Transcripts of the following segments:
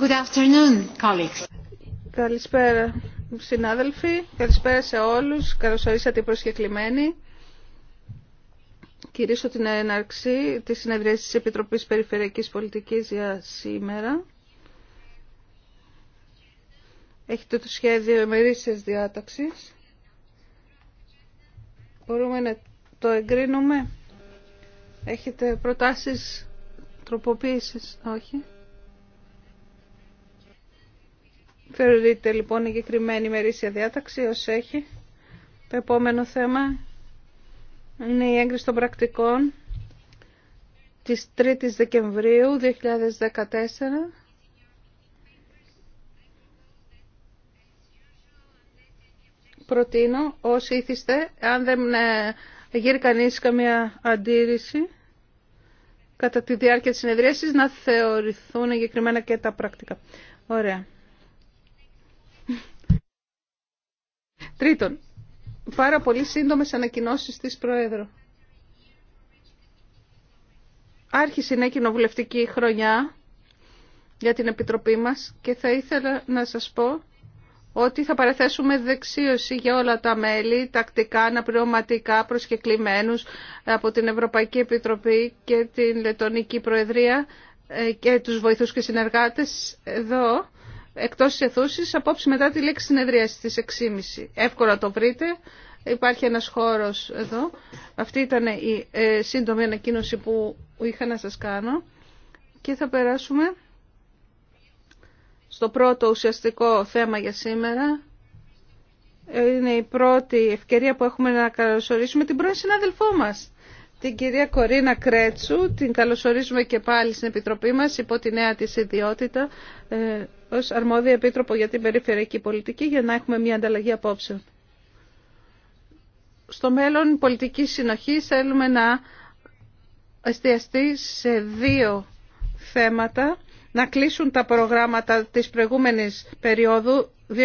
Good afternoon, colleagues. Καλησπέρα συνάδελφοι, καλησπέρα σε όλους, καλώς ορίσατε προσκεκλημένοι. Κυρίσω την έναρξη της συνεδρίας της Επιτροπής Περιφερειακής Πολιτικής για σήμερα. Έχετε το σχέδιο εμερήσιας διάταξης. Μπορούμε να το εγκρίνουμε. Έχετε προτάσεις τροποποίησης, όχι. Θεωρείται λοιπόν η εγκεκριμένη ημερήσια διάταξη ως έχει. Το επόμενο θέμα είναι η έγκριση των πρακτικών της 3ης Δεκεμβρίου 2014. Προτείνω όσοι ήθιστε, αν δεν ε, γύρει κανείς καμία αντίρρηση κατά τη διάρκεια της συνεδρίασης, να θεωρηθούν εγκεκριμένα και τα πρακτικά. Ωραία. Τρίτον, πάρα πολύ σύντομες ανακοινώσεις της Προέδρου. Άρχισε η νέα κοινοβουλευτική χρονιά για την Επιτροπή μας και θα ήθελα να σας πω ότι θα παραθέσουμε δεξίωση για όλα τα μέλη, τακτικά, αναπληρωματικά, προσκεκλημένους από την Ευρωπαϊκή Επιτροπή και την Λετωνική Προεδρία ε, και τους βοηθούς και συνεργάτες εδώ Εκτό τη αιθούση, απόψη μετά τη λέξη συνεδρία στις 6.30. Εύκολα το βρείτε. Υπάρχει ένα χώρο εδώ. Αυτή ήταν η ε, σύντομη ανακοίνωση που είχα να σα κάνω. Και θα περάσουμε στο πρώτο ουσιαστικό θέμα για σήμερα. Είναι η πρώτη ευκαιρία που έχουμε να καλωσορίσουμε την πρώην συνάδελφό μας. Την κυρία Κορίνα Κρέτσου, την καλωσορίζουμε και πάλι στην Επιτροπή μας υπό τη νέα της ιδιότητα ε, ως αρμόδια επίτροπο για την περιφερειακή πολιτική για να έχουμε μια ανταλλαγή απόψεων. Στο μέλλον πολιτική συνοχή θέλουμε να εστιαστεί σε δύο θέματα, να κλείσουν τα προγράμματα της προηγούμενης περίοδου 2007-2013,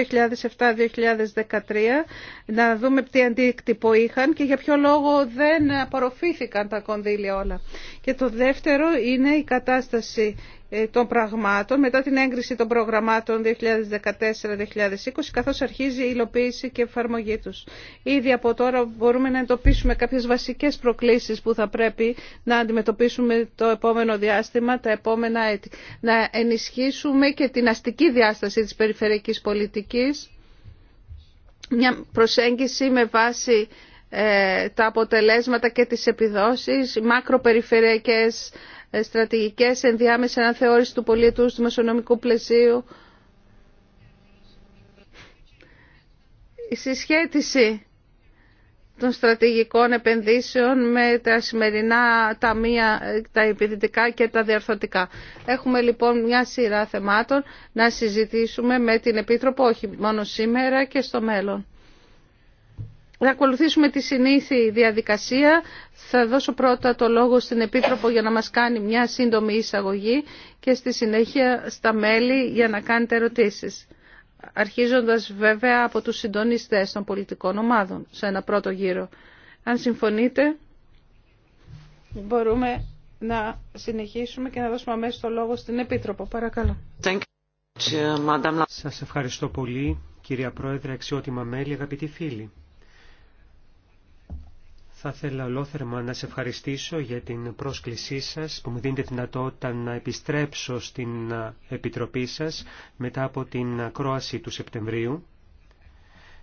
να δούμε τι αντίκτυπο είχαν και για ποιο λόγο δεν απορροφήθηκαν τα κονδύλια όλα. Και το δεύτερο είναι η κατάσταση ε, των πραγμάτων μετά την έγκριση των προγραμμάτων 2014-2020 καθώς αρχίζει η υλοποίηση και εφαρμογή τους. Ήδη από τώρα μπορούμε να εντοπίσουμε κάποιες βασικές προκλήσεις που θα πρέπει να αντιμετωπίσουμε το επόμενο διάστημα, τα επόμενα έτη. Να ενισχύσουμε και την αστική διάσταση της περιφερειακής πολιτικής, μια προσέγγιση με βάση ε, τα αποτελέσματα και τις επιδόσεις, μακροπεριφερειακές ε, στρατηγικές ενδιάμεσα αναθεώρηση του πολίτου του μεσονομικού πλαισίου. Η συσχέτιση των στρατηγικών επενδύσεων με τα σημερινά ταμεία, τα επιδυτικά και τα διαρθωτικά. Έχουμε λοιπόν μια σειρά θεμάτων να συζητήσουμε με την Επίτροπο, όχι μόνο σήμερα και στο μέλλον. Θα ακολουθήσουμε τη συνήθη διαδικασία. Θα δώσω πρώτα το λόγο στην Επίτροπο για να μας κάνει μια σύντομη εισαγωγή και στη συνέχεια στα μέλη για να κάνετε ερωτήσεις. Αρχίζοντας βέβαια από τους συντονιστές των πολιτικών ομάδων σε ένα πρώτο γύρο. Αν συμφωνείτε μπορούμε να συνεχίσουμε και να δώσουμε αμέσως το λόγο στην Επίτροπο. Παρακαλώ. Σας ευχαριστώ πολύ κυρία Πρόεδρε, αξιότιμα μέλη, αγαπητοί φίλοι. Θα ήθελα ολόθερμα να σε ευχαριστήσω για την πρόσκλησή σας που μου δίνετε τη δυνατότητα να επιστρέψω στην Επιτροπή σας μετά από την ακρόαση του Σεπτεμβρίου.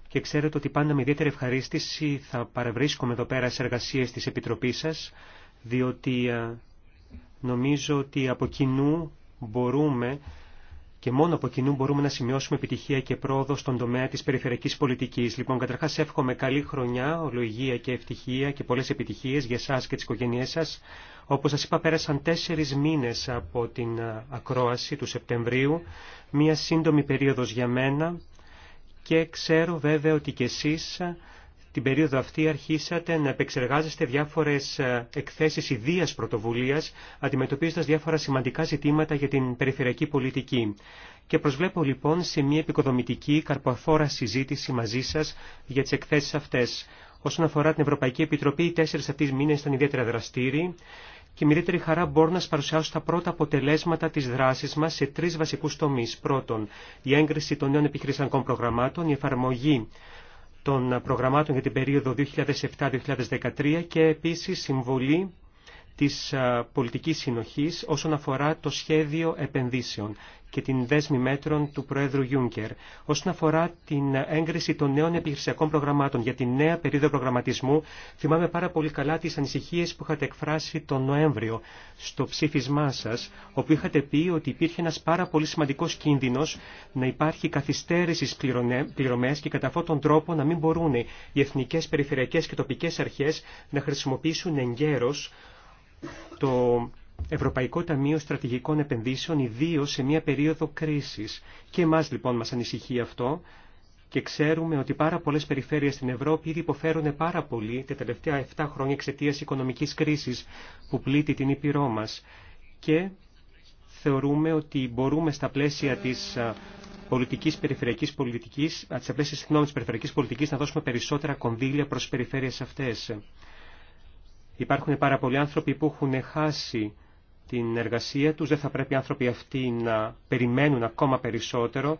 Και ξέρετε ότι πάντα με ιδιαίτερη ευχαρίστηση θα παρευρίσκομαι εδώ πέρα σε εργασίες της Επιτροπής σας, διότι ε, νομίζω ότι από κοινού μπορούμε και μόνο από κοινού μπορούμε να σημειώσουμε επιτυχία και πρόοδο στον τομέα τη περιφερειακή πολιτική. Λοιπόν, καταρχά εύχομαι καλή χρονιά, ολογία και ευτυχία και πολλέ επιτυχίε για εσά και τι οικογένειέ σα. Όπω σα είπα, πέρασαν τέσσερι μήνε από την ακρόαση του Σεπτεμβρίου, μία σύντομη περίοδο για μένα και ξέρω βέβαια ότι κι εσείς την περίοδο αυτή αρχίσατε να επεξεργάζεστε διάφορες ε, εκθέσεις ιδίας πρωτοβουλίας, αντιμετωπίζοντας διάφορα σημαντικά ζητήματα για την περιφερειακή πολιτική. Και προσβλέπω λοιπόν σε μια επικοδομητική καρποφόρα συζήτηση μαζί σας για τις εκθέσεις αυτές. Όσον αφορά την Ευρωπαϊκή Επιτροπή, οι τέσσερις αυτοί μήνες ήταν ιδιαίτερα δραστήριοι και με ιδιαίτερη χαρά μπορώ να σα παρουσιάσω τα πρώτα αποτελέσματα τη δράση μα σε τρει βασικού τομεί. Πρώτον, η έγκριση των νέων επιχειρησιακών προγραμμάτων, η εφαρμογή των προγραμμάτων για την περίοδο 2007-2013 και επίσης συμβολή της πολιτικής συνοχής όσον αφορά το σχέδιο επενδύσεων και την δέσμη μέτρων του Προέδρου Γιούνκερ. Όσον αφορά την έγκριση των νέων επιχειρησιακών προγραμμάτων για τη νέα περίοδο προγραμματισμού, θυμάμαι πάρα πολύ καλά τι ανησυχίε που είχατε εκφράσει τον Νοέμβριο στο ψήφισμά σα, όπου είχατε πει ότι υπήρχε ένα πάρα πολύ σημαντικό κίνδυνο να υπάρχει καθυστέρηση στι πληρωμέ και κατά αυτόν τον τρόπο να μην μπορούν οι εθνικέ, περιφερειακέ και τοπικέ αρχέ να χρησιμοποιήσουν εγκαίρω το Ευρωπαϊκό Ταμείο Στρατηγικών Επενδύσεων, ιδίω σε μια περίοδο κρίση. Και εμά λοιπόν μα ανησυχεί αυτό και ξέρουμε ότι πάρα πολλέ περιφέρειε στην Ευρώπη ήδη υποφέρουν πάρα πολύ τα τελευταία 7 χρόνια εξαιτία οικονομική κρίση που πλήττει την Ήπειρό μα. Και θεωρούμε ότι μπορούμε στα πλαίσια τη πολιτική περιφερειακή πολιτική, στα πλαίσια τη περιφερειακή πολιτική, να δώσουμε περισσότερα κονδύλια προ τι περιφέρειε αυτέ. Υπάρχουν πάρα πολλοί άνθρωποι που έχουν χάσει την εργασία τους, δεν θα πρέπει οι άνθρωποι αυτοί να περιμένουν ακόμα περισσότερο.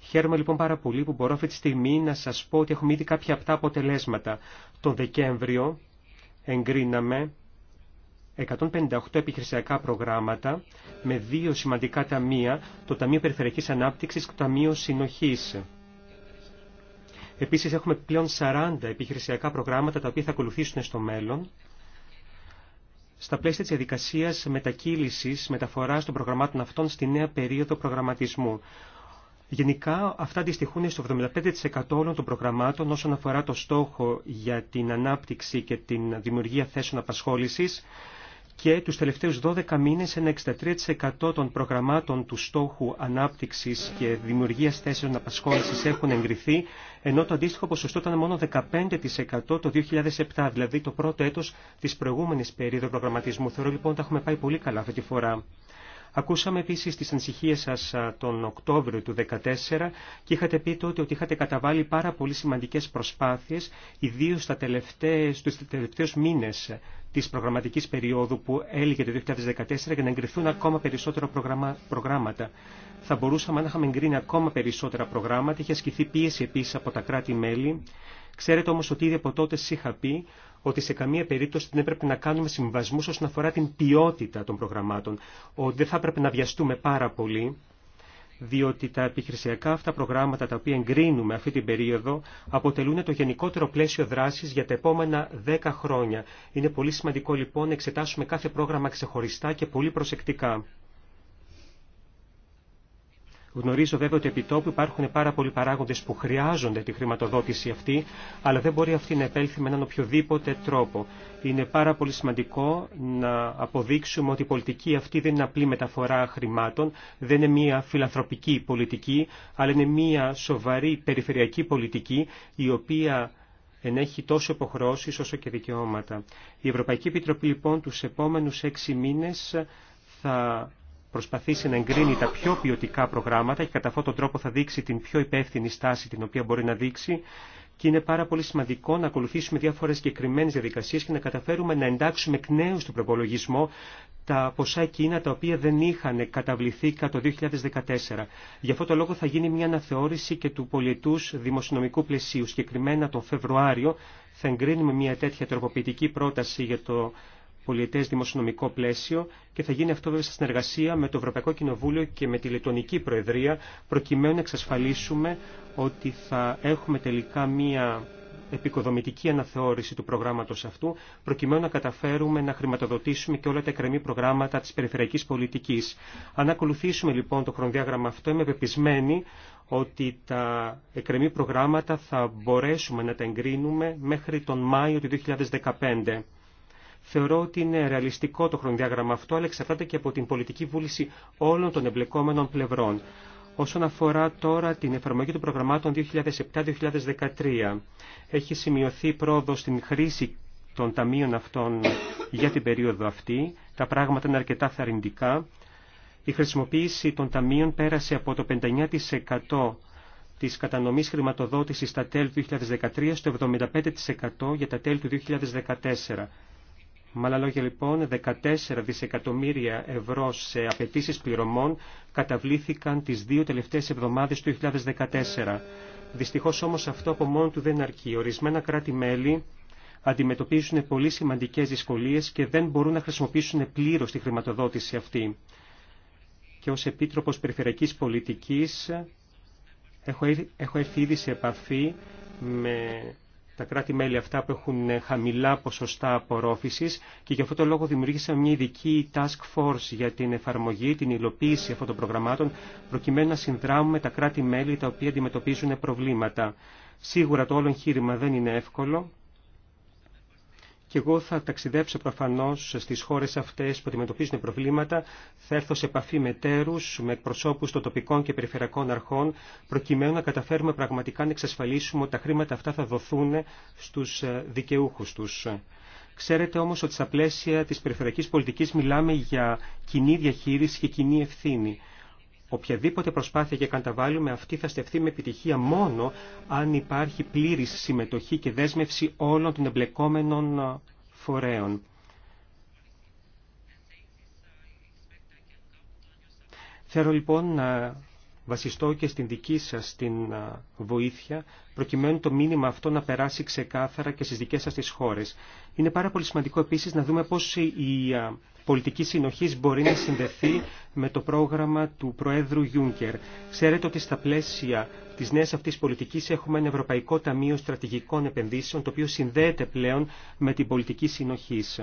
Χαίρομαι λοιπόν πάρα πολύ που μπορώ αυτή τη στιγμή να σας πω ότι έχουμε ήδη κάποια από τα αποτελέσματα. Το Δεκέμβριο εγκρίναμε 158 επιχειρησιακά προγράμματα με δύο σημαντικά ταμεία, το Ταμείο Περιφερειακής Ανάπτυξης και το Ταμείο Συνοχής. Επίσης έχουμε πλέον 40 επιχειρησιακά προγράμματα τα οποία θα ακολουθήσουν στο μέλλον στα πλαίσια της διαδικασίας μετακύλησης, μεταφοράς των προγραμμάτων αυτών στη νέα περίοδο προγραμματισμού. Γενικά αυτά αντιστοιχούν στο 75% όλων των προγραμμάτων όσον αφορά το στόχο για την ανάπτυξη και την δημιουργία θέσεων απασχόλησης και τους τελευταίους 12 μήνες ένα 63% των προγραμμάτων του στόχου ανάπτυξης και δημιουργίας θέσεων απασχόλησης έχουν εγκριθεί, ενώ το αντίστοιχο ποσοστό ήταν μόνο 15% το 2007, δηλαδή το πρώτο έτος της προηγούμενης περίοδου προγραμματισμού. Θεωρώ λοιπόν ότι έχουμε πάει πολύ καλά αυτή τη φορά. Ακούσαμε επίση τι ανησυχίε σα τον Οκτώβριο του 2014 και είχατε πει τότε ότι είχατε καταβάλει πάρα πολύ σημαντικέ προσπάθειε, ιδίω στου τελευταίου μήνε Τη προγραμματικής περίοδου που έλεγε το 2014 για να εγκριθούν ακόμα περισσότερα προγράμματα. Θα μπορούσαμε να είχαμε εγκρίνει ακόμα περισσότερα προγράμματα, είχε ασκηθεί πίεση επίση από τα κράτη-μέλη. Ξέρετε όμως ότι ήδη από τότε είχα πει ότι σε καμία περίπτωση δεν έπρεπε να κάνουμε συμβασμούς όσον αφορά την ποιότητα των προγραμμάτων, ότι δεν θα έπρεπε να βιαστούμε πάρα πολύ διότι τα επιχειρησιακά αυτά προγράμματα τα οποία εγκρίνουμε αυτή την περίοδο αποτελούν το γενικότερο πλαίσιο δράσης για τα επόμενα 10 χρόνια. Είναι πολύ σημαντικό λοιπόν να εξετάσουμε κάθε πρόγραμμα ξεχωριστά και πολύ προσεκτικά. Γνωρίζω βέβαια ότι επί τόπου υπάρχουν πάρα πολλοί παράγοντε που χρειάζονται τη χρηματοδότηση αυτή, αλλά δεν μπορεί αυτή να επέλθει με έναν οποιοδήποτε τρόπο. Είναι πάρα πολύ σημαντικό να αποδείξουμε ότι η πολιτική αυτή δεν είναι απλή μεταφορά χρημάτων, δεν είναι μια φιλανθρωπική πολιτική, αλλά είναι μια σοβαρή περιφερειακή πολιτική, η οποία ενέχει τόσο υποχρεώσει όσο και δικαιώματα. Η Ευρωπαϊκή Επιτροπή λοιπόν του επόμενου έξι μήνε θα προσπαθήσει να εγκρίνει τα πιο ποιοτικά προγράμματα και κατά αυτόν τον τρόπο θα δείξει την πιο υπεύθυνη στάση την οποία μπορεί να δείξει και είναι πάρα πολύ σημαντικό να ακολουθήσουμε διάφορε συγκεκριμένε διαδικασίε και να καταφέρουμε να εντάξουμε εκ νέου στον προπολογισμό τα ποσά εκείνα τα οποία δεν είχαν καταβληθεί κατά το 2014. Γι' αυτό το λόγο θα γίνει μια αναθεώρηση και του πολιτού δημοσιονομικού πλαισίου. Συγκεκριμένα τον Φεβρουάριο θα εγκρίνουμε μια τέτοια τροποποιητική πρόταση για το πολιτέ δημοσιονομικό πλαίσιο και θα γίνει αυτό βέβαια σε συνεργασία με το Ευρωπαϊκό Κοινοβούλιο και με τη Λετωνική Προεδρία, προκειμένου να εξασφαλίσουμε ότι θα έχουμε τελικά μία επικοδομητική αναθεώρηση του προγράμματος αυτού, προκειμένου να καταφέρουμε να χρηματοδοτήσουμε και όλα τα εκκρεμή προγράμματα τη περιφερειακή πολιτική. Αν ακολουθήσουμε λοιπόν το χρονοδιάγραμμα αυτό, είμαι πεπισμένη ότι τα εκκρεμή προγράμματα θα μπορέσουμε να τα εγκρίνουμε μέχρι τον Μάιο του 2015. Θεωρώ ότι είναι ρεαλιστικό το χρονοδιάγραμμα αυτό, αλλά εξαρτάται και από την πολιτική βούληση όλων των εμπλεκόμενων πλευρών. Όσον αφορά τώρα την εφαρμογή των προγραμμάτων 2007-2013, έχει σημειωθεί πρόοδος στην χρήση των ταμείων αυτών για την περίοδο αυτή. Τα πράγματα είναι αρκετά θαρρυντικά. Η χρησιμοποίηση των ταμείων πέρασε από το 59% της κατανομής χρηματοδότησης στα τέλη του 2013 στο 75% για τα τέλη του 2014. Με άλλα λόγια λοιπόν, 14 δισεκατομμύρια ευρώ σε απαιτήσει πληρωμών καταβλήθηκαν τις δύο τελευταίες εβδομάδες του 2014. Δυστυχώς όμως αυτό από μόνο του δεν αρκεί. Ορισμένα κράτη-μέλη αντιμετωπίζουν πολύ σημαντικές δυσκολίες και δεν μπορούν να χρησιμοποιήσουν πλήρως τη χρηματοδότηση αυτή. Και ως Επίτροπος Περιφερειακής Πολιτικής έχω έρθει ήδη σε επαφή με τα κράτη-μέλη αυτά που έχουν ε, χαμηλά ποσοστά απορρόφησης και γι' αυτό το λόγο δημιουργήσαμε μια ειδική task force για την εφαρμογή, την υλοποίηση αυτών των προγραμμάτων προκειμένου να συνδράμουμε τα κράτη-μέλη τα οποία αντιμετωπίζουν προβλήματα. Σίγουρα το όλο εγχείρημα δεν είναι εύκολο και εγώ θα ταξιδέψω προφανώς στις χώρες αυτές που αντιμετωπίζουν προβλήματα, θα έρθω σε επαφή με τέρους, με εκπροσώπους των τοπικών και περιφερειακών αρχών, προκειμένου να καταφέρουμε πραγματικά να εξασφαλίσουμε ότι τα χρήματα αυτά θα δοθούν στους ε, δικαιούχους τους. Ξέρετε όμως ότι στα πλαίσια της περιφερειακής πολιτικής μιλάμε για κοινή διαχείριση και κοινή ευθύνη. Οποιαδήποτε προσπάθεια και καταβάλουμε αυτή θα στεφθεί με επιτυχία μόνο αν υπάρχει πλήρης συμμετοχή και δέσμευση όλων των εμπλεκόμενων φορέων. Θέλω λοιπόν να βασιστώ και στην δική σας την βοήθεια, προκειμένου το μήνυμα αυτό να περάσει ξεκάθαρα και στις δικές σας τις χώρες. Είναι πάρα πολύ σημαντικό επίσης να δούμε πώς η πολιτική συνοχής μπορεί να συνδεθεί με το πρόγραμμα του Προέδρου Γιούνκερ. Ξέρετε ότι στα πλαίσια της νέας αυτής πολιτικής έχουμε ένα Ευρωπαϊκό Ταμείο Στρατηγικών Επενδύσεων, το οποίο συνδέεται πλέον με την πολιτική συνοχής.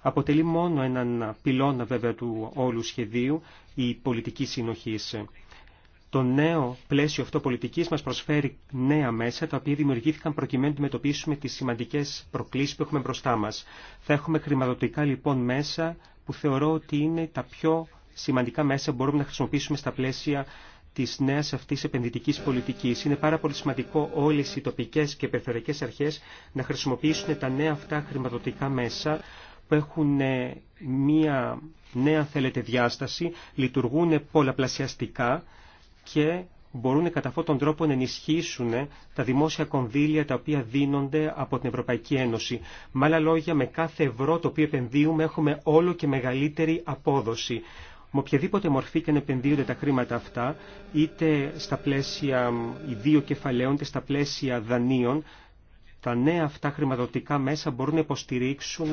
Αποτελεί μόνο έναν πυλώνα βέβαια του όλου σχεδίου η πολιτική συνοχής. Το νέο πλαίσιο αυτό πολιτικής μας προσφέρει νέα μέσα, τα οποία δημιουργήθηκαν προκειμένου να αντιμετωπίσουμε τις σημαντικές προκλήσεις που έχουμε μπροστά μας. Θα έχουμε χρηματοδοτικά λοιπόν μέσα που θεωρώ ότι είναι τα πιο σημαντικά μέσα που μπορούμε να χρησιμοποιήσουμε στα πλαίσια τη νέα αυτή επενδυτική πολιτική. Είναι πάρα πολύ σημαντικό όλε οι τοπικέ και περιφερειακέ αρχέ να χρησιμοποιήσουν τα νέα αυτά χρηματοδοτικά μέσα που έχουν ε, μία νέα, θέλετε, διάσταση, λειτουργούν πολλαπλασιαστικά και μπορούν κατά αυτόν τον τρόπο να ενισχύσουν τα δημόσια κονδύλια τα οποία δίνονται από την Ευρωπαϊκή Ένωση. Με άλλα λόγια, με κάθε ευρώ το οποίο επενδύουμε έχουμε όλο και μεγαλύτερη απόδοση. Με οποιαδήποτε μορφή και αν επενδύονται τα χρήματα αυτά, είτε στα πλαίσια ιδίου κεφαλαίων, είτε στα πλαίσια δανείων, τα νέα αυτά χρηματοδοτικά μέσα μπορούν να υποστηρίξουν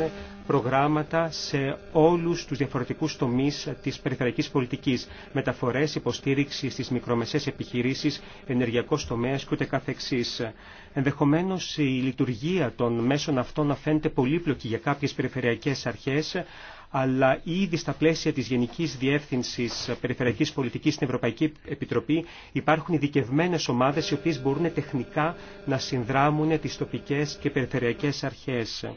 προγράμματα σε όλους τους διαφορετικούς τομείς της περιφερειακής πολιτικής. Μεταφορές, υποστήριξη στις μικρομεσαίες επιχειρήσεις, ενεργειακός τομέας και ούτε καθεξής. Ενδεχομένως η λειτουργία των μέσων αυτών να φαίνεται πολύπλοκη για κάποιες περιφερειακές αρχές, αλλά ήδη στα πλαίσια της Γενικής Διεύθυνσης Περιφερειακής Πολιτικής στην Ευρωπαϊκή Επιτροπή υπάρχουν ειδικευμένε ομάδες οι οποίες μπορούν τεχνικά να συνδράμουν τις τοπικές και περιφερειακές αρχές.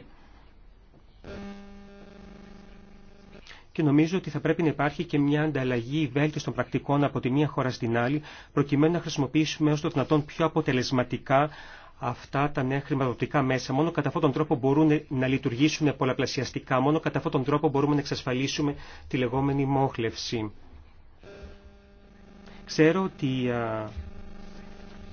Και νομίζω ότι θα πρέπει να υπάρχει και μια ανταλλαγή βέλτιστων πρακτικών από τη μία χώρα στην άλλη, προκειμένου να χρησιμοποιήσουμε όσο το δυνατόν πιο αποτελεσματικά αυτά τα νέα χρηματοδοτικά μέσα. Μόνο κατά αυτόν τον τρόπο μπορούν να λειτουργήσουν πολλαπλασιαστικά. Μόνο κατά αυτόν τον τρόπο μπορούμε να εξασφαλίσουμε τη λεγόμενη μόχλευση. Ξέρω ότι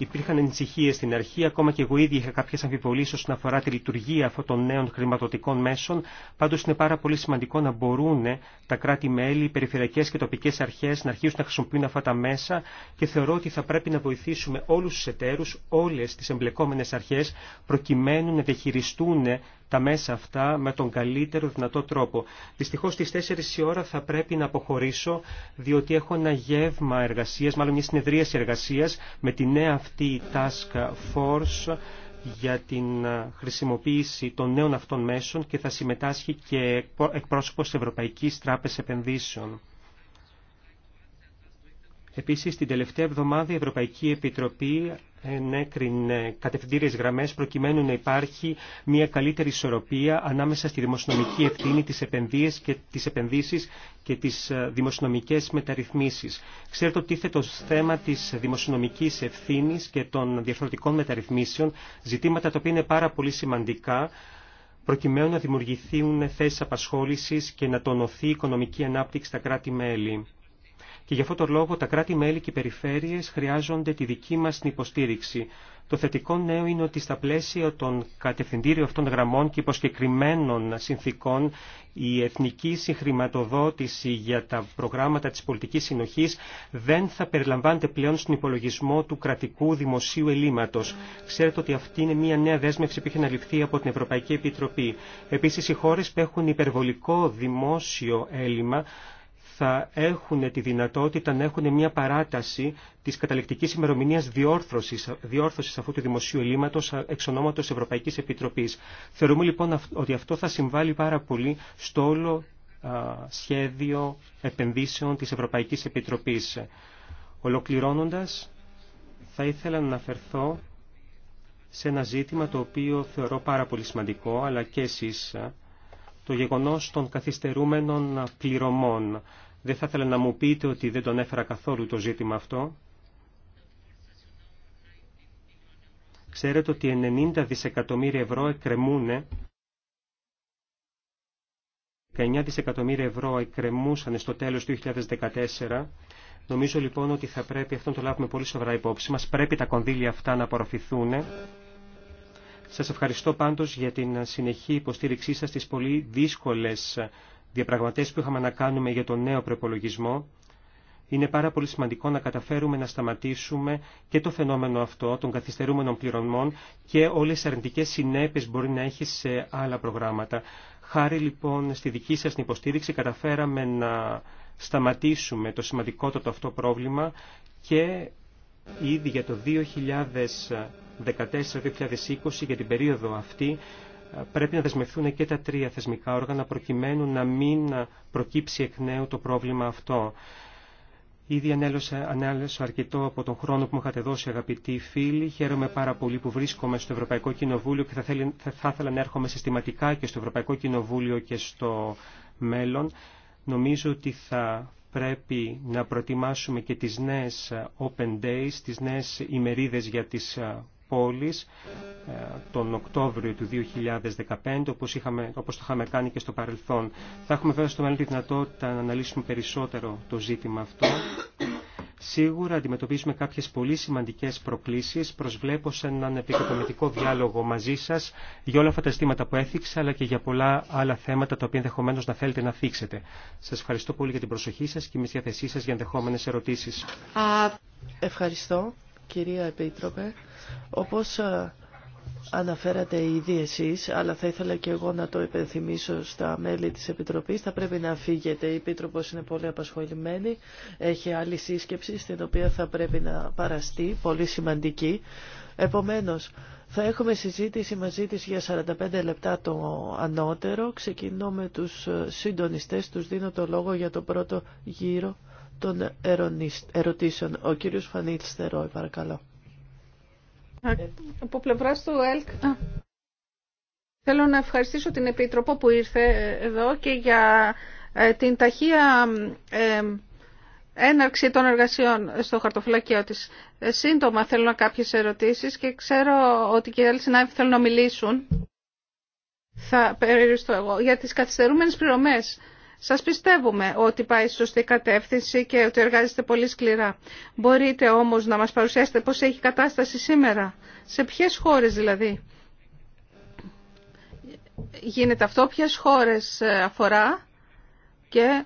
Υπήρχαν ενησυχίε στην αρχή, ακόμα και εγώ ήδη είχα κάποιε αμφιβολίε όσον αφορά τη λειτουργία αυτών των νέων χρηματοδοτικών μέσων. Πάντω είναι πάρα πολύ σημαντικό να μπορούν τα κράτη-μέλη, οι περιφερειακέ και τοπικέ αρχέ να αρχίσουν να χρησιμοποιούν αυτά τα μέσα και θεωρώ ότι θα πρέπει να βοηθήσουμε όλου του εταίρου, όλε τι εμπλεκόμενε αρχέ, προκειμένου να διαχειριστούν τα μέσα αυτά με τον καλύτερο δυνατό τρόπο. Δυστυχώ στι 4 η ώρα θα πρέπει να αποχωρήσω, διότι έχω ένα γεύμα εργασία, μάλλον μια συνεδρίαση εργασία με τη νέα αυτή Task Force για την χρησιμοποίηση των νέων αυτών μέσων και θα συμμετάσχει και εκπρόσωπος Ευρωπαϊκής Τράπεζας Επενδύσεων. Επίσης, την τελευταία εβδομάδα η Ευρωπαϊκή Επιτροπή ενέκρινε κατευθυντήριες γραμμές προκειμένου να υπάρχει μια καλύτερη ισορροπία ανάμεσα στη δημοσιονομική ευθύνη της επενδύσεις και τις, επενδύσεις και τις ε, δημοσιονομικές μεταρρυθμίσεις. Ξέρετε ότι τίθεται το θέμα της δημοσιονομικής ευθύνης και των διαφορετικών μεταρρυθμίσεων, ζητήματα τα οποία είναι πάρα πολύ σημαντικά προκειμένου να δημιουργηθούν θέσεις απασχόλησης και να τονωθεί η οικονομική ανάπτυξη στα κράτη-μέλη και γι' αυτό το λόγο τα κράτη-μέλη και οι περιφέρειες χρειάζονται τη δική μας την υποστήριξη. Το θετικό νέο είναι ότι στα πλαίσια των κατευθυντήριων αυτών γραμμών και υποσκεκριμένων συνθήκων η εθνική συγχρηματοδότηση για τα προγράμματα της πολιτικής συνοχής δεν θα περιλαμβάνεται πλέον στον υπολογισμό του κρατικού δημοσίου ελλείμματος. Ξέρετε ότι αυτή είναι μια νέα δέσμευση που είχε αναλυφθεί από την Ευρωπαϊκή Επιτροπή. Επίσης οι χώρες που έχουν υπερβολικό δημόσιο έλλειμμα θα έχουν τη δυνατότητα να έχουν μια παράταση της καταληκτικής ημερομηνίας διόρθωσης, διόρθωσης αυτού του δημοσίου ελλείμματος εξ ονόματος Ευρωπαϊκής Επιτροπής. Θεωρούμε λοιπόν ότι αυτό θα συμβάλλει πάρα πολύ στο όλο σχέδιο επενδύσεων της Ευρωπαϊκής Επιτροπής. Ολοκληρώνοντας, θα ήθελα να αναφερθώ σε ένα ζήτημα το οποίο θεωρώ πάρα πολύ σημαντικό, αλλά και εσείς, το γεγονός των καθυστερούμενων πληρωμών. Δεν θα ήθελα να μου πείτε ότι δεν τον έφερα καθόλου το ζήτημα αυτό. Ξέρετε ότι 90 δισεκατομμύρια ευρώ εκκρεμούν 19 δισεκατομμύρια ευρώ εκκρεμούσαν στο τέλος του 2014. Νομίζω λοιπόν ότι θα πρέπει αυτό το λάβουμε πολύ σοβαρά υπόψη μας. Πρέπει τα κονδύλια αυτά να απορροφηθούν. Σας ευχαριστώ πάντως για την συνεχή υποστήριξή σας στις πολύ δύσκολες Διαπραγματεύσει που είχαμε να κάνουμε για τον νέο προπολογισμό, είναι πάρα πολύ σημαντικό να καταφέρουμε να σταματήσουμε και το φαινόμενο αυτό των καθυστερούμενων πληρωμών και όλε τι αρνητικέ συνέπειες μπορεί να έχει σε άλλα προγράμματα. Χάρη λοιπόν στη δική σας την υποστήριξη καταφέραμε να σταματήσουμε το σημαντικότατο αυτό πρόβλημα και ήδη για το 2014-2020 για την περίοδο αυτή πρέπει να δεσμευθούν και τα τρία θεσμικά όργανα προκειμένου να μην προκύψει εκ νέου το πρόβλημα αυτό. Ήδη ανέλωσα αρκετό από τον χρόνο που μου είχατε δώσει αγαπητοί φίλοι. Χαίρομαι πάρα πολύ που βρίσκομαι στο Ευρωπαϊκό Κοινοβούλιο και θα, θέλει, θα ήθελα να έρχομαι συστηματικά και στο Ευρωπαϊκό Κοινοβούλιο και στο μέλλον. Νομίζω ότι θα πρέπει να προετοιμάσουμε και τις νέες Open Days, τις νέες ημερίδες για τις ε, τον Οκτώβριο του 2015, όπως, είχαμε, όπως το είχαμε κάνει και στο παρελθόν. Θα έχουμε βέβαια στο μέλλον τη δυνατότητα να αναλύσουμε περισσότερο το ζήτημα αυτό. Σίγουρα αντιμετωπίζουμε κάποιες πολύ σημαντικές προκλήσεις. Προσβλέπω σε έναν επικοδομητικό διάλογο μαζί σας για όλα αυτά τα ζητήματα που έθιξα, αλλά και για πολλά άλλα θέματα τα οποία ενδεχομένως να θέλετε να θίξετε. Σας ευχαριστώ πολύ για την προσοχή σας και με στη διάθεσή σας για ενδεχόμενες ερωτήσεις. Ευχαριστώ. Κυρία Επίτροπε, όπως ε, αναφέρατε ήδη εσείς, αλλά θα ήθελα και εγώ να το υπενθυμίσω στα μέλη της Επιτροπής. Θα πρέπει να φύγετε. Η Επίτροπος είναι πολύ απασχολημένη. Έχει άλλη σύσκεψη στην οποία θα πρέπει να παραστεί, πολύ σημαντική. Επομένως, θα έχουμε συζήτηση μαζί της για 45 λεπτά το ανώτερο. Ξεκινώ με τους ε, συντονιστές. Τους δίνω το λόγο για το πρώτο γύρο των ερωτήσεων. Ο κύριος Φανίλστερόι, παρακαλώ. Από πλευρά του ΕΛΚ. Θέλω να ευχαριστήσω την Επίτροπο που ήρθε εδώ και για ε, την ταχεία ε, έναρξη των εργασιών στο χαρτοφυλακείο της. Ε, σύντομα θέλω να κάποιες ερωτήσεις και ξέρω ότι και οι άλλοι συνάδελφοι θέλουν να μιλήσουν. Θα περιοριστώ εγώ. Για τις καθυστερούμενες πληρωμές σας πιστεύουμε ότι πάει στη σωστή κατεύθυνση και ότι εργάζεστε πολύ σκληρά. Μπορείτε όμως να μας παρουσιάσετε πώς έχει κατάσταση σήμερα. Σε ποιες χώρες δηλαδή γίνεται αυτό, ποιες χώρες ε, αφορά και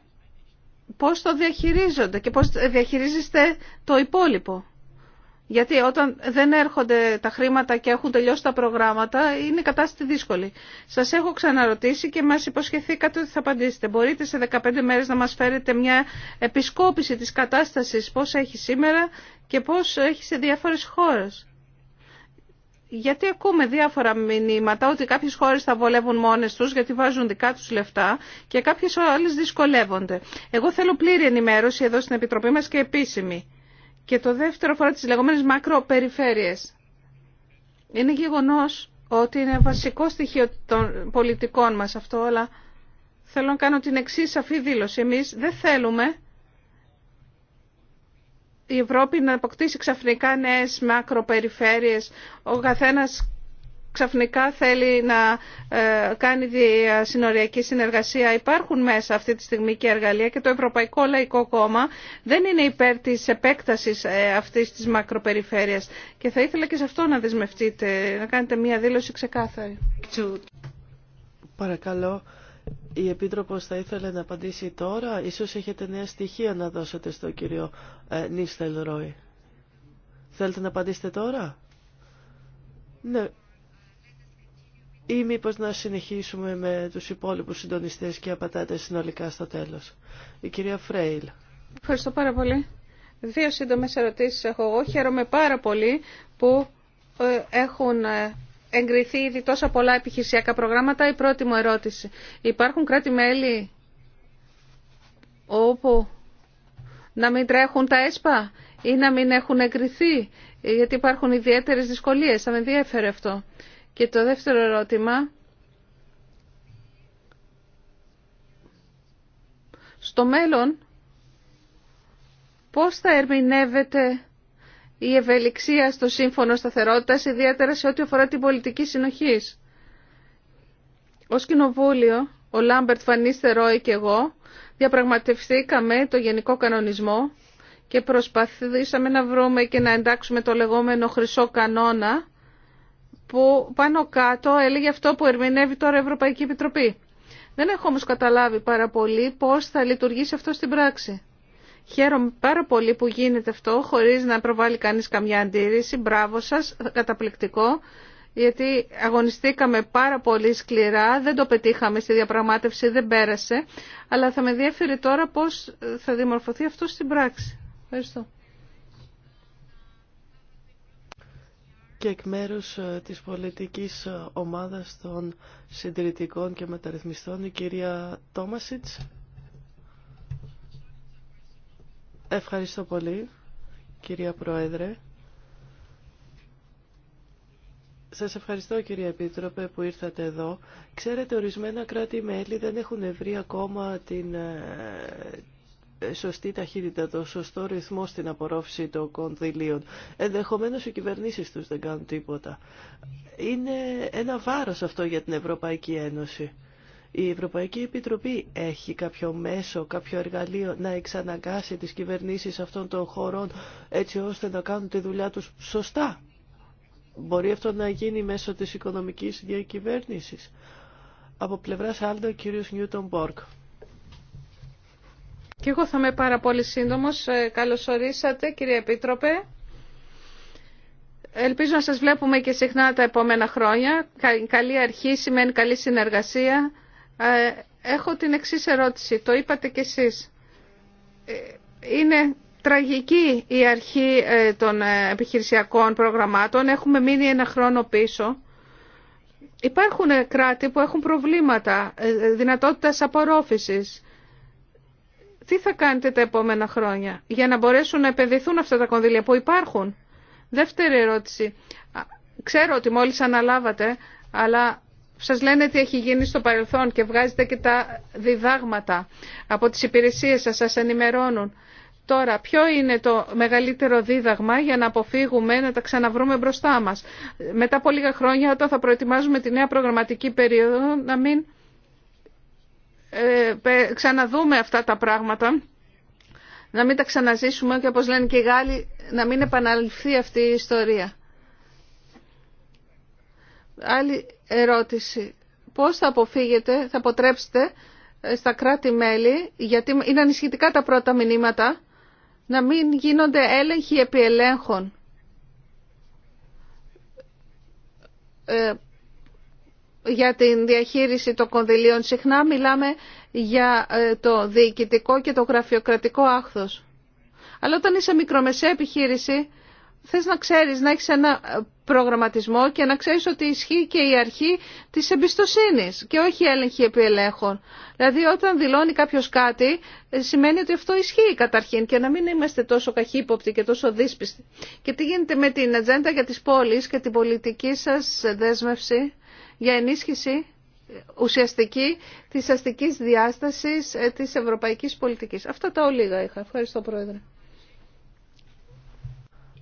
πώς το διαχειρίζονται και πώς διαχειρίζεστε το υπόλοιπο. Γιατί όταν δεν έρχονται τα χρήματα και έχουν τελειώσει τα προγράμματα, είναι η κατάσταση δύσκολη. Σα έχω ξαναρωτήσει και μα υποσχεθήκατε ότι θα απαντήσετε. Μπορείτε σε 15 μέρε να μα φέρετε μια επισκόπηση τη κατάσταση, πώ έχει σήμερα και πώ έχει σε διάφορε χώρε. Γιατί ακούμε διάφορα μηνύματα ότι κάποιε χώρε θα βολεύουν μόνε του γιατί βάζουν δικά του λεφτά και κάποιε άλλε δυσκολεύονται. Εγώ θέλω πλήρη ενημέρωση εδώ στην Επιτροπή μα και επίσημη και το δεύτερο αφορά τις λεγόμενες μακροπεριφέρειες. Είναι γεγονός ότι είναι βασικό στοιχείο των πολιτικών μας αυτό, αλλά θέλω να κάνω την εξής σαφή δήλωση. Εμείς δεν θέλουμε η Ευρώπη να αποκτήσει ξαφνικά νέες μακροπεριφέρειες, ο καθένας ξαφνικά θέλει να ε, κάνει διασυνοριακή συνεργασία. Υπάρχουν μέσα αυτή τη στιγμή και εργαλεία και το Ευρωπαϊκό Λαϊκό Κόμμα δεν είναι υπέρ της επέκτασης ε, αυτής της μακροπεριφέρεια. Και θα ήθελα και σε αυτό να δεσμευτείτε, να κάνετε μια δήλωση ξεκάθαρη. Παρακαλώ. Η Επίτροπος θα ήθελε να απαντήσει τώρα. Ίσως έχετε νέα στοιχεία να δώσετε στον κύριο ε, Νίστελ Ρόι. Θέλετε να απαντήσετε τώρα. Ναι, ή μήπω να συνεχίσουμε με τους υπόλοιπους συντονιστές και απατάτες συνολικά στο τέλος. Η κυρία Φρέιλ. Ευχαριστώ πάρα πολύ. Δύο σύντομες ερωτήσεις έχω εγώ. Χαίρομαι πάρα πολύ που ε, έχουν ε, εγκριθεί ήδη τόσα πολλά επιχειρησιακά προγράμματα. Η πρώτη μου ερώτηση. Υπάρχουν κράτη-μέλη όπου να μην τρέχουν τα ΕΣΠΑ ή να μην έχουν εγκριθεί, γιατί υπάρχουν ιδιαίτερες δυσκολίες. Θα με ενδιαφέρει αυτό. Και το δεύτερο ερώτημα, στο μέλλον πώς θα ερμηνεύεται η ευελιξία στο σύμφωνο σταθερότητας, ιδιαίτερα σε ό,τι αφορά την πολιτική συνοχή. Ως κοινοβούλιο, ο Λάμπερτ Φανίστε και εγώ διαπραγματευθήκαμε το γενικό κανονισμό και προσπαθήσαμε να βρούμε και να εντάξουμε το λεγόμενο χρυσό κανόνα που πάνω κάτω έλεγε αυτό που ερμηνεύει τώρα η Ευρωπαϊκή Επιτροπή. Δεν έχω όμως καταλάβει πάρα πολύ πώς θα λειτουργήσει αυτό στην πράξη. Χαίρομαι πάρα πολύ που γίνεται αυτό χωρίς να προβάλλει κανείς καμιά αντίρρηση. Μπράβο σας, καταπληκτικό, γιατί αγωνιστήκαμε πάρα πολύ σκληρά, δεν το πετύχαμε στη διαπραγμάτευση, δεν πέρασε, αλλά θα με διέφερε τώρα πώς θα δημορφωθεί αυτό στην πράξη. Ευχαριστώ. και εκ μέρους ε, της πολιτικής ε, ομάδας των συντηρητικών και μεταρρυθμιστών η κυρία Τόμασιτς. Ευχαριστώ πολύ, κυρία Πρόεδρε. Σας ευχαριστώ κυρία Επίτροπε που ήρθατε εδώ. Ξέρετε, ορισμένα κράτη-μέλη δεν έχουν βρει ακόμα την, ε, σωστή ταχύτητα, το σωστό ρυθμό στην απορρόφηση των κονδυλίων. Ενδεχομένω οι κυβερνήσεις τους δεν κάνουν τίποτα. Είναι ένα βάρο αυτό για την Ευρωπαϊκή Ένωση. Η Ευρωπαϊκή Επιτροπή έχει κάποιο μέσο, κάποιο εργαλείο να εξαναγκάσει τις κυβερνήσεις αυτών των χωρών έτσι ώστε να κάνουν τη δουλειά τους σωστά. Μπορεί αυτό να γίνει μέσω της οικονομικής διακυβέρνησης. Από πλευράς άλλων, κύριος Νιούτον Μπόρκ. Και εγώ θα είμαι πάρα πολύ σύντομος. Ε, καλωσορίσατε κύριε Επίτροπε. Ελπίζω να σας βλέπουμε και συχνά τα επόμενα χρόνια. Καλή αρχή σημαίνει καλή συνεργασία. Ε, έχω την εξή ερώτηση. Το είπατε κι εσείς. Ε, είναι τραγική η αρχή των επιχειρησιακών προγραμμάτων. Έχουμε μείνει ένα χρόνο πίσω. Υπάρχουν κράτη που έχουν προβλήματα δυνατότητας απορρόφησης τι θα κάνετε τα επόμενα χρόνια για να μπορέσουν να επενδυθούν αυτά τα κονδύλια που υπάρχουν. Δεύτερη ερώτηση. Ξέρω ότι μόλις αναλάβατε, αλλά σας λένε τι έχει γίνει στο παρελθόν και βγάζετε και τα διδάγματα από τις υπηρεσίες σας, σας ενημερώνουν. Τώρα, ποιο είναι το μεγαλύτερο δίδαγμα για να αποφύγουμε να τα ξαναβρούμε μπροστά μας. Μετά από λίγα χρόνια, όταν θα προετοιμάζουμε τη νέα προγραμματική περίοδο, να μην ε, ξαναδούμε αυτά τα πράγματα, να μην τα ξαναζήσουμε και όπως λένε και οι Γάλλοι, να μην επαναληφθεί αυτή η ιστορία. Άλλη ερώτηση. Πώς θα αποφύγετε, θα αποτρέψετε ε, στα κράτη-μέλη, γιατί είναι ανησυχητικά τα πρώτα μηνύματα, να μην γίνονται έλεγχοι επί ελέγχων. Ε, για την διαχείριση των κονδυλίων. Συχνά μιλάμε για ε, το διοικητικό και το γραφειοκρατικό άχθος. Αλλά όταν είσαι μικρομεσαία επιχείρηση, θες να ξέρεις, να έχεις ένα ε, προγραμματισμό και να ξέρεις ότι ισχύει και η αρχή της εμπιστοσύνης και όχι η έλεγχη επί ελέγχων. Δηλαδή όταν δηλώνει κάποιος κάτι, ε, σημαίνει ότι αυτό ισχύει καταρχήν και να μην είμαστε τόσο καχύποπτοι και τόσο δύσπιστοι. Και τι γίνεται με την ατζέντα για τις πόλεις και την πολιτική σας δέσμευση για ενίσχυση ουσιαστική της αστικής διάστασης ε, της ευρωπαϊκής πολιτικής. Αυτά τα ολίγα είχα. Ευχαριστώ Πρόεδρε.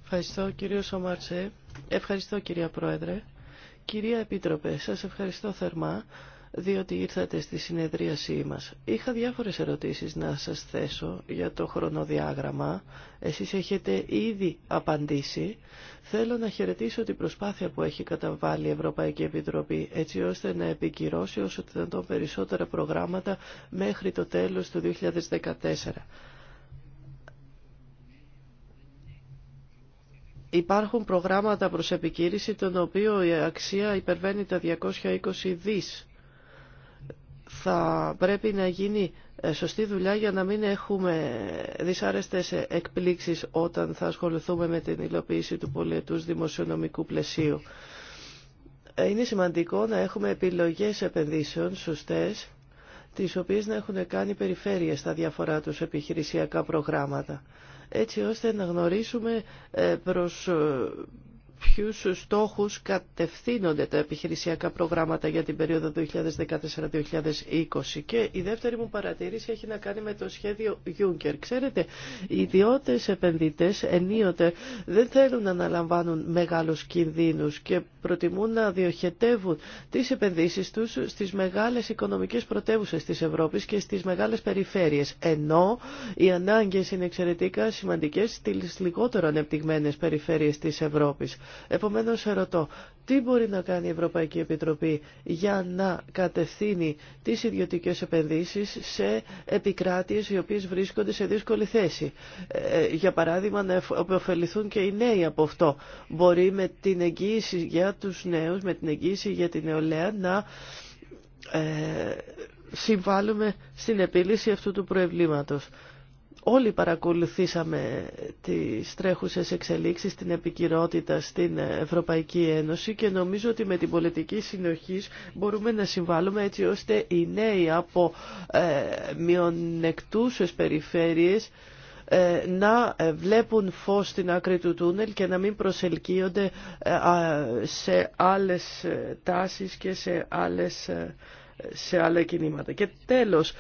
Ευχαριστώ κύριο Σομάρτσε. Ευχαριστώ κυρία Πρόεδρε. Κυρία Επίτροπε, σας ευχαριστώ θερμά διότι ήρθατε στη συνεδρίασή μας. Είχα διάφορες ερωτήσεις να σας θέσω για το χρονοδιάγραμμα. Εσείς έχετε ήδη απαντήσει. Θέλω να χαιρετήσω την προσπάθεια που έχει καταβάλει η Ευρωπαϊκή Επιτροπή έτσι ώστε να επικυρώσει όσο δυνατόν περισσότερα προγράμματα μέχρι το τέλος του 2014. Υπάρχουν προγράμματα προς επικύρηση, των οποίων η αξία υπερβαίνει τα 220 δις θα πρέπει να γίνει ε, σωστή δουλειά για να μην έχουμε δυσάρεστες ε, εκπλήξεις όταν θα ασχοληθούμε με την υλοποίηση του πολιετούς δημοσιονομικού πλαισίου. Ε, είναι σημαντικό να έχουμε επιλογές επενδύσεων σωστές, τις οποίες να έχουν κάνει περιφέρειες στα διαφορά τους επιχειρησιακά προγράμματα, έτσι ώστε να γνωρίσουμε προς ποιους στόχους κατευθύνονται τα επιχειρησιακά προγράμματα για την περίοδο 2014-2020. Και η δεύτερη μου παρατήρηση έχει να κάνει με το σχέδιο Juncker. Ξέρετε, οι ιδιώτες επενδυτές ενίοτε δεν θέλουν να αναλαμβάνουν μεγάλους κινδύνους και προτιμούν να διοχετεύουν τις επενδύσεις τους στις μεγάλες οικονομικές πρωτεύουσες της Ευρώπης και στις μεγάλες περιφέρειες. Ενώ οι ανάγκες είναι εξαιρετικά σημαντικές στις λιγότερο ανεπτυγμένες περιφέρειες της Ευρώπης. Επομένως ερωτώ, τι μπορεί να κάνει η Ευρωπαϊκή Επιτροπή για να κατευθύνει τις ιδιωτικές επενδύσεις σε επικράτειες οι οποίες βρίσκονται σε δύσκολη θέση. Ε, για παράδειγμα να ωφεληθούν και οι νέοι από αυτό. Μπορεί με την εγγύηση για τους νέους, με την εγγύηση για την νεολαία να ε, συμβάλλουμε στην επίλυση αυτού του προεβλήματος. Όλοι παρακολουθήσαμε τις τρέχουσες εξελίξεις στην επικυρότητα στην Ευρωπαϊκή Ένωση και νομίζω ότι με την πολιτική συνοχή μπορούμε να συμβάλλουμε έτσι ώστε οι νέοι από ε, μειονεκτούσες περιφέρειες ε, να ε, βλέπουν φως στην άκρη του τούνελ και να μην προσελκύονται σε άλλες τάσεις και σε, άλλες, σε άλλα κινήματα. Και τέλος,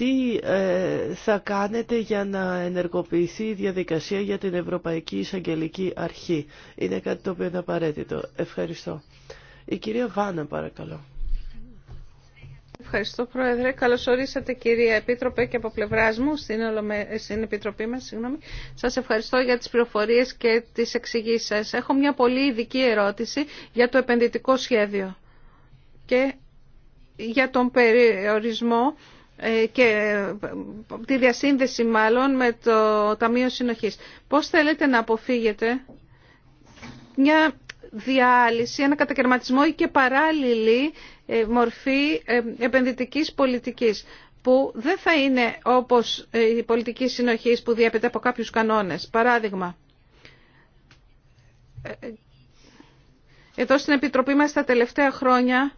τι ε, θα κάνετε για να ενεργοποιηθεί η διαδικασία για την Ευρωπαϊκή Εισαγγελική Αρχή. Είναι κάτι το οποίο είναι απαραίτητο. Ευχαριστώ. Η κυρία Βάνα παρακαλώ. Ευχαριστώ Πρόεδρε. Καλώς ορίσατε κυρία Επίτροπε και από πλευρά μου στην, Επιτροπή μας. Συγγνώμη. Σας ευχαριστώ για τις πληροφορίες και τις εξηγήσεις σας. Έχω μια πολύ ειδική ερώτηση για το επενδυτικό σχέδιο και για τον περιορισμό ε, και ε, τη διασύνδεση μάλλον με το Ταμείο Συνοχής. Πώς θέλετε να αποφύγετε μια διάλυση, ένα κατακαιρματισμό ή και παράλληλη ε, μορφή επενδυτικής πολιτικής που δεν θα είναι όπως η πολιτική συνοχής που διέπεται από κάποιους κανόνες. Παράδειγμα, εδώ στην Επιτροπή μας τα τελευταία χρόνια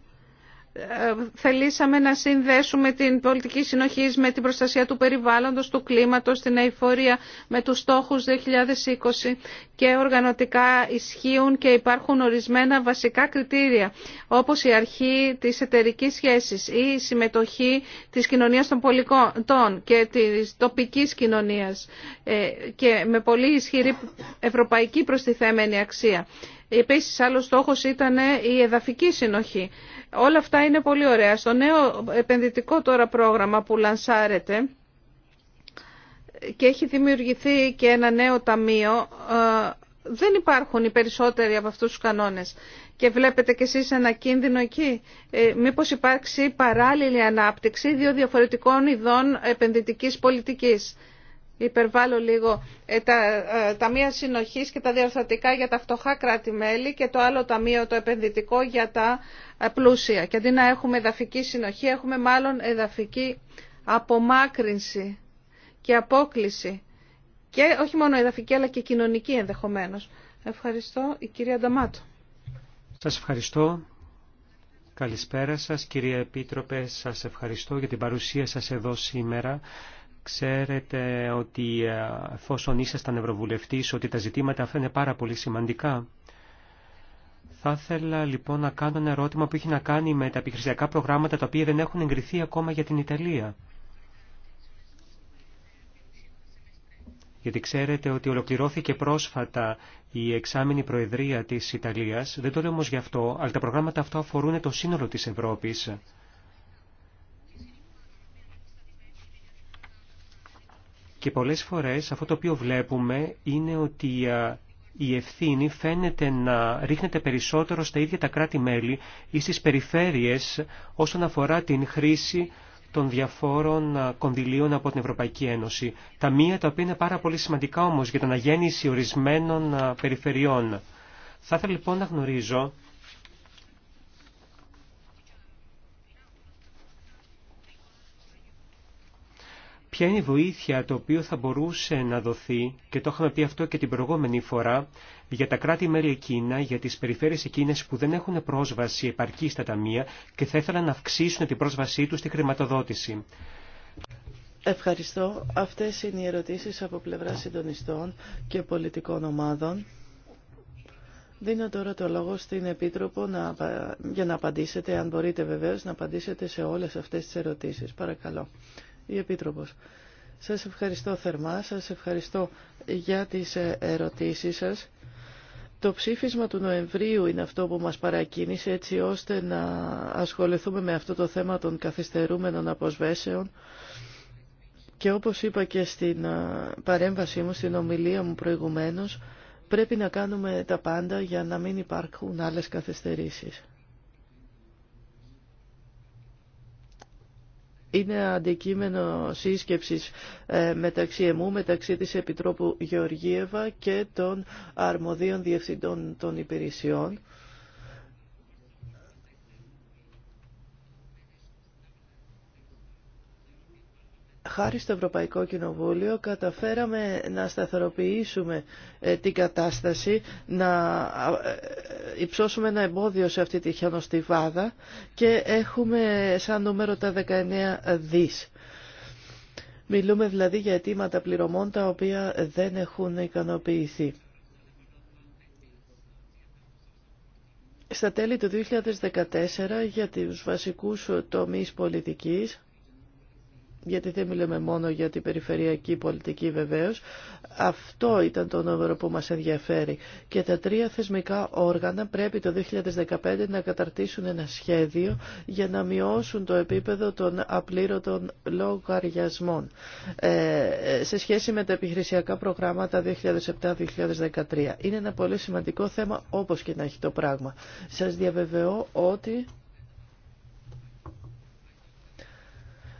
θελήσαμε να συνδέσουμε την πολιτική συνοχή με την προστασία του περιβάλλοντος, του κλίματος, την αηφορία με τους στόχους 2020 και οργανωτικά ισχύουν και υπάρχουν ορισμένα βασικά κριτήρια όπως η αρχή της εταιρική σχέσης ή η συμμετοχή της κοινωνίας των πολιτών και της τοπικής κοινωνίας ε, και με πολύ ισχυρή ευρωπαϊκή προστιθέμενη αξία. Επίσης, άλλος στόχος ήταν η εδαφική συνοχή. Όλα αυτά είναι πολύ ωραία. Στο νέο επενδυτικό τώρα πρόγραμμα που λανσάρεται και έχει δημιουργηθεί και ένα νέο ταμείο, ε, δεν υπάρχουν οι περισσότεροι από αυτούς τους κανόνες. Και βλέπετε κι εσείς ένα κίνδυνο εκεί. Ε, μήπως υπάρξει παράλληλη ανάπτυξη δύο διαφορετικών ειδών επενδυτικής πολιτικής υπερβάλλω λίγο, ε, τα ε, ταμεία συνοχής και τα διορθωτικά για τα φτωχά κράτη-μέλη και το άλλο ταμείο το επενδυτικό για τα ε, πλούσια. Και αντί να έχουμε εδαφική συνοχή, έχουμε μάλλον εδαφική απομάκρυνση και απόκληση. Και όχι μόνο εδαφική, αλλά και κοινωνική ενδεχομένως. Ευχαριστώ, η κυρία Νταμάτο. Σας ευχαριστώ. Καλησπέρα σας, κυρία Επίτροπε. Σας ευχαριστώ για την παρουσία σας εδώ σήμερα. Ξέρετε ότι ε, εφόσον ήσασταν Ευρωβουλευτής ότι τα ζητήματα αυτά είναι πάρα πολύ σημαντικά. Θα ήθελα λοιπόν να κάνω ένα ερώτημα που έχει να κάνει με τα επιχειρησιακά προγράμματα τα οποία δεν έχουν εγκριθεί ακόμα για την Ιταλία. γιατί ξέρετε ότι ολοκληρώθηκε πρόσφατα η εξάμεινη προεδρία της Ιταλίας. Δεν το λέω όμως γι' αυτό, αλλά τα προγράμματα αυτά αφορούν το σύνολο της Ευρώπης. Και πολλές φορές αυτό το οποίο βλέπουμε είναι ότι η ευθύνη φαίνεται να ρίχνεται περισσότερο στα ίδια τα κράτη-μέλη ή στις περιφέρειες όσον αφορά την χρήση των διαφόρων κονδυλίων από την Ευρωπαϊκή Ένωση. Τα μία τα οποία είναι πάρα πολύ σημαντικά όμως για την αγέννηση ορισμένων περιφερειών. Θα ήθελα λοιπόν να γνωρίζω ποια είναι η βοήθεια το οποίο θα μπορούσε να δοθεί, και το είχαμε πει αυτό και την προηγούμενη φορά, για τα κράτη-μέλη εκείνα, για τις περιφέρειες εκείνες που δεν έχουν πρόσβαση επαρκή στα ταμεία και θα ήθελαν να αυξήσουν την πρόσβασή τους στη χρηματοδότηση. Ευχαριστώ. Αυτές είναι οι ερωτήσεις από πλευρά συντονιστών και πολιτικών ομάδων. Δίνω τώρα το λόγο στην Επίτροπο να, για να απαντήσετε, αν μπορείτε βεβαίως, να απαντήσετε σε όλες αυτές τις ερωτήσεις. Παρακαλώ η Επίτροπος. Σας ευχαριστώ θερμά, σας ευχαριστώ για τις ε, ερωτήσεις σας. Το ψήφισμα του Νοεμβρίου είναι αυτό που μας παρακίνησε έτσι ώστε να ασχοληθούμε με αυτό το θέμα των καθυστερούμενων αποσβέσεων και όπως είπα και στην ε, παρέμβασή μου, στην ομιλία μου προηγουμένως, πρέπει να κάνουμε τα πάντα για να μην υπάρχουν άλλες καθυστερήσεις. είναι αντικείμενο σύσκεψης ε, μεταξύ εμού, μεταξύ της Επιτρόπου Γεωργίευα και των αρμοδίων διευθυντών των υπηρεσιών. χάρη στο Ευρωπαϊκό Κοινοβούλιο καταφέραμε να σταθεροποιήσουμε ε, την κατάσταση, να ε, υψώσουμε ένα εμπόδιο σε αυτή τη χιονοστιβάδα και έχουμε σαν νούμερο τα 19 δις. Μιλούμε δηλαδή για αιτήματα πληρωμών τα οποία δεν έχουν ικανοποιηθεί. Στα τέλη του 2014 για τους βασικούς τομείς πολιτικής γιατί δεν μιλάμε μόνο για την περιφερειακή πολιτική βεβαίως. Αυτό ήταν το νούμερο που μας ενδιαφέρει. Και τα τρία θεσμικά όργανα πρέπει το 2015 να καταρτήσουν ένα σχέδιο για να μειώσουν το επίπεδο των απλήρωτων λογαριασμών. Ε, σε σχέση με τα επιχειρησιακά προγράμματα 2007-2013. Είναι ένα πολύ σημαντικό θέμα όπως και να έχει το πράγμα. Σας διαβεβαιώ ότι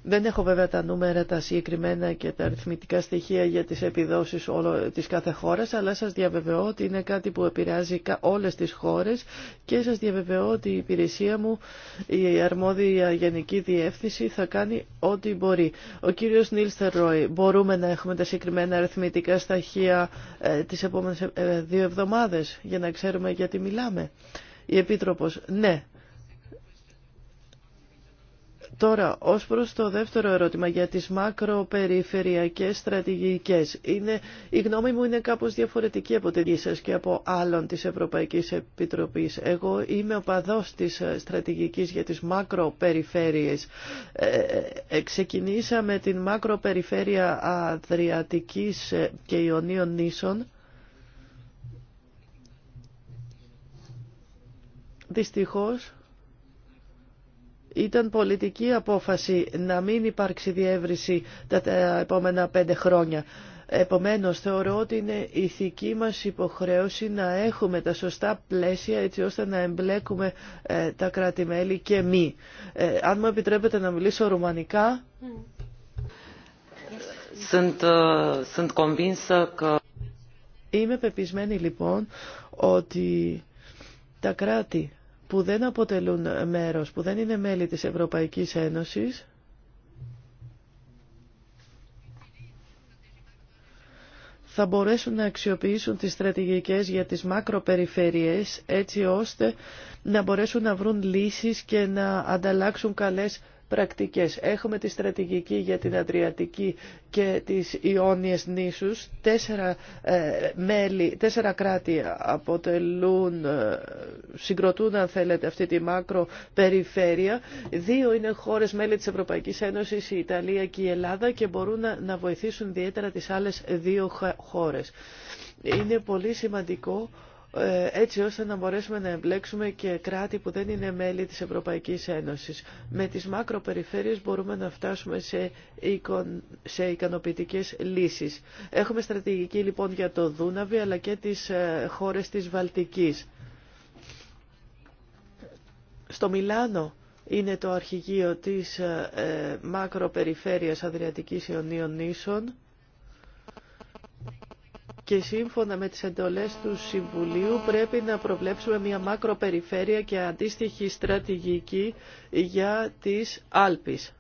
Δεν έχω βέβαια τα νούμερα, τα συγκεκριμένα και τα αριθμητικά στοιχεία για τις επιδόσεις όλο, της κάθε χώρας, αλλά σας διαβεβαιώ ότι είναι κάτι που επηρεάζει όλες τις χώρες και σας διαβεβαιώ ότι η υπηρεσία μου, η αρμόδια γενική διεύθυνση θα κάνει ό,τι μπορεί. Ο κύριος Νίλστερ Ρόι, μπορούμε να έχουμε τα συγκεκριμένα αριθμητικά στοιχεία ε, τις επόμενες ε, δύο εβδομάδες για να ξέρουμε γιατί μιλάμε. Η Επίτροπος, ναι, Τώρα, ως προς το δεύτερο ερώτημα για τις μακροπεριφερειακές στρατηγικές. Είναι, η γνώμη μου είναι κάπως διαφορετική από τη σας και από άλλων της Ευρωπαϊκής Επιτροπής. Εγώ είμαι οπαδός της στρατηγικής για τις μακροπεριφέρειες. Ε, ε, ξεκινήσαμε την μακροπεριφέρεια Αδριατικής και Ιωνίων νήσων. Δυστυχώς, ήταν πολιτική απόφαση να μην υπάρξει διεύρυνση τα επόμενα πέντε χρόνια. Επομένως, θεωρώ ότι είναι ηθική μας υποχρέωση να έχουμε τα σωστά πλαίσια έτσι ώστε να εμπλέκουμε ε, τα κράτη-μέλη και μη. Ε, αν μου επιτρέπετε να μιλήσω ρουμανικά. Ε, Είμαι πεπισμένη λοιπόν ότι τα κράτη που δεν αποτελούν μέρος, που δεν είναι μέλη της Ευρωπαϊκής Ένωσης, θα μπορέσουν να αξιοποιήσουν τις στρατηγικές για τις μακροπεριφέρειες έτσι ώστε να μπορέσουν να βρουν λύσεις και να ανταλλάξουν καλές πρακτικές. Έχουμε τη στρατηγική για την Αδριατική και τις Ιόνιες νήσους. Τέσσερα, ε, μέλη, τέσσερα κράτη αποτελούν, ε, συγκροτούν αν θέλετε αυτή τη μάκρο περιφέρεια. Δύο είναι χώρες μέλη της Ευρωπαϊκής Ένωσης, η Ιταλία και η Ελλάδα και μπορούν να, να βοηθήσουν ιδιαίτερα τις άλλες δύο χώρες. Είναι πολύ σημαντικό ε, έτσι ώστε να μπορέσουμε να εμπλέξουμε και κράτη που δεν είναι μέλη της Ευρωπαϊκής Ένωσης. Με τις μακροπεριφέρειες μπορούμε να φτάσουμε σε, σε ικανοποιητικές λύσεις. Έχουμε στρατηγική λοιπόν για το Δούναβι αλλά και τις ε, χώρες της Βαλτικής. Στο Μιλάνο είναι το αρχηγείο της ε, μακροπεριφέρειας Αδριατικής Ιωνίων Νήσων και σύμφωνα με τις εντολές του Συμβουλίου πρέπει να προβλέψουμε μια μακροπεριφέρεια και αντίστοιχη στρατηγική για τις Άλπεις.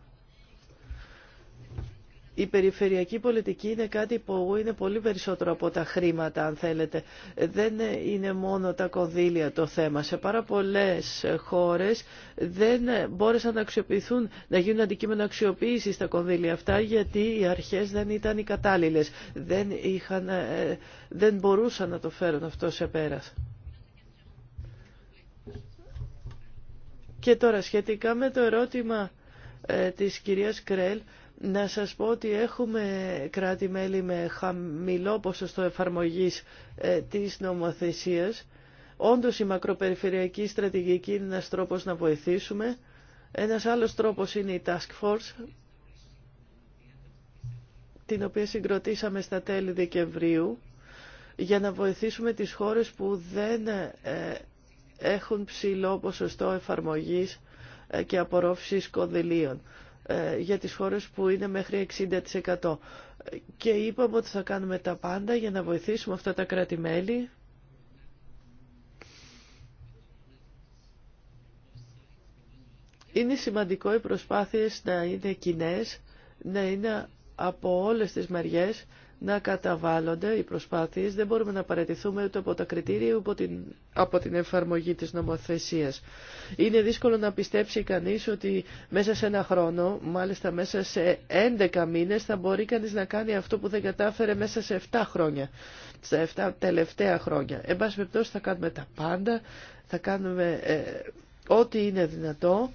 Η περιφερειακή πολιτική είναι κάτι που είναι πολύ περισσότερο από τα χρήματα, αν θέλετε. Δεν είναι μόνο τα κονδύλια το θέμα. Σε πάρα πολλές χώρες δεν μπόρεσαν να αξιοποιηθούν, να γίνουν αντικείμενο αξιοποίηση τα κονδύλια αυτά, γιατί οι αρχές δεν ήταν οι κατάλληλες. Δεν, είχαν, ε, δεν μπορούσαν να το φέρουν αυτό σε πέρας. Και τώρα σχετικά με το ερώτημα ε, της κυρίας Κρέλ, να σας πω ότι έχουμε κράτη-μέλη με χαμηλό ποσοστό εφαρμογής ε, της νομοθεσίας. Όντως η μακροπεριφερειακή στρατηγική είναι ένας τρόπος να βοηθήσουμε. Ένας άλλος τρόπος είναι η Task Force, την οποία συγκροτήσαμε στα τέλη Δεκεμβρίου, για να βοηθήσουμε τις χώρες που δεν ε, έχουν ψηλό ποσοστό εφαρμογής ε, και απορρόφησης κονδυλίων. Ε, για τις χώρες που είναι μέχρι 60%. Και είπαμε ότι θα κάνουμε τα πάντα για να βοηθήσουμε αυτά τα κράτη-μέλη Είναι σημαντικό οι προσπάθειες να είναι κοινέ, να είναι από όλες τις μεριές να καταβάλλονται οι προσπάθειες. Δεν μπορούμε να παραιτηθούμε ούτε από τα κριτήρια ούτε από, από την εφαρμογή της νομοθεσίας. Είναι δύσκολο να πιστέψει κανείς ότι μέσα σε ένα χρόνο, μάλιστα μέσα σε 11 μήνες, θα μπορεί κανείς να κάνει αυτό που δεν κατάφερε μέσα σε 7 χρόνια, στα 7 τελευταία χρόνια. Εν πάση περιπτώσει θα κάνουμε τα πάντα, θα κάνουμε ε, ό,τι είναι δυνατό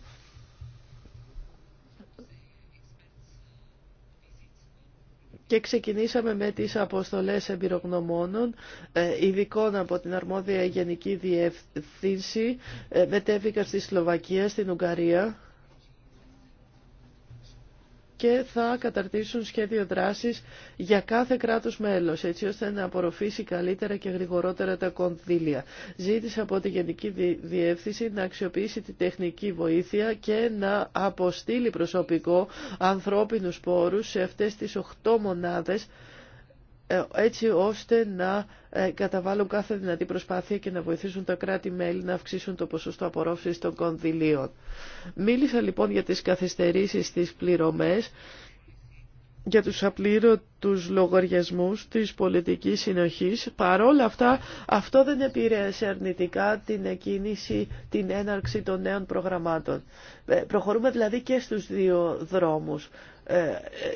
και ξεκινήσαμε με τις αποστολές εμπειρογνωμόνων, ε, ειδικών από την αρμόδια γενική διευθύνση, ε, μετέβηκα στη Σλοβακία, στην Ουγγαρία, και θα καταρτήσουν σχέδιο δράσης για κάθε κράτος μέλος, έτσι ώστε να απορροφήσει καλύτερα και γρηγορότερα τα κονδύλια. Ζήτησε από τη Γενική Διεύθυνση να αξιοποιήσει τη τεχνική βοήθεια και να αποστείλει προσωπικό ανθρώπινους πόρους σε αυτές τις 8 μονάδες ε, έτσι ώστε να ε, καταβάλουν κάθε δυνατή προσπάθεια και να βοηθήσουν τα κράτη-μέλη να αυξήσουν το ποσοστό απορρόφησης των κονδυλίων. Μίλησα λοιπόν για τις καθυστερήσεις στις πληρωμές, για τους απλήρωτους λογαριασμούς της πολιτικής συνοχής. Παρόλα αυτά, αυτό δεν επηρέασε αρνητικά την εκκίνηση, την έναρξη των νέων προγραμμάτων. Ε, προχωρούμε δηλαδή και στους δύο δρόμους. Ε,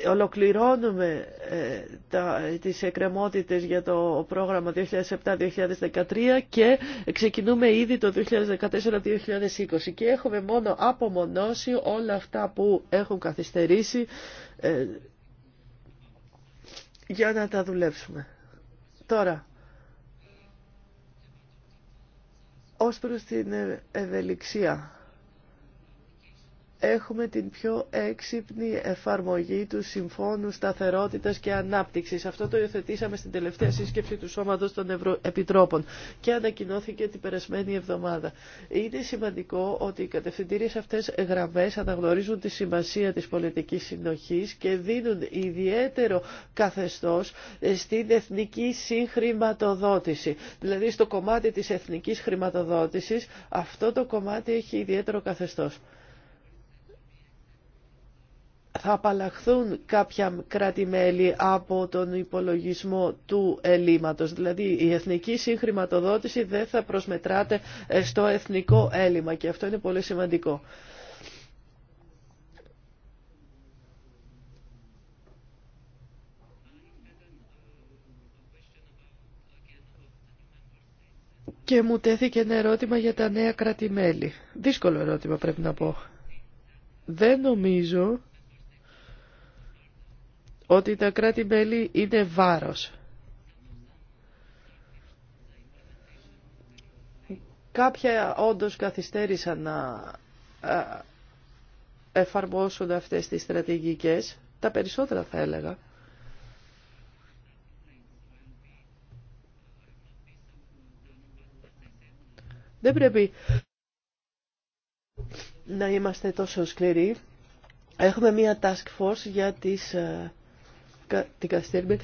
ε, ολοκληρώνουμε ε, τα, τις εκκρεμότητες για το πρόγραμμα 2007-2013 και ξεκινούμε ήδη το 2014-2020 και έχουμε μόνο απομονώσει όλα αυτά που έχουν καθυστερήσει για να τα δουλέψουμε. Τώρα, ως προς την ευελιξία έχουμε την πιο έξυπνη εφαρμογή του Συμφώνου Σταθερότητας και Ανάπτυξης. Αυτό το υιοθετήσαμε στην τελευταία σύσκεψη του Σώματος των Επιτρόπων και ανακοινώθηκε την περασμένη εβδομάδα. Είναι σημαντικό ότι οι κατευθυντήριες αυτές γραμμές αναγνωρίζουν τη σημασία της πολιτικής συνοχής και δίνουν ιδιαίτερο καθεστώς στην εθνική συγχρηματοδότηση. Δηλαδή στο κομμάτι της εθνικής χρηματοδότησης αυτό το κομμάτι έχει ιδιαίτερο καθεστώς θα απαλλαχθούν κάποια κράτη-μέλη από τον υπολογισμό του ελλείμματος. Δηλαδή η εθνική συγχρηματοδότηση δεν θα προσμετράται ε, στο εθνικό έλλειμμα και αυτό είναι πολύ σημαντικό. Και μου τέθηκε ένα ερώτημα για τα νέα κράτη-μέλη. Δύσκολο ερώτημα πρέπει να πω. Δεν νομίζω ότι τα κράτη-μέλη είναι βάρος. Κάποια όντως καθυστέρησαν να εφαρμόσουν αυτές τις στρατηγικές, τα περισσότερα θα έλεγα. Δεν πρέπει να είμαστε τόσο σκληροί. Έχουμε μία task force για τις ε, δικαστήριο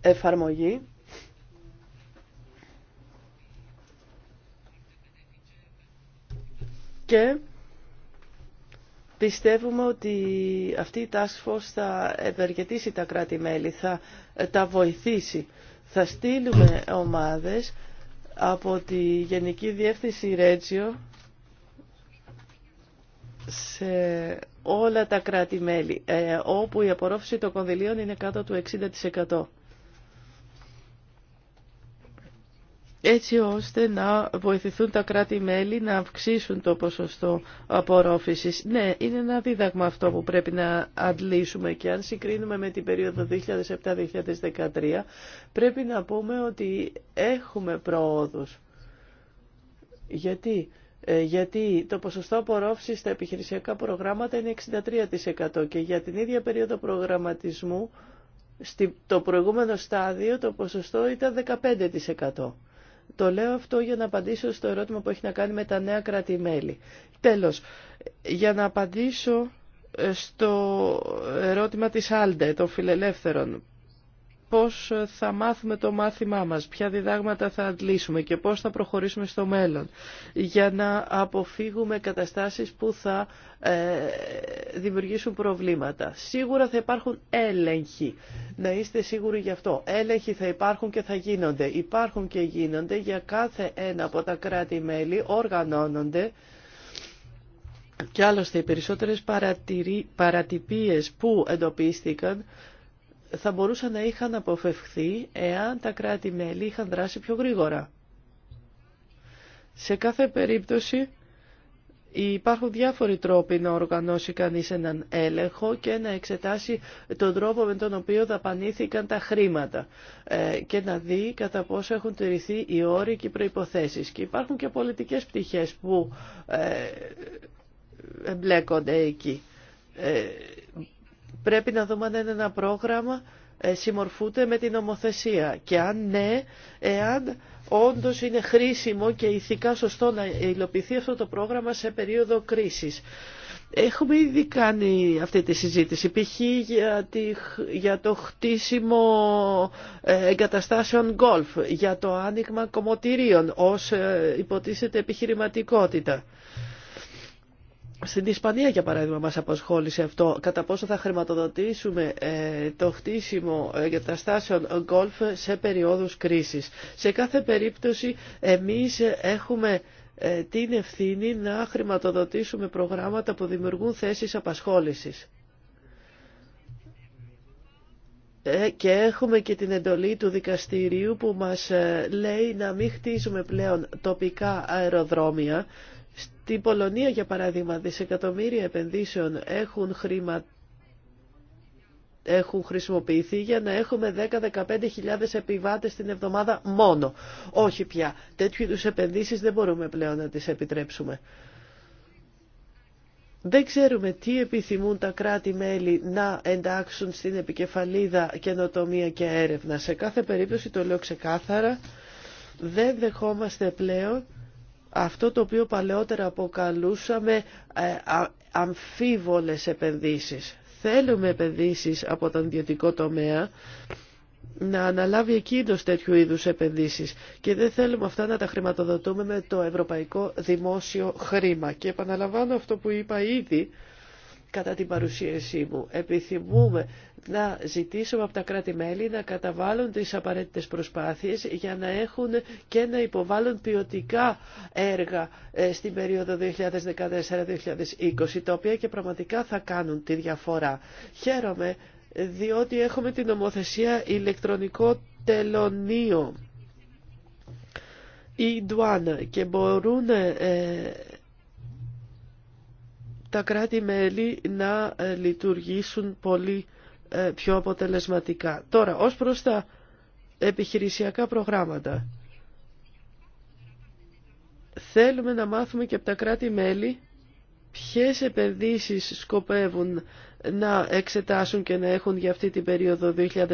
εφαρμογή και πιστεύουμε ότι αυτή η task θα ευεργετήσει τα κράτη-μέλη, θα ε, τα βοηθήσει. Θα στείλουμε ομάδες από τη Γενική Διεύθυνση Ρέτζιο σε όλα τα κράτη-μέλη, ε, όπου η απορρόφηση των κονδυλίων είναι κάτω του 60%. έτσι ώστε να βοηθηθούν τα κράτη-μέλη να αυξήσουν το ποσοστό απορρόφησης. Ναι, είναι ένα δίδαγμα αυτό που πρέπει να αντλήσουμε και αν συγκρίνουμε με την περίοδο 2007-2013 πρέπει να πούμε ότι έχουμε προόδους. Γιατί ε, γιατί το ποσοστό απορρόφησης στα επιχειρησιακά προγράμματα είναι 63% και για την ίδια περίοδο προγραμματισμού στο προηγούμενο στάδιο το ποσοστό ήταν 15%. Το λέω αυτό για να απαντήσω στο ερώτημα που έχει να κάνει με τα νέα κράτη-μέλη. Τέλος, για να απαντήσω ε, στο ερώτημα της Άλντε, των φιλελεύθερων, πώς θα μάθουμε το μάθημά μας, ποια διδάγματα θα αντλήσουμε και πώς θα προχωρήσουμε στο μέλλον για να αποφύγουμε καταστάσεις που θα ε, δημιουργήσουν προβλήματα. Σίγουρα θα υπάρχουν έλεγχοι, να είστε σίγουροι γι' αυτό. Έλεγχοι θα υπάρχουν και θα γίνονται. Υπάρχουν και γίνονται για κάθε ένα από τα κράτη-μέλη, οργανώνονται και άλλωστε οι περισσότερες παρατηρι... παρατυπίες που εντοπίστηκαν θα μπορούσαν να είχαν αποφευχθεί εάν τα κράτη-μέλη είχαν δράσει πιο γρήγορα. Σε κάθε περίπτωση υπάρχουν διάφοροι τρόποι να οργανώσει κανείς έναν έλεγχο και να εξετάσει τον τρόπο με τον οποίο δαπανήθηκαν τα χρήματα ε, και να δει κατά πόσο έχουν τηρηθεί οι όροι και οι προϋποθέσεις. Και υπάρχουν και πολιτικές πτυχές που ε, εμπλέκονται εκεί. Ε, πρέπει να δούμε αν ένα πρόγραμμα ε, συμμορφούνται με την νομοθεσία και αν ναι, εάν όντως είναι χρήσιμο και ηθικά σωστό να υλοποιηθεί αυτό το πρόγραμμα σε περίοδο κρίσης. Έχουμε ήδη κάνει αυτή τη συζήτηση, π.χ. Για, το χτίσιμο ε, εγκαταστάσεων γκολφ, για το άνοιγμα κομμωτηρίων ως ε, υποτίθεται επιχειρηματικότητα. Στην Ισπανία, για παράδειγμα, μας απασχόλησε αυτό. Κατά πόσο θα χρηματοδοτήσουμε ε, το χτίσιμο ε, εγκαταστάσεων γκολφ σε περιόδους κρίσης. Σε κάθε περίπτωση, εμείς έχουμε ε, την ευθύνη να χρηματοδοτήσουμε προγράμματα που δημιουργούν θέσεις απασχόλησης. Και έχουμε και την εντολή του δικαστηρίου που μας λέει να μην χτίζουμε πλέον τοπικά αεροδρόμια, την Πολωνία, για παράδειγμα, δισεκατομμύρια επενδύσεων έχουν έχουν χρησιμοποιηθεί για να έχουμε 10-15 χιλιάδες επιβάτες την εβδομάδα μόνο. Όχι πια. Τέτοιου είδους επενδύσεις δεν μπορούμε πλέον να τις επιτρέψουμε. Δεν ξέρουμε τι επιθυμούν τα κράτη-μέλη να εντάξουν στην επικεφαλίδα καινοτομία και έρευνα. Σε κάθε περίπτωση το λέω ξεκάθαρα, δεν δεχόμαστε πλέον αυτό το οποίο παλαιότερα αποκαλούσαμε ε, αμφίβολες επενδύσεις. Θέλουμε επενδύσεις από τον ιδιωτικό τομέα να αναλάβει εκείνος τέτοιου είδους επενδύσεις και δεν θέλουμε αυτά να τα χρηματοδοτούμε με το ευρωπαϊκό δημόσιο χρήμα. Και επαναλαμβάνω αυτό που είπα ήδη κατά την παρουσίασή μου. Επιθυμούμε να ζητήσουμε από τα κράτη-μέλη να καταβάλουν τις απαραίτητες προσπάθειες για να έχουν και να υποβάλουν ποιοτικά έργα ε, στην περίοδο 2014-2020, τα οποία και πραγματικά θα κάνουν τη διαφορά. Χαίρομαι διότι έχουμε την νομοθεσία ηλεκτρονικό τελωνίο ή ντουάν και μπορούν ε, τα κράτη-μέλη να ε, λειτουργήσουν πολύ ε, πιο αποτελεσματικά. Τώρα, ως προς τα επιχειρησιακά προγράμματα. Θέλουμε να μάθουμε και από τα κράτη-μέλη ποιες επενδύσεις σκοπεύουν να εξετάσουν και να έχουν για αυτή την περίοδο 2014-2020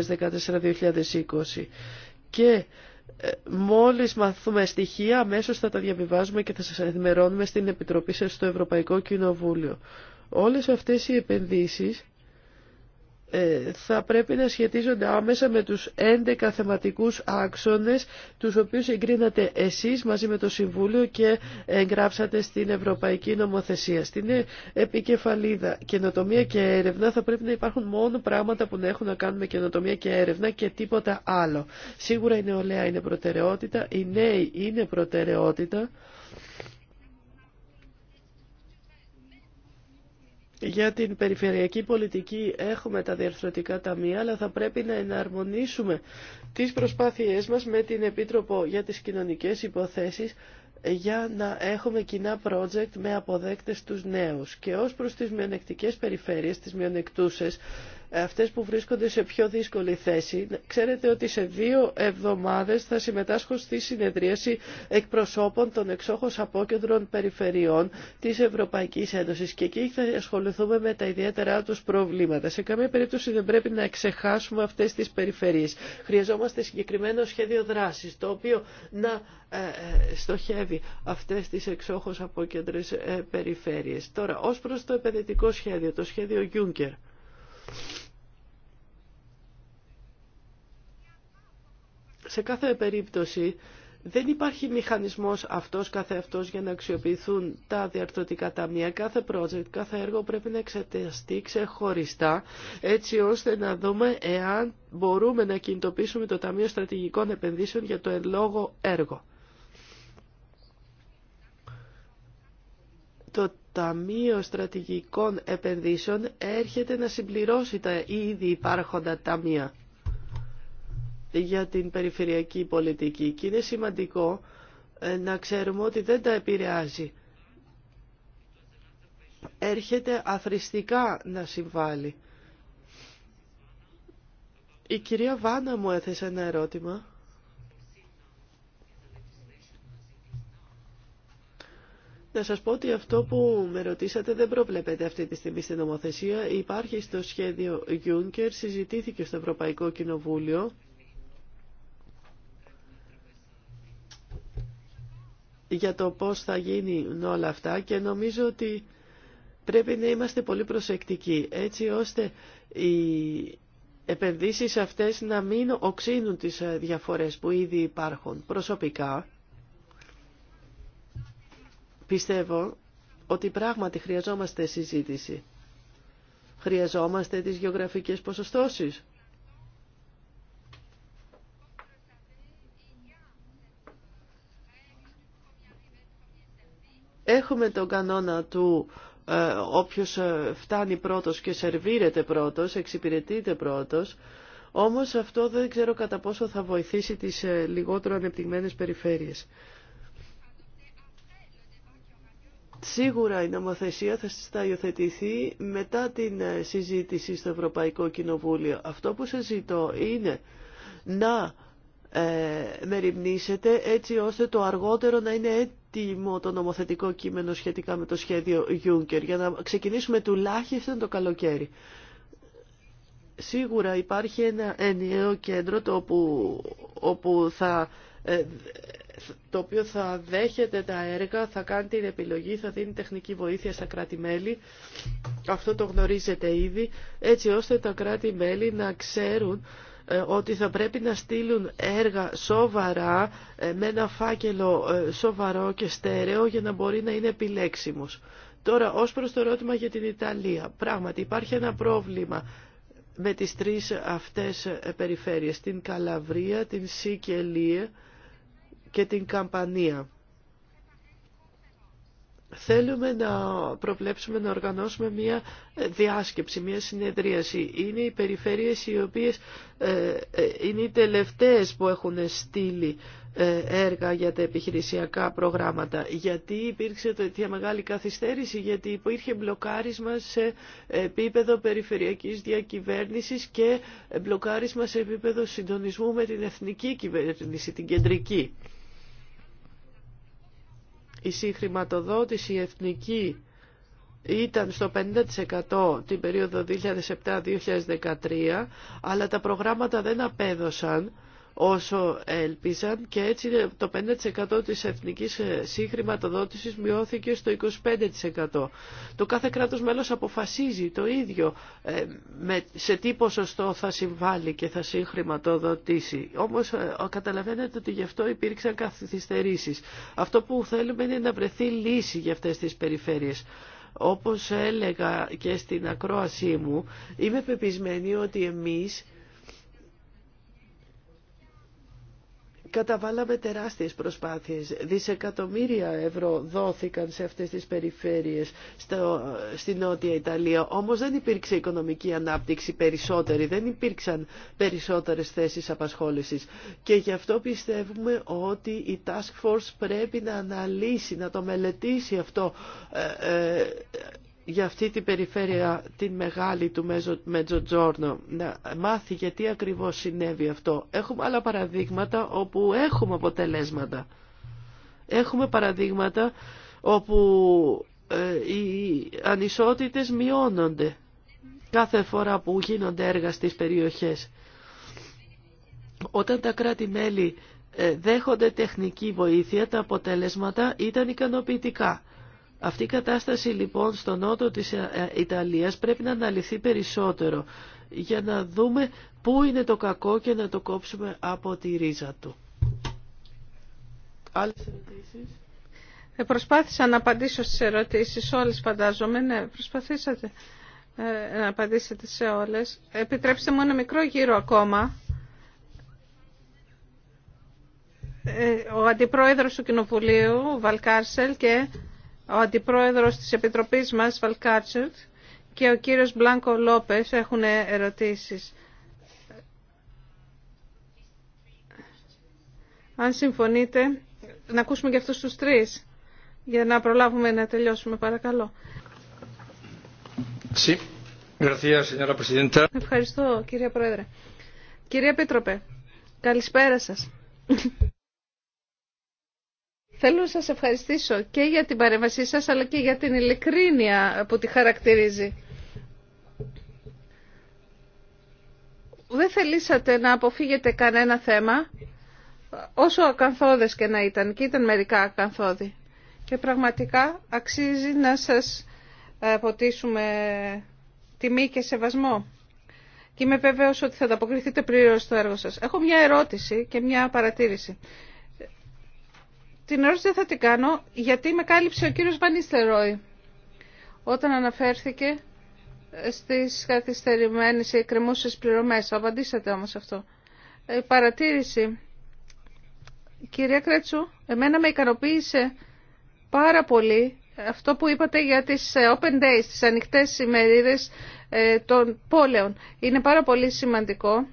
και ε, μόλις μαθούμε στοιχεία, αμέσως θα τα διαβιβάζουμε και θα σας ενημερώνουμε στην Επιτροπή σας στο Ευρωπαϊκό Κοινοβούλιο. Όλες αυτές οι επενδύσεις ε, θα πρέπει να σχετίζονται άμεσα με τους 11 θεματικούς άξονες τους οποίους εγκρίνατε εσείς μαζί με το Συμβούλιο και εγγράψατε στην Ευρωπαϊκή Νομοθεσία. Στην επικεφαλίδα καινοτομία και έρευνα θα πρέπει να υπάρχουν μόνο πράγματα που να έχουν να κάνουν με καινοτομία και έρευνα και τίποτα άλλο. Σίγουρα η νεολαία είναι προτεραιότητα, οι νέοι είναι προτεραιότητα. Για την περιφερειακή πολιτική έχουμε τα διαρθρωτικά ταμεία, αλλά θα πρέπει να εναρμονίσουμε τις προσπάθειές μας με την Επίτροπο για τις κοινωνικές υποθέσεις για να έχουμε κοινά project με αποδέκτες τους νέους. Και ως προς τις μειονεκτικές περιφέρειες, τις μειονεκτούσες, αυτές που βρίσκονται σε πιο δύσκολη θέση. Ξέρετε ότι σε δύο εβδομάδες θα συμμετάσχω στη συνεδρίαση εκπροσώπων των εξόχως απόκεντρων περιφερειών της Ευρωπαϊκής Ένωσης και εκεί θα ασχοληθούμε με τα ιδιαίτερα τους προβλήματα. Σε καμία περίπτωση δεν πρέπει να ξεχάσουμε αυτές τις περιφερειές. Χρειαζόμαστε συγκεκριμένο σχέδιο δράσης το οποίο να ε, ε, στοχεύει αυτές τις εξόχως απόκεντρες ε, περιφέρειες. Τώρα, ως προς το επενδυτικό σχέδιο, το σχέδιο Juncker. Σε κάθε περίπτωση δεν υπάρχει μηχανισμός αυτός καθεαυτός για να αξιοποιηθούν τα διαρθρωτικά ταμεία. Κάθε project, κάθε έργο πρέπει να εξεταστεί ξεχωριστά έτσι ώστε να δούμε εάν μπορούμε να κινητοποιήσουμε το Ταμείο Στρατηγικών Επενδύσεων για το εν έργο. Ταμείο Στρατηγικών Επενδύσεων έρχεται να συμπληρώσει τα ήδη υπάρχοντα ταμεία για την περιφερειακή πολιτική και είναι σημαντικό ε, να ξέρουμε ότι δεν τα επηρεάζει. Έρχεται αφριστικά να συμβάλλει. Η κυρία Βάνα μου έθεσε ένα ερώτημα Να σας πω ότι αυτό που με ρωτήσατε δεν προβλέπεται αυτή τη στιγμή στην νομοθεσία. Υπάρχει στο σχέδιο Juncker, συζητήθηκε στο Ευρωπαϊκό Κοινοβούλιο. για το πώς θα γίνουν όλα αυτά και νομίζω ότι πρέπει να είμαστε πολύ προσεκτικοί έτσι ώστε οι επενδύσεις αυτές να μην οξύνουν τις διαφορές που ήδη υπάρχουν προσωπικά. Πιστεύω ότι πράγματι χρειαζόμαστε συζήτηση. Χρειαζόμαστε τις γεωγραφικές ποσοστώσεις. Έχουμε τον κανόνα του ε, όποιος ε, φτάνει πρώτος και σερβίρεται πρώτος, εξυπηρετείται πρώτος, όμως αυτό δεν ξέρω κατά πόσο θα βοηθήσει τις ε, λιγότερο ανεπτυγμένες περιφέρειες. Σίγουρα η νομοθεσία θα υιοθετηθεί μετά την ε, συζήτηση στο Ευρωπαϊκό Κοινοβούλιο. Αυτό που σας ζητώ είναι να ε, μεριμνήσετε έτσι ώστε το αργότερο να είναι έτοιμο το νομοθετικό κείμενο σχετικά με το σχέδιο Juncker για να ξεκινήσουμε τουλάχιστον το καλοκαίρι. Σίγουρα υπάρχει ένα ενιαίο κέντρο το όπου, όπου θα ε, το οποίο θα δέχεται τα έργα, θα κάνει την επιλογή, θα δίνει τεχνική βοήθεια στα κράτη-μέλη. Αυτό το γνωρίζετε ήδη, έτσι ώστε τα κράτη-μέλη να ξέρουν ε, ότι θα πρέπει να στείλουν έργα σοβαρά, ε, με ένα φάκελο ε, σοβαρό και στέρεο για να μπορεί να είναι επιλέξιμος. Τώρα, ως προς το ερώτημα για την Ιταλία, πράγματι υπάρχει ένα πρόβλημα με τις τρεις αυτές περιφέρειες, την Καλαβρία, την Σικελία και την Καμπανία. Θέλουμε να προβλέψουμε να οργανώσουμε μια ε, διάσκεψη, μια συνεδρίαση. Είναι οι περιφέρειες οι οποίες ε, ε, είναι οι τελευταίες που έχουν στείλει έργα για τα επιχειρησιακά προγράμματα. Γιατί υπήρξε τέτοια μεγάλη καθυστέρηση, γιατί υπήρχε μπλοκάρισμα σε επίπεδο περιφερειακής διακυβέρνησης και μπλοκάρισμα σε επίπεδο συντονισμού με την εθνική κυβέρνηση, την κεντρική η συγχρηματοδότηση εθνική ήταν στο 50% την περίοδο 2007-2013, αλλά τα προγράμματα δεν απέδωσαν όσο ελπίζαν και έτσι το 5% της εθνικής ε, συγχρηματοδότησης μειώθηκε στο 25%. Το κάθε κράτος μέλος αποφασίζει το ίδιο ε, σε τι ποσοστό θα συμβάλλει και θα συγχρηματοδοτήσει. Όμως ε, καταλαβαίνετε ότι γι' αυτό υπήρξαν καθυστερήσεις. Αυτό που θέλουμε είναι να βρεθεί λύση για αυτές τις περιφέρειες όπως έλεγα και στην ακρόασή μου, είμαι πεπισμένη ότι εμείς καταβάλαμε τεράστιες προσπάθειες. Δισεκατομμύρια ευρώ δόθηκαν σε αυτές τις περιφέρειες στο, στη Νότια Ιταλία. Όμως δεν υπήρξε οικονομική ανάπτυξη περισσότερη, δεν υπήρξαν περισσότερες θέσεις απασχόλησης. Και γι' αυτό πιστεύουμε ότι η Task Force πρέπει να αναλύσει, να το μελετήσει αυτό. Ε, ε, για αυτή την περιφέρεια την μεγάλη του Μετζοτζόρνο να μάθει γιατί ακριβώς συνέβη αυτό. Έχουμε άλλα παραδείγματα όπου έχουμε αποτελέσματα. Έχουμε παραδείγματα όπου ε, οι ανισότητες μειώνονται κάθε φορά που γίνονται έργα στις περιοχές. Όταν τα κράτη-μέλη ε, δέχονται τεχνική βοήθεια, τα αποτελέσματα ήταν ικανοποιητικά. Αυτή η κατάσταση λοιπόν στο νότο της ε, ε, Ιταλίας πρέπει να αναλυθεί περισσότερο για να δούμε πού είναι το κακό και να το κόψουμε από τη ρίζα του. Άλλες ερωτήσεις. Ε, προσπάθησα να απαντήσω στις ερωτήσεις όλες φαντάζομαι. Ναι, προσπαθήσατε ε, να απαντήσετε σε όλες. Επιτρέψτε μου ένα μικρό γύρο ακόμα. ο Αντιπρόεδρος του Κοινοβουλίου, ο Βαλκάρσελ και ο αντιπρόεδρος της Επιτροπής μας, Βαλκάτσερτ, και ο κύριος Μπλάνκο Λόπες έχουν ερωτήσεις. Αν συμφωνείτε, να ακούσουμε και αυτούς τους τρεις, για να προλάβουμε να τελειώσουμε, παρακαλώ. Sí. Gracias, Ευχαριστώ, κύριε Πρόεδρε. Κύριε Επίτροπε, καλησπέρα σας. Θέλω να σας ευχαριστήσω και για την παρέμβασή σας αλλά και για την ειλικρίνεια που τη χαρακτηρίζει. Δεν θελήσατε να αποφύγετε κανένα θέμα όσο ακαθόδες και να ήταν και ήταν μερικά ακαθόδη. Και πραγματικά αξίζει να σας ε, ποτίσουμε τιμή και σεβασμό. Και είμαι βέβαιος ότι θα ανταποκριθείτε πλήρως στο έργο σας. Έχω μια ερώτηση και μια παρατήρηση. Την ερώτηση δεν θα την κάνω, γιατί με κάλυψε ο κύριος Βανίστεροι όταν αναφέρθηκε ε, στις καθυστερημένες ή κρεμούσες πληρωμές. Απαντήσατε όμως αυτό. Η ε, παρατήρηση. Κυρία παρατηρηση κυρια εμένα με ικανοποίησε πάρα πολύ αυτό που είπατε για τις ε, open days, τις ανοιχτές ημερίδες των πόλεων. Είναι πάρα πολύ σημαντικό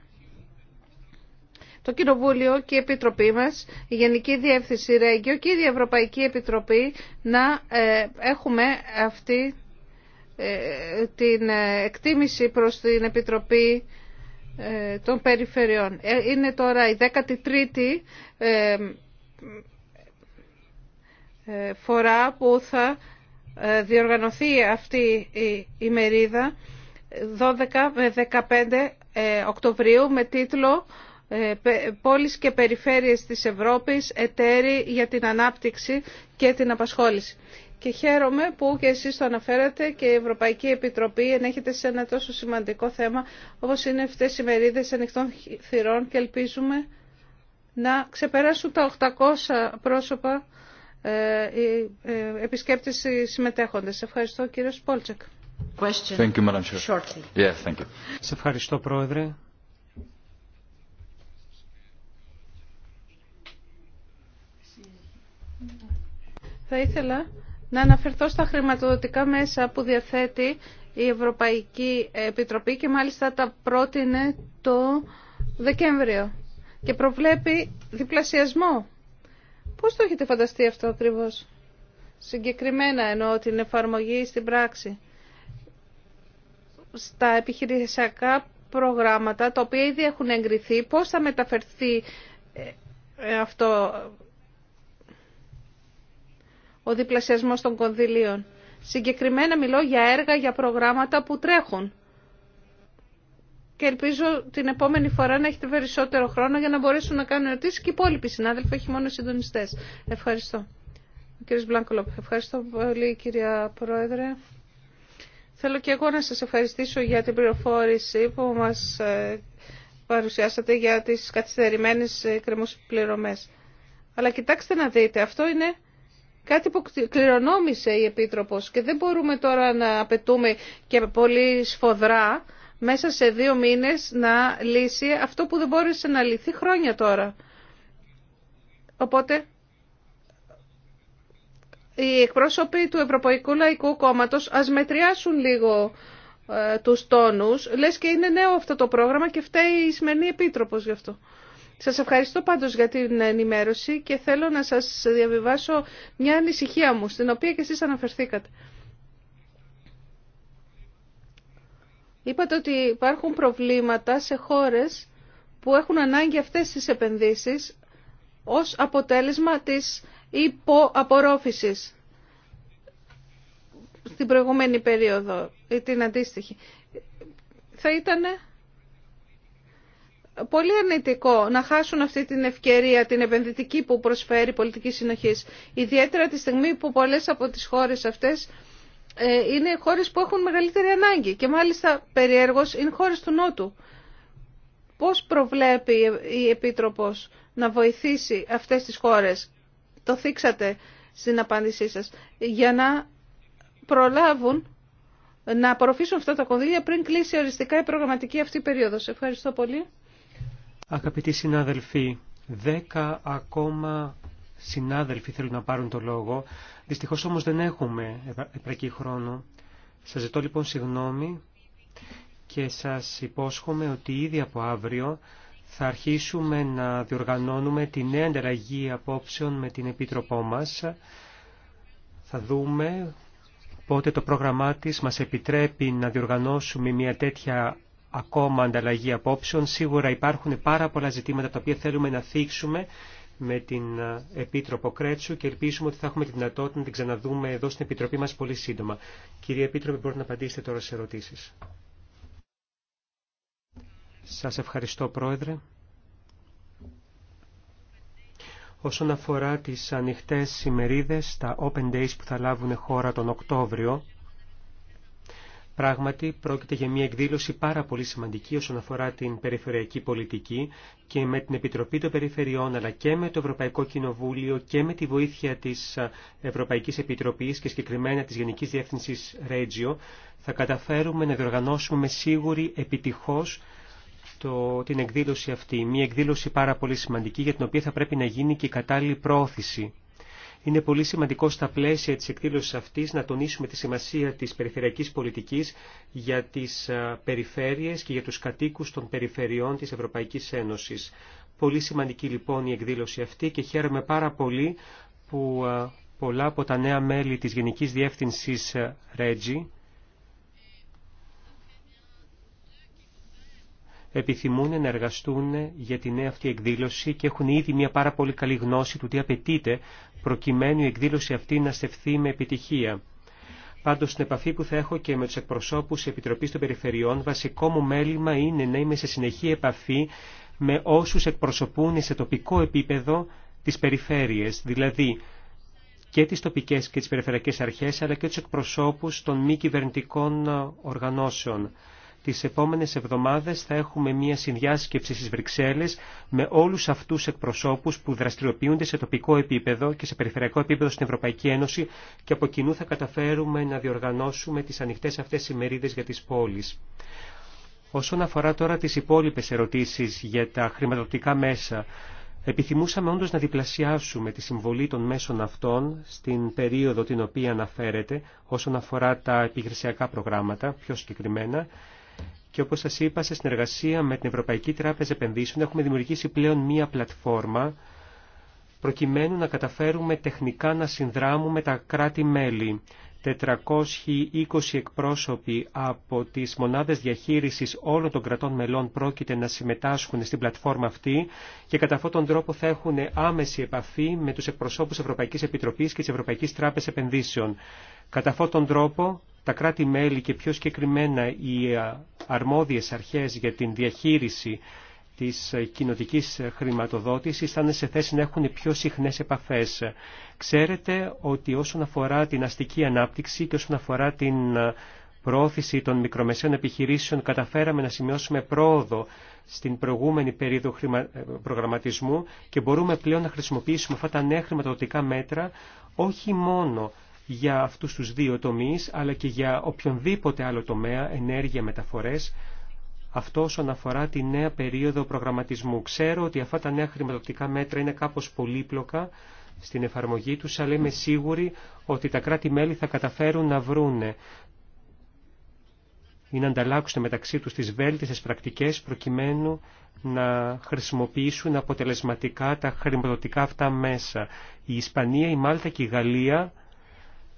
το Κοινοβούλιο και η Επιτροπή μας, η Γενική Διεύθυνση Ρέγγιο και η Ευρωπαϊκή Επιτροπή να ε, έχουμε αυτή ε, την ε, εκτίμηση προς την Επιτροπή των Περιφερειών. Είναι τώρα η 13η φορά που θα διοργανωθεί αυτή η ημεριδα 12 με 15 Οκτωβρίου με τίτλο ε, πόλεις και περιφέρειες της Ευρώπης εταίροι για την ανάπτυξη και την απασχόληση. Και χαίρομαι που και εσείς το αναφέρατε και η Ευρωπαϊκή Επιτροπή ενέχεται σε ένα τόσο σημαντικό θέμα όπως είναι αυτές οι μερίδες ανοιχτών θυρών και ελπίζουμε να ξεπεράσουν τα 800 πρόσωπα ε, οι ε, επισκέπτες συμμετέχοντες. Ευχαριστώ κύριο Σπόλτσεκ. Σε ευχαριστώ Πρόεδρε. Θα ήθελα να αναφερθώ στα χρηματοδοτικά μέσα που διαθέτει η Ευρωπαϊκή Επιτροπή και μάλιστα τα πρότεινε το Δεκέμβριο και προβλέπει διπλασιασμό. Πώς το έχετε φανταστεί αυτό ακριβώς. Συγκεκριμένα εννοώ την εφαρμογή στην πράξη. Στα επιχειρησιακά προγράμματα, τα οποία ήδη έχουν εγκριθεί, πώς θα μεταφερθεί ε, ε, αυτό ο διπλασιασμός των κονδυλίων. Συγκεκριμένα μιλώ για έργα, για προγράμματα που τρέχουν. Και ελπίζω την επόμενη φορά να έχετε περισσότερο χρόνο για να μπορέσουν να κάνουν ερωτήσει και οι υπόλοιποι συνάδελφοι, όχι μόνο οι συντονιστέ. Ευχαριστώ. Ο κ. Μπλάνκολοπ, ευχαριστώ πολύ κυρία Πρόεδρε. Θέλω και εγώ να σας ευχαριστήσω για την πληροφόρηση που μας ε, παρουσιάσατε για τις καθυστερημένες ε, κρεμούς πληρωμές. Αλλά κοιτάξτε να δείτε, αυτό είναι Κάτι που κληρονόμησε η Επίτροπος και δεν μπορούμε τώρα να απαιτούμε και πολύ σφοδρά μέσα σε δύο μήνες να λύσει αυτό που δεν μπόρεσε να λυθεί χρόνια τώρα. Οπότε οι εκπρόσωποι του Ευρωπαϊκού Λαϊκού Κόμματος ας μετριάσουν λίγο ε, τους τόνους. Λες και είναι νέο αυτό το πρόγραμμα και φταίει η σημερινή Επίτροπος γι' αυτό. Σας ευχαριστώ πάντως για την ενημέρωση και θέλω να σας διαβιβάσω μια ανησυχία μου, στην οποία και εσείς αναφερθήκατε. Είπατε ότι υπάρχουν προβλήματα σε χώρες που έχουν ανάγκη αυτές τις επενδύσεις ως αποτέλεσμα της υποαπορρόφησης στην προηγούμενη περίοδο ή την αντίστοιχη. Θα ήτανε πολύ αρνητικό να χάσουν αυτή την ευκαιρία, την επενδυτική που προσφέρει η πολιτική συνοχή. Ιδιαίτερα τη στιγμή που πολλέ από τις χώρες αυτές ε, είναι χώρε που έχουν μεγαλύτερη ανάγκη και μάλιστα περιέργως είναι χώρε του Νότου. Πώ προβλέπει η επίτροπο να βοηθήσει αυτέ τι χώρε, το θίξατε στην απάντησή σα, για να προλάβουν να απορροφήσουν αυτά τα κονδύλια πριν κλείσει οριστικά η προγραμματική αυτή περίοδος. Ευχαριστώ πολύ. Αγαπητοί συνάδελφοι, δέκα ακόμα συνάδελφοι θέλουν να πάρουν το λόγο. Δυστυχώς όμως δεν έχουμε επρακή χρόνο. Σας ζητώ λοιπόν συγγνώμη και σας υπόσχομαι ότι ήδη από αύριο θα αρχίσουμε να διοργανώνουμε τη νέα ανταλλαγή απόψεων με την Επίτροπό μας. Θα δούμε πότε το πρόγραμμά της μας επιτρέπει να διοργανώσουμε μια τέτοια ακόμα ανταλλαγή απόψεων. Σίγουρα υπάρχουν πάρα πολλά ζητήματα τα οποία θέλουμε να θίξουμε με την ε, Επίτροπο Κρέτσου και ελπίζουμε ότι θα έχουμε τη δυνατότητα να την ξαναδούμε εδώ στην Επιτροπή μας πολύ σύντομα. Κυρία Επίτροπε, μπορείτε να απαντήσετε τώρα σε ερωτήσεις. Σας ευχαριστώ, Πρόεδρε. Όσον αφορά τις ανοιχτές ημερίδες, τα Open Days που θα λάβουν χώρα τον Οκτώβριο, Πράγματι, πρόκειται για μια εκδήλωση πάρα πολύ σημαντική όσον αφορά την περιφερειακή πολιτική και με την Επιτροπή των Περιφερειών αλλά και με το Ευρωπαϊκό Κοινοβούλιο και με τη βοήθεια της Ευρωπαϊκής Επιτροπής και συγκεκριμένα της Γενικής Διεύθυνσης Regio θα καταφέρουμε να διοργανώσουμε σίγουρη επιτυχώς την εκδήλωση αυτή. Μια εκδήλωση πάρα πολύ σημαντική για την οποία θα πρέπει να γίνει και η κατάλληλη πρόθεση είναι πολύ σημαντικό στα πλαίσια της εκδήλωσης αυτής να τονίσουμε τη σημασία της περιφερειακής πολιτικής για τις περιφέρειες και για τους κατοίκους των περιφερειών της Ευρωπαϊκής Ένωσης. Πολύ σημαντική λοιπόν η εκδήλωση αυτή και χαίρομαι πάρα πολύ που πολλά από τα νέα μέλη της Γενικής Διεύθυνσης Ρέτζι επιθυμούν να εργαστούν για τη νέα αυτή εκδήλωση και έχουν ήδη μια πάρα πολύ καλή γνώση του τι απαιτείται προκειμένου η εκδήλωση αυτή να στεφθεί με επιτυχία. Πάντω, στην επαφή που θα έχω και με του εκπροσώπου τη Επιτροπή των Περιφερειών, βασικό μου μέλημα είναι να είμαι σε συνεχή επαφή με όσου εκπροσωπούν σε τοπικό επίπεδο τι περιφέρειε, δηλαδή και τι τοπικέ και τι περιφερειακέ αρχέ, αλλά και του εκπροσώπου των μη κυβερνητικών οργανώσεων. Τι επόμενες εβδομάδες θα έχουμε μια συνδιάσκεψη στις Βρυξέλλες με όλους αυτούς εκπροσώπους που δραστηριοποιούνται σε τοπικό επίπεδο και σε περιφερειακό επίπεδο στην Ευρωπαϊκή Ένωση και από κοινού θα καταφέρουμε να διοργανώσουμε τις ανοιχτές αυτές ημερίδες για τις πόλεις. Όσον αφορά τώρα τις υπόλοιπες ερωτήσεις για τα χρηματοδοτικά μέσα, επιθυμούσαμε όντως να διπλασιάσουμε τη συμβολή των μέσων αυτών στην περίοδο την οποία αναφέρεται όσον αφορά τα επιχειρησιακά προγράμματα, πιο συγκεκριμένα, και όπως σας είπα, σε συνεργασία με την Ευρωπαϊκή Τράπεζα Επενδύσεων έχουμε δημιουργήσει πλέον μία πλατφόρμα προκειμένου να καταφέρουμε τεχνικά να συνδράμουμε τα κράτη-μέλη. 420 εκπρόσωποι από τις μονάδες διαχείρισης όλων των κρατών μελών πρόκειται να συμμετάσχουν στην πλατφόρμα αυτή και κατά αυτόν τον τρόπο θα έχουν άμεση επαφή με τους εκπροσώπους Ευρωπαϊκής Επιτροπής και της Ευρωπαϊκής Τράπεζας Επενδύσεων. Κατά τον τρόπο τα κράτη-μέλη και πιο συγκεκριμένα οι αρμόδιες αρχές για την διαχείριση της ε, κοινοτικής χρηματοδότησης θα είναι σε θέση να έχουν πιο συχνές επαφές. Ξέρετε ότι όσον αφορά την αστική ανάπτυξη και όσον αφορά την ε, προώθηση των μικρομεσαίων επιχειρήσεων καταφέραμε να σημειώσουμε πρόοδο στην προηγούμενη περίοδο ε, προγραμματισμού και μπορούμε πλέον να χρησιμοποιήσουμε αυτά τα νέα χρηματοδοτικά μέτρα όχι μόνο για αυτούς τους δύο τομείς, αλλά και για οποιονδήποτε άλλο τομέα, ενέργεια, μεταφορές, αυτό όσον αφορά τη νέα περίοδο προγραμματισμού. Ξέρω ότι αυτά τα νέα χρηματοδοτικά μέτρα είναι κάπως πολύπλοκα στην εφαρμογή τους, αλλά είμαι σίγουρη ότι τα κράτη-μέλη θα καταφέρουν να βρούνε ή να ανταλλάξουν μεταξύ τους τις βέλτιστες πρακτικές προκειμένου να χρησιμοποιήσουν αποτελεσματικά τα χρηματοδοτικά αυτά μέσα. Η Ισπανία, η Μάλτα και η Γαλλία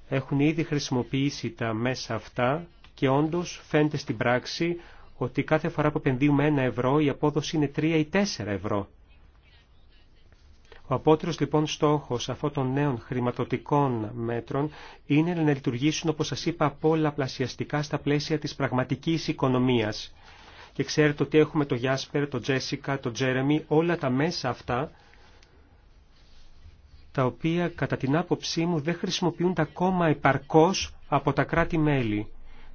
έχουν ήδη χρησιμοποιήσει τα μέσα αυτά και όντως φαίνεται στην πράξη ότι κάθε φορά που επενδύουμε ένα ευρώ η απόδοση είναι τρία ή τέσσερα ευρώ. Ο απότερος λοιπόν στόχος αυτών των νέων χρηματοτικών μέτρων είναι να λειτουργήσουν όπως σας είπα πολλαπλασιαστικά στα πλαίσια της πραγματικής οικονομίας. Και ξέρετε ότι έχουμε το Γιάσπερ, το Τζέσικα, το Τζέρεμι, όλα τα μέσα αυτά τα οποία κατά την άποψή μου δεν χρησιμοποιούνται ακόμα επαρκώς από τα κράτη-μέλη.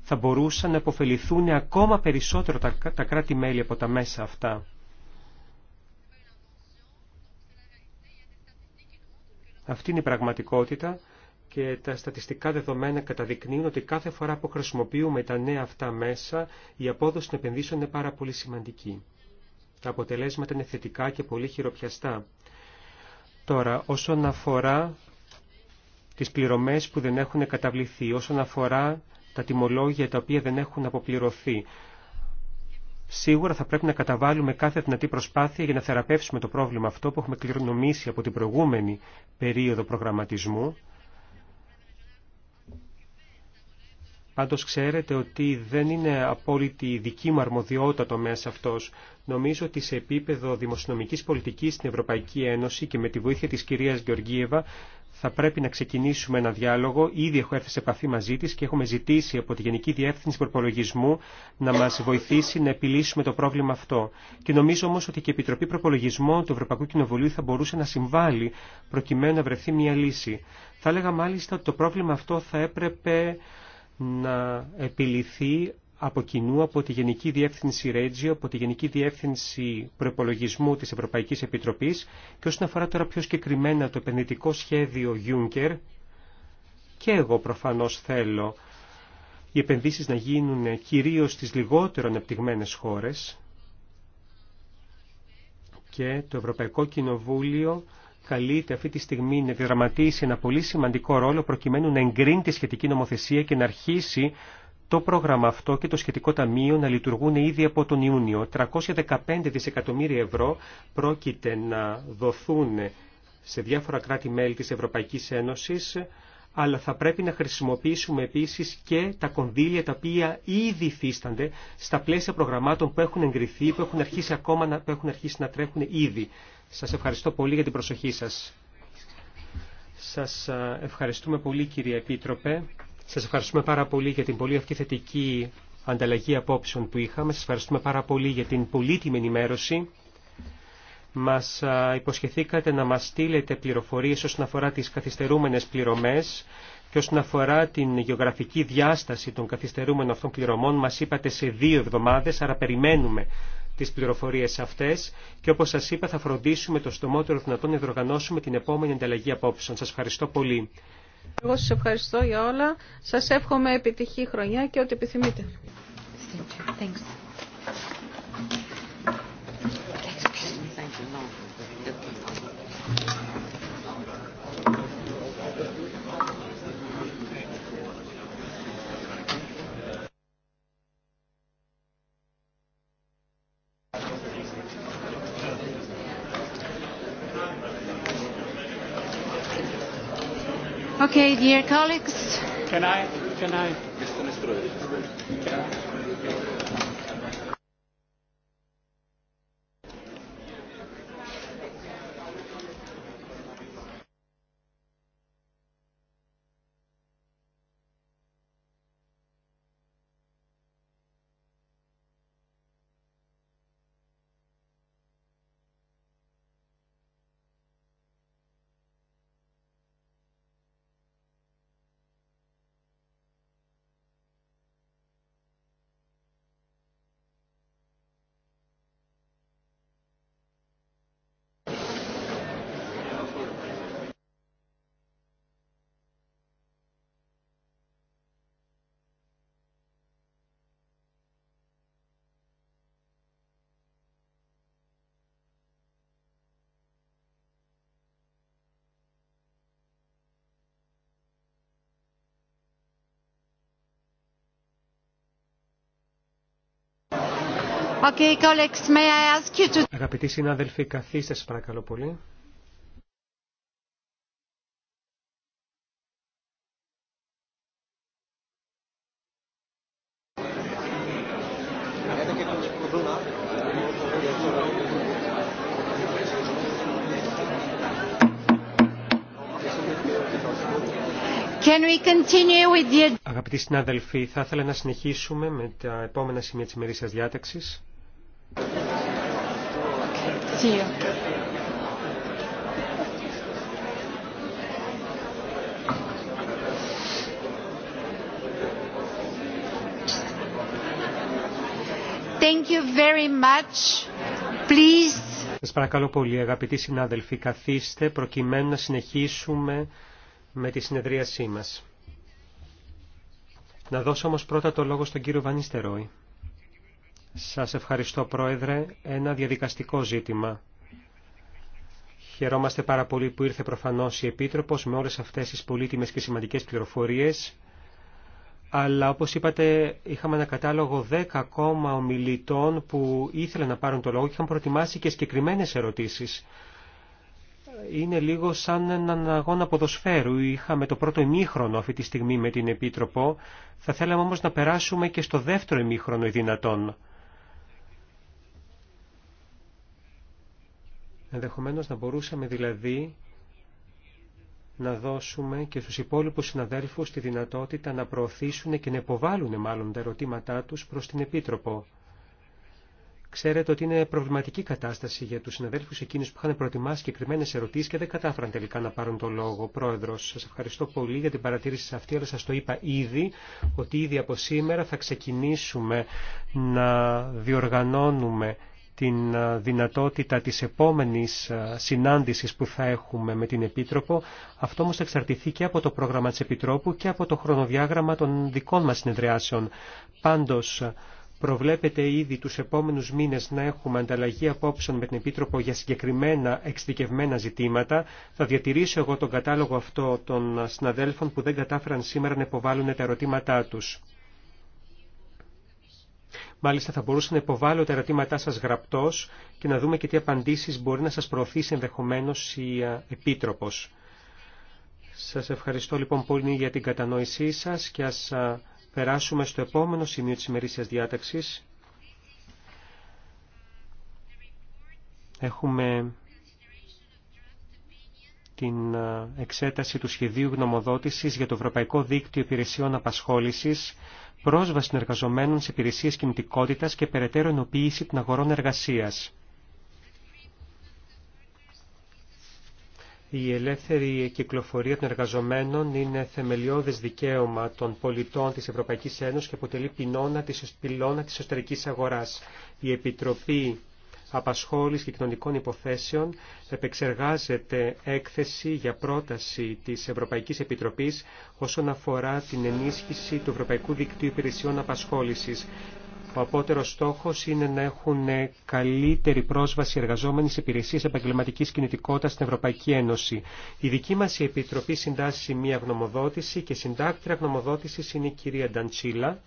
Θα μπορούσαν να υποφεληθούν ακόμα περισσότερο τα κράτη-μέλη από τα μέσα αυτά. Αυτή είναι η πραγματικότητα και τα στατιστικά δεδομένα καταδεικνύουν ότι κάθε φορά που χρησιμοποιούμε τα νέα αυτά μέσα, η απόδοση των επενδύσεων είναι πάρα πολύ σημαντική. Τα αποτελέσματα είναι θετικά και πολύ χειροπιαστά. Τώρα, όσον αφορά τις πληρωμές που δεν έχουν καταβληθεί, όσον αφορά τα τιμολόγια τα οποία δεν έχουν αποπληρωθεί, Σίγουρα θα πρέπει να καταβάλουμε κάθε δυνατή προσπάθεια για να θεραπεύσουμε το πρόβλημα αυτό που έχουμε κληρονομήσει από την προηγούμενη περίοδο προγραμματισμού Πάντως ξέρετε ότι δεν είναι απόλυτη δική μου αρμοδιότητα το μέσα αυτός. Νομίζω ότι σε επίπεδο δημοσιονομικής πολιτικής στην Ευρωπαϊκή Ένωση και με τη βοήθεια της κυρίας Γεωργίευα θα πρέπει να ξεκινήσουμε ένα διάλογο. Ήδη έχω έρθει σε επαφή μαζί της και έχουμε ζητήσει από τη Γενική Διεύθυνση Προπολογισμού να μας βοηθήσει να επιλύσουμε το πρόβλημα αυτό. Και νομίζω όμως ότι και η Επιτροπή Προπολογισμών του Ευρωπαϊκού Κοινοβουλίου θα μπορούσε να συμβάλλει προκειμένου να βρεθεί μια λύση. Θα έλεγα μάλιστα ότι το πρόβλημα αυτό θα έπρεπε να επιληθεί από κοινού από τη Γενική Διεύθυνση Ρέτζιο, από τη Γενική Διεύθυνση Προπολογισμού της Ευρωπαϊκής Επιτροπής και όσον αφορά τώρα πιο συγκεκριμένα το επενδυτικό σχέδιο Juncker, και εγώ προφανώς θέλω οι επενδύσεις να γίνουν κυρίως στις λιγότερο ανεπτυγμένες χώρες και το Ευρωπαϊκό Κοινοβούλιο καλείται αυτή τη στιγμή να διδραματίσει ένα πολύ σημαντικό ρόλο προκειμένου να εγκρίνει τη σχετική νομοθεσία και να αρχίσει το πρόγραμμα αυτό και το σχετικό ταμείο να λειτουργούν ήδη από τον Ιούνιο. 315 δισεκατομμύρια ευρώ πρόκειται να δοθούν σε διάφορα κράτη-μέλη της Ευρωπαϊκής Ένωσης, αλλά θα πρέπει να χρησιμοποιήσουμε επίσης και τα κονδύλια τα οποία ήδη υφίστανται στα πλαίσια προγραμμάτων που έχουν εγκριθεί, που έχουν αρχίσει ακόμα να, που έχουν αρχίσει να τρέχουν ήδη. Σας ευχαριστώ πολύ για την προσοχή σας. Σας ευχαριστούμε πολύ κύριε Επίτροπε. Σας ευχαριστούμε πάρα πολύ για την πολύ αυτή ανταλλαγή απόψεων που είχαμε. Σας ευχαριστούμε πάρα πολύ για την πολύτιμη ενημέρωση. Μας υποσχεθήκατε να μας στείλετε πληροφορίες όσον αφορά τις καθυστερούμενες πληρωμές και όσον αφορά την γεωγραφική διάσταση των καθυστερούμενων αυτών πληρωμών μας είπατε σε δύο εβδομάδες, άρα περιμένουμε τις πληροφορίες αυτές και όπως σας είπα θα φροντίσουμε το στομότερο δυνατόν να διοργανώσουμε την επόμενη ανταλλαγή απόψεων. Σας ευχαριστώ πολύ. Εγώ σας ευχαριστώ για όλα. Σας εύχομαι επιτυχή χρονιά και ό,τι επιθυμείτε. Thanks. Okay, dear colleagues. Can I, can I? Αγαπητοί συνάδελφοι, καθίστε σας παρακαλώ πολύ. Can we continue with the... Αγαπητοί συνάδελφοι, θα ήθελα να συνεχίσουμε με τα επόμενα σημεία της ημερήσιας διάταξης. Thank you very much. Σας παρακαλώ πολύ αγαπητοί συνάδελφοι καθίστε προκειμένου να συνεχίσουμε με τη συνεδρίασή μας. Να δώσω όμως πρώτα το λόγο στον κύριο Βανίστερόη. Σας ευχαριστώ Πρόεδρε. Ένα διαδικαστικό ζήτημα. Χαιρόμαστε πάρα πολύ που ήρθε προφανώς η Επίτροπος με όλες αυτές τις πολύτιμες και σημαντικές πληροφορίες. Αλλά όπως είπατε είχαμε ένα κατάλογο 10 ακόμα ομιλητών που ήθελαν να πάρουν το λόγο και είχαν προετοιμάσει και συγκεκριμένες ερωτήσεις. Είναι λίγο σαν έναν αγώνα ποδοσφαίρου. Είχαμε το πρώτο ημίχρονο αυτή τη στιγμή με την Επίτροπο. Θα θέλαμε όμως να περάσουμε και στο δεύτερο ημίχρονο δυνατόν. Ενδεχομένως να μπορούσαμε δηλαδή να δώσουμε και στους υπόλοιπους συναδέλφους τη δυνατότητα να προωθήσουν και να υποβάλουν μάλλον τα ερωτήματά τους προς την Επίτροπο. Ξέρετε ότι είναι προβληματική κατάσταση για τους συναδέλφους εκείνους που είχαν προετοιμάσει συγκεκριμένε ερωτήσεις και δεν κατάφεραν τελικά να πάρουν το λόγο. Πρόεδρος, σας ευχαριστώ πολύ για την παρατήρηση αυτή, αλλά σας το είπα ήδη, ότι ήδη από σήμερα θα ξεκινήσουμε να διοργανώνουμε την ε, δυνατότητα της επόμενης ε, συνάντησης που θα έχουμε με την Επίτροπο. Αυτό όμως εξαρτηθεί και από το πρόγραμμα της Επιτρόπου και από το χρονοδιάγραμμα των δικών μας συνεδριάσεων. Πάντως, ε, προβλέπεται ήδη τους επόμενους μήνες να έχουμε ανταλλαγή απόψεων με την Επίτροπο για συγκεκριμένα εξειδικευμένα ζητήματα. Θα διατηρήσω εγώ τον κατάλογο αυτό των συναδέλφων που δεν κατάφεραν σήμερα να υποβάλουν τα ερωτήματά τους. Μάλιστα θα μπορούσα να υποβάλω τα ερωτήματά σας γραπτός και να δούμε και τι απαντήσεις μπορεί να σας προωθήσει ενδεχομένως η Επίτροπος. Σας ευχαριστώ λοιπόν πολύ για την κατανόησή σας και ας περάσουμε στο επόμενο σημείο της ημερήσιας διάταξης. Έχουμε την εξέταση του σχεδίου γνωμοδότησης για το Ευρωπαϊκό Δίκτυο Υπηρεσιών Απασχόλησης πρόσβαση των εργαζομένων σε υπηρεσίε κινητικότητα και περαιτέρω ενοποίηση των αγορών εργασία. Η ελεύθερη κυκλοφορία των εργαζομένων είναι θεμελιώδε δικαίωμα των πολιτών της Ευρωπαϊκή Ένωση και αποτελεί πυλώνα της εσωτερική αγοράς. Η Επιτροπή Απασχόληση και Κοινωνικών Υποθέσεων επεξεργάζεται έκθεση για πρόταση της Ευρωπαϊκής Επιτροπής όσον αφορά την ενίσχυση του Ευρωπαϊκού Δικτύου Υπηρεσιών Απασχόλησης. Ο απότερος στόχος είναι να έχουν καλύτερη πρόσβαση εργαζόμενοι σε υπηρεσίες επαγγελματικής κινητικότητας στην Ευρωπαϊκή Ένωση. Η δική μας Επιτροπή συντάσσει μία γνωμοδότηση και συντάκτρια γνωμοδότησης είναι η κυρία Νταντσίλα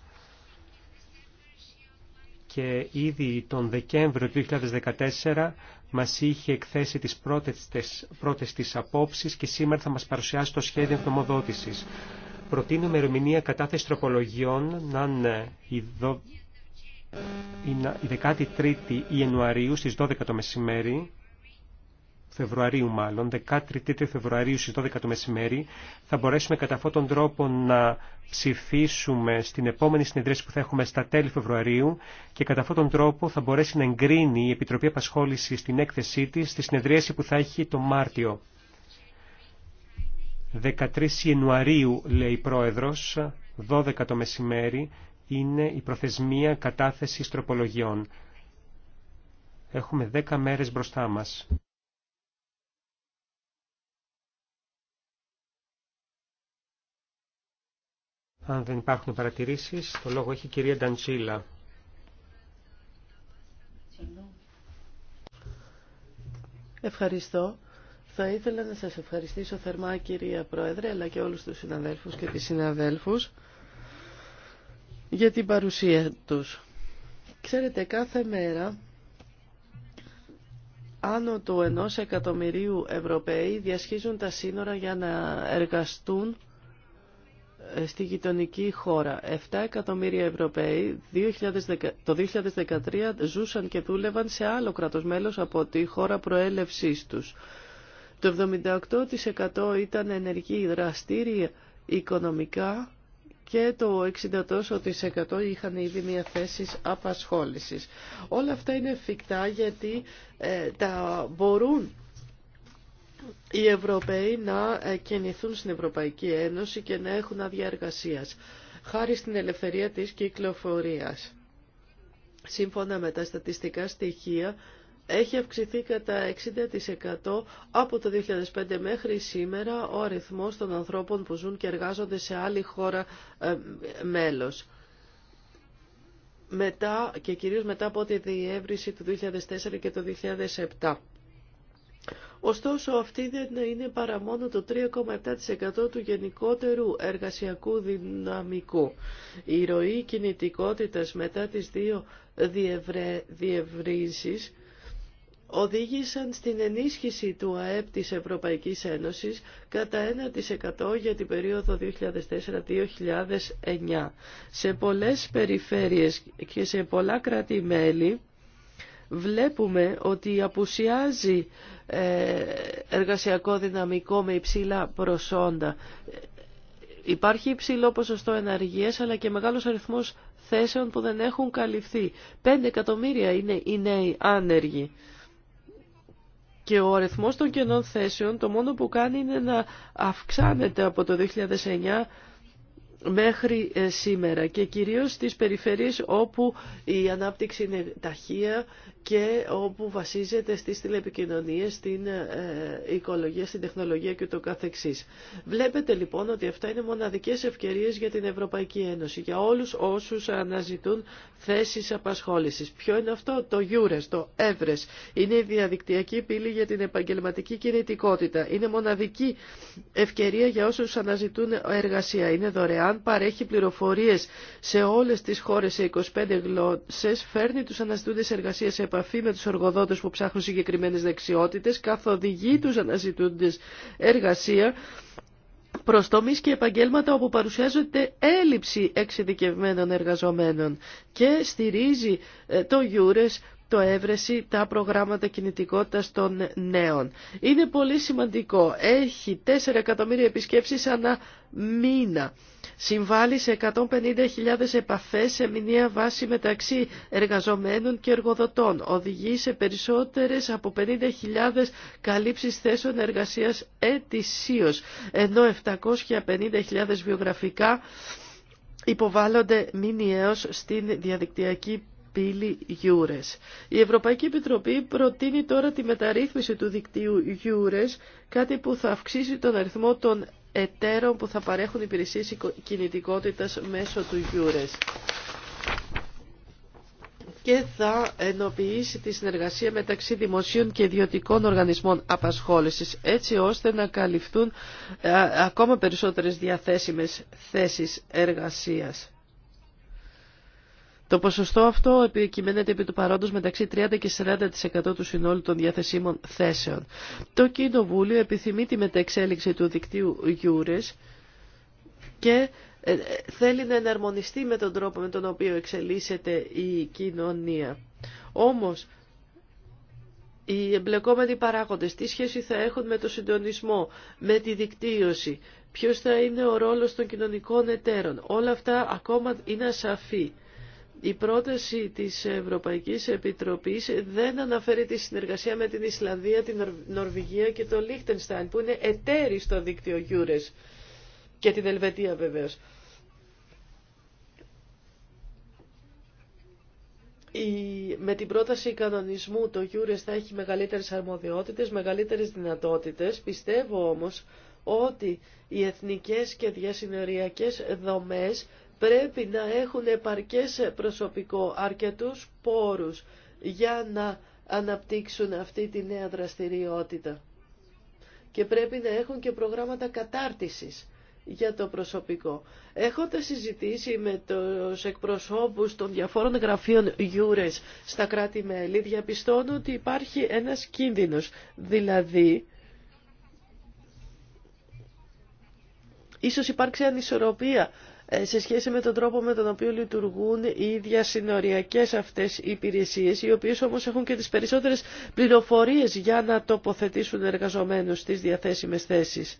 και ήδη τον Δεκέμβριο του 2014 μας είχε εκθέσει τις πρώτες, πρώτες της απόψεις και σήμερα θα μας παρουσιάσει το σχέδιο γνωμοδότησης. Προτείνουμε ερμηνεία κατάθεση τροπολογιών να είναι η, η 13η Ιανουαρίου στις 12 το μεσημέρι Φεβρουαρίου μάλλον, 13 Φεβρουαρίου στις 12 το μεσημέρι, θα μπορέσουμε κατά αυτόν τον τρόπο να ψηφίσουμε στην επόμενη συνεδρίαση που θα έχουμε στα τέλη Φεβρουαρίου και κατά αυτόν τον τρόπο θα μπορέσει να εγκρίνει η Επιτροπή Απασχόληση στην έκθεσή τη, στη συνεδρίαση που θα έχει το Μάρτιο. 13 Ιανουαρίου, λέει η Πρόεδρος, 12 το μεσημέρι, είναι η προθεσμία κατάθεσης τροπολογιών. Έχουμε 10 μέρες μπροστά μας. Αν δεν υπάρχουν παρατηρήσεις, το λόγο έχει η κυρία Νταντσίλα. Ευχαριστώ. Θα ήθελα να σας ευχαριστήσω θερμά κυρία Πρόεδρε, αλλά και όλους τους συναδέλφους και τις συναδέλφους για την παρουσία τους. Ξέρετε, κάθε μέρα άνω του ενός εκατομμυρίου Ευρωπαίοι διασχίζουν τα σύνορα για να εργαστούν στη γειτονική χώρα. 7 εκατομμύρια Ευρωπαίοι το 2013 ζούσαν και δούλευαν σε άλλο κράτος μέλος από τη χώρα προέλευσής τους. Το 78% ήταν ενεργοί δραστήρια οικονομικά και το 60% είχαν ήδη μια θέση απασχόλησης. Όλα αυτά είναι εφικτά γιατί ε, τα μπορούν οι Ευρωπαίοι να ε, κινηθούν στην Ευρωπαϊκή Ένωση και να έχουν άδεια εργασία, χάρη στην ελευθερία της κυκλοφορίας. Σύμφωνα με τα στατιστικά στοιχεία, έχει αυξηθεί κατά 60% από το 2005 μέχρι σήμερα ο αριθμός των ανθρώπων που ζουν και εργάζονται σε άλλη χώρα ε, μέλος. Μετά και κυρίως μετά από τη διεύρυνση του 2004 και το 2007. Ωστόσο, αυτή δεν είναι παρά μόνο το 3,7% του γενικότερου εργασιακού δυναμικού. Η ροή κινητικότητας μετά τις δύο διευρε... διευρύνσεις οδήγησαν στην ενίσχυση του ΑΕΠ της Ευρωπαϊκής Ένωσης κατά 1% για την περίοδο 2004-2009. Σε πολλές περιφέρειες και σε πολλά κράτη-μέλη βλέπουμε ότι απουσιάζει ε, εργασιακό δυναμικό με υψηλά προσόντα. Υπάρχει υψηλό ποσοστό ενεργείας, αλλά και μεγάλος αριθμός θέσεων που δεν έχουν καλυφθεί. 5 εκατομμύρια είναι οι νέοι άνεργοι. Και ο αριθμός των κενών θέσεων το μόνο που κάνει είναι να αυξάνεται από το 2009 μέχρι ε, σήμερα και κυρίως στις περιφερειές όπου η ανάπτυξη είναι ταχεία και όπου βασίζεται στις τηλεπικοινωνίες, στην ε, ε, οικολογία, στην τεχνολογία και το καθεξής. Βλέπετε λοιπόν ότι αυτά είναι μοναδικές ευκαιρίες για την Ευρωπαϊκή Ένωση, για όλους όσους αναζητούν θέσεις απασχόλησης. Ποιο είναι αυτό? Το EURES, το EVRES. Είναι η διαδικτυακή πύλη για την επαγγελματική κινητικότητα. Είναι μοναδική ευκαιρία για όσους αναζητούν εργασία. Είναι δωρεάν αν παρέχει πληροφορίες σε όλες τις χώρες σε 25 γλώσσες, φέρνει τους αναζητούντες εργασία σε επαφή με τους εργοδότες που ψάχνουν συγκεκριμένες δεξιότητες, καθοδηγεί τους αναζητούντες εργασία προς τομείς και επαγγέλματα όπου παρουσιάζεται έλλειψη εξειδικευμένων εργαζομένων και στηρίζει ε, το Γιούρες το έβρεση, τα προγράμματα κινητικότητας των νέων. Είναι πολύ σημαντικό. Έχει 4 εκατομμύρια επισκέψεις ανά μήνα. Συμβάλλει σε 150.000 επαφές σε μηνιαία βάση μεταξύ εργαζομένων και εργοδοτών. Οδηγεί σε περισσότερες από 50.000 καλύψεις θέσεων εργασίας ετησίως, ενώ 750.000 βιογραφικά υποβάλλονται μηνιαίως στην διαδικτυακή πύλη Η Ευρωπαϊκή Επιτροπή προτείνει τώρα τη μεταρρύθμιση του δικτύου Γιούρες, κάτι που θα αυξήσει τον αριθμό των εταίρων που θα παρέχουν υπηρεσίες κινητικότητας μέσω του Γιούρες και θα ενοποιήσει τη συνεργασία μεταξύ δημοσίων και ιδιωτικών οργανισμών απασχόλησης έτσι ώστε να καλυφθούν ε, ακόμα περισσότερες διαθέσιμες θέσεις εργασίας. Το ποσοστό αυτό επικυμαίνεται επί του παρόντο μεταξύ 30 και 40% του συνόλου των διαθεσίμων θέσεων. Το Κοινοβούλιο επιθυμεί τη μεταξέλιξη του δικτύου Γιούρες και ε, ε, θέλει να εναρμονιστεί με τον τρόπο με τον οποίο εξελίσσεται η κοινωνία. Όμως, οι εμπλεκόμενοι παράγοντες τι σχέση θα έχουν με το συντονισμό, με τη δικτύωση, ποιος θα είναι ο ρόλος των κοινωνικών εταίρων. Όλα αυτά ακόμα είναι ασαφή. Η πρόταση της Ευρωπαϊκής Επιτροπής δεν αναφέρει τη συνεργασία με την Ισλανδία, την Νορβηγία και το Λίχτενστάιν που είναι εταίροι στο δίκτυο Γιούρες και την Ελβετία βεβαίως. με την πρόταση κανονισμού το Γιούρες θα έχει μεγαλύτερες αρμοδιότητες, μεγαλύτερες δυνατότητες. Πιστεύω όμως ότι οι εθνικές και διασυνοριακές δομές πρέπει να έχουν επαρκές προσωπικό, αρκετούς πόρους για να αναπτύξουν αυτή τη νέα δραστηριότητα. Και πρέπει να έχουν και προγράμματα κατάρτισης για το προσωπικό. Έχω συζητήσει με τους εκπροσώπους των διαφόρων γραφείων γιούρες στα κράτη-μέλη. Διαπιστώνω ότι υπάρχει ένας κίνδυνος. Δηλαδή, Ίσως υπάρξει ανισορροπία ε, σε σχέση με τον τρόπο με τον οποίο λειτουργούν οι συνοριακές αυτές οι υπηρεσίες, οι οποίες όμως έχουν και τις περισσότερες πληροφορίες για να τοποθετήσουν εργαζομένους στις διαθέσιμες θέσεις.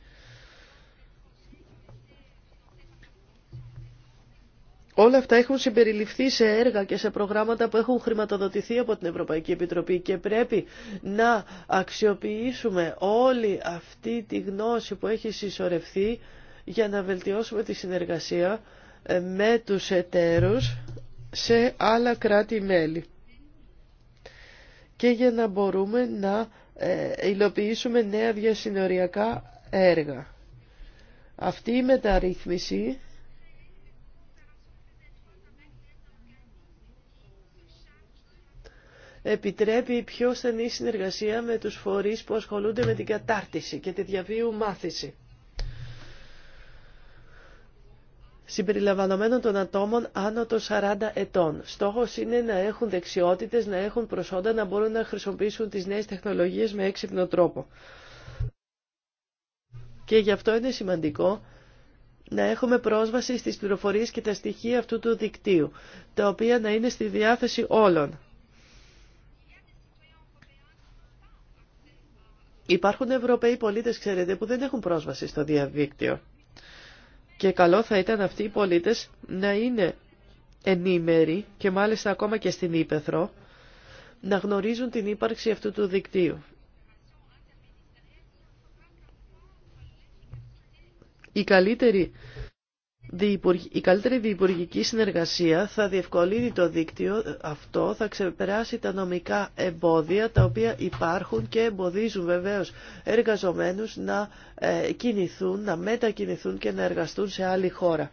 Όλα αυτά έχουν συμπεριληφθεί σε έργα και σε προγράμματα που έχουν χρηματοδοτηθεί από την Ευρωπαϊκή Επιτροπή και πρέπει να αξιοποιήσουμε όλη αυτή τη γνώση που έχει συσσωρευτεί για να βελτιώσουμε τη συνεργασία ε, με τους εταίρους σε άλλα κράτη-μέλη και για να μπορούμε να ε, υλοποιήσουμε νέα διασυνοριακά έργα. Αυτή η μεταρρύθμιση επιτρέπει πιο στενή συνεργασία με τους φορείς που ασχολούνται με την κατάρτιση και τη διαβίου μάθηση. συμπεριλαμβανομένων των ατόμων άνω των 40 ετών. Στόχος είναι να έχουν δεξιότητες, να έχουν προσόντα, να μπορούν να χρησιμοποιήσουν τις νέες τεχνολογίες με έξυπνο τρόπο. Και γι' αυτό είναι σημαντικό να έχουμε πρόσβαση στις πληροφορίες και τα στοιχεία αυτού του δικτύου, τα οποία να είναι στη διάθεση όλων. Υπάρχουν Ευρωπαίοι πολίτες, ξέρετε, που δεν έχουν πρόσβαση στο διαδίκτυο. Και καλό θα ήταν αυτοί οι πολίτες να είναι ενήμεροι και μάλιστα ακόμα και στην Ήπεθρο να γνωρίζουν την ύπαρξη αυτού του δικτύου. Η καλύτερη η καλύτερη διυπουργική συνεργασία θα διευκολύνει το δίκτυο ε, αυτό, θα ξεπεράσει τα νομικά εμπόδια τα οποία υπάρχουν και εμποδίζουν βεβαίως εργαζομένους να ε, κινηθούν, να μετακινηθούν και να εργαστούν σε άλλη χώρα.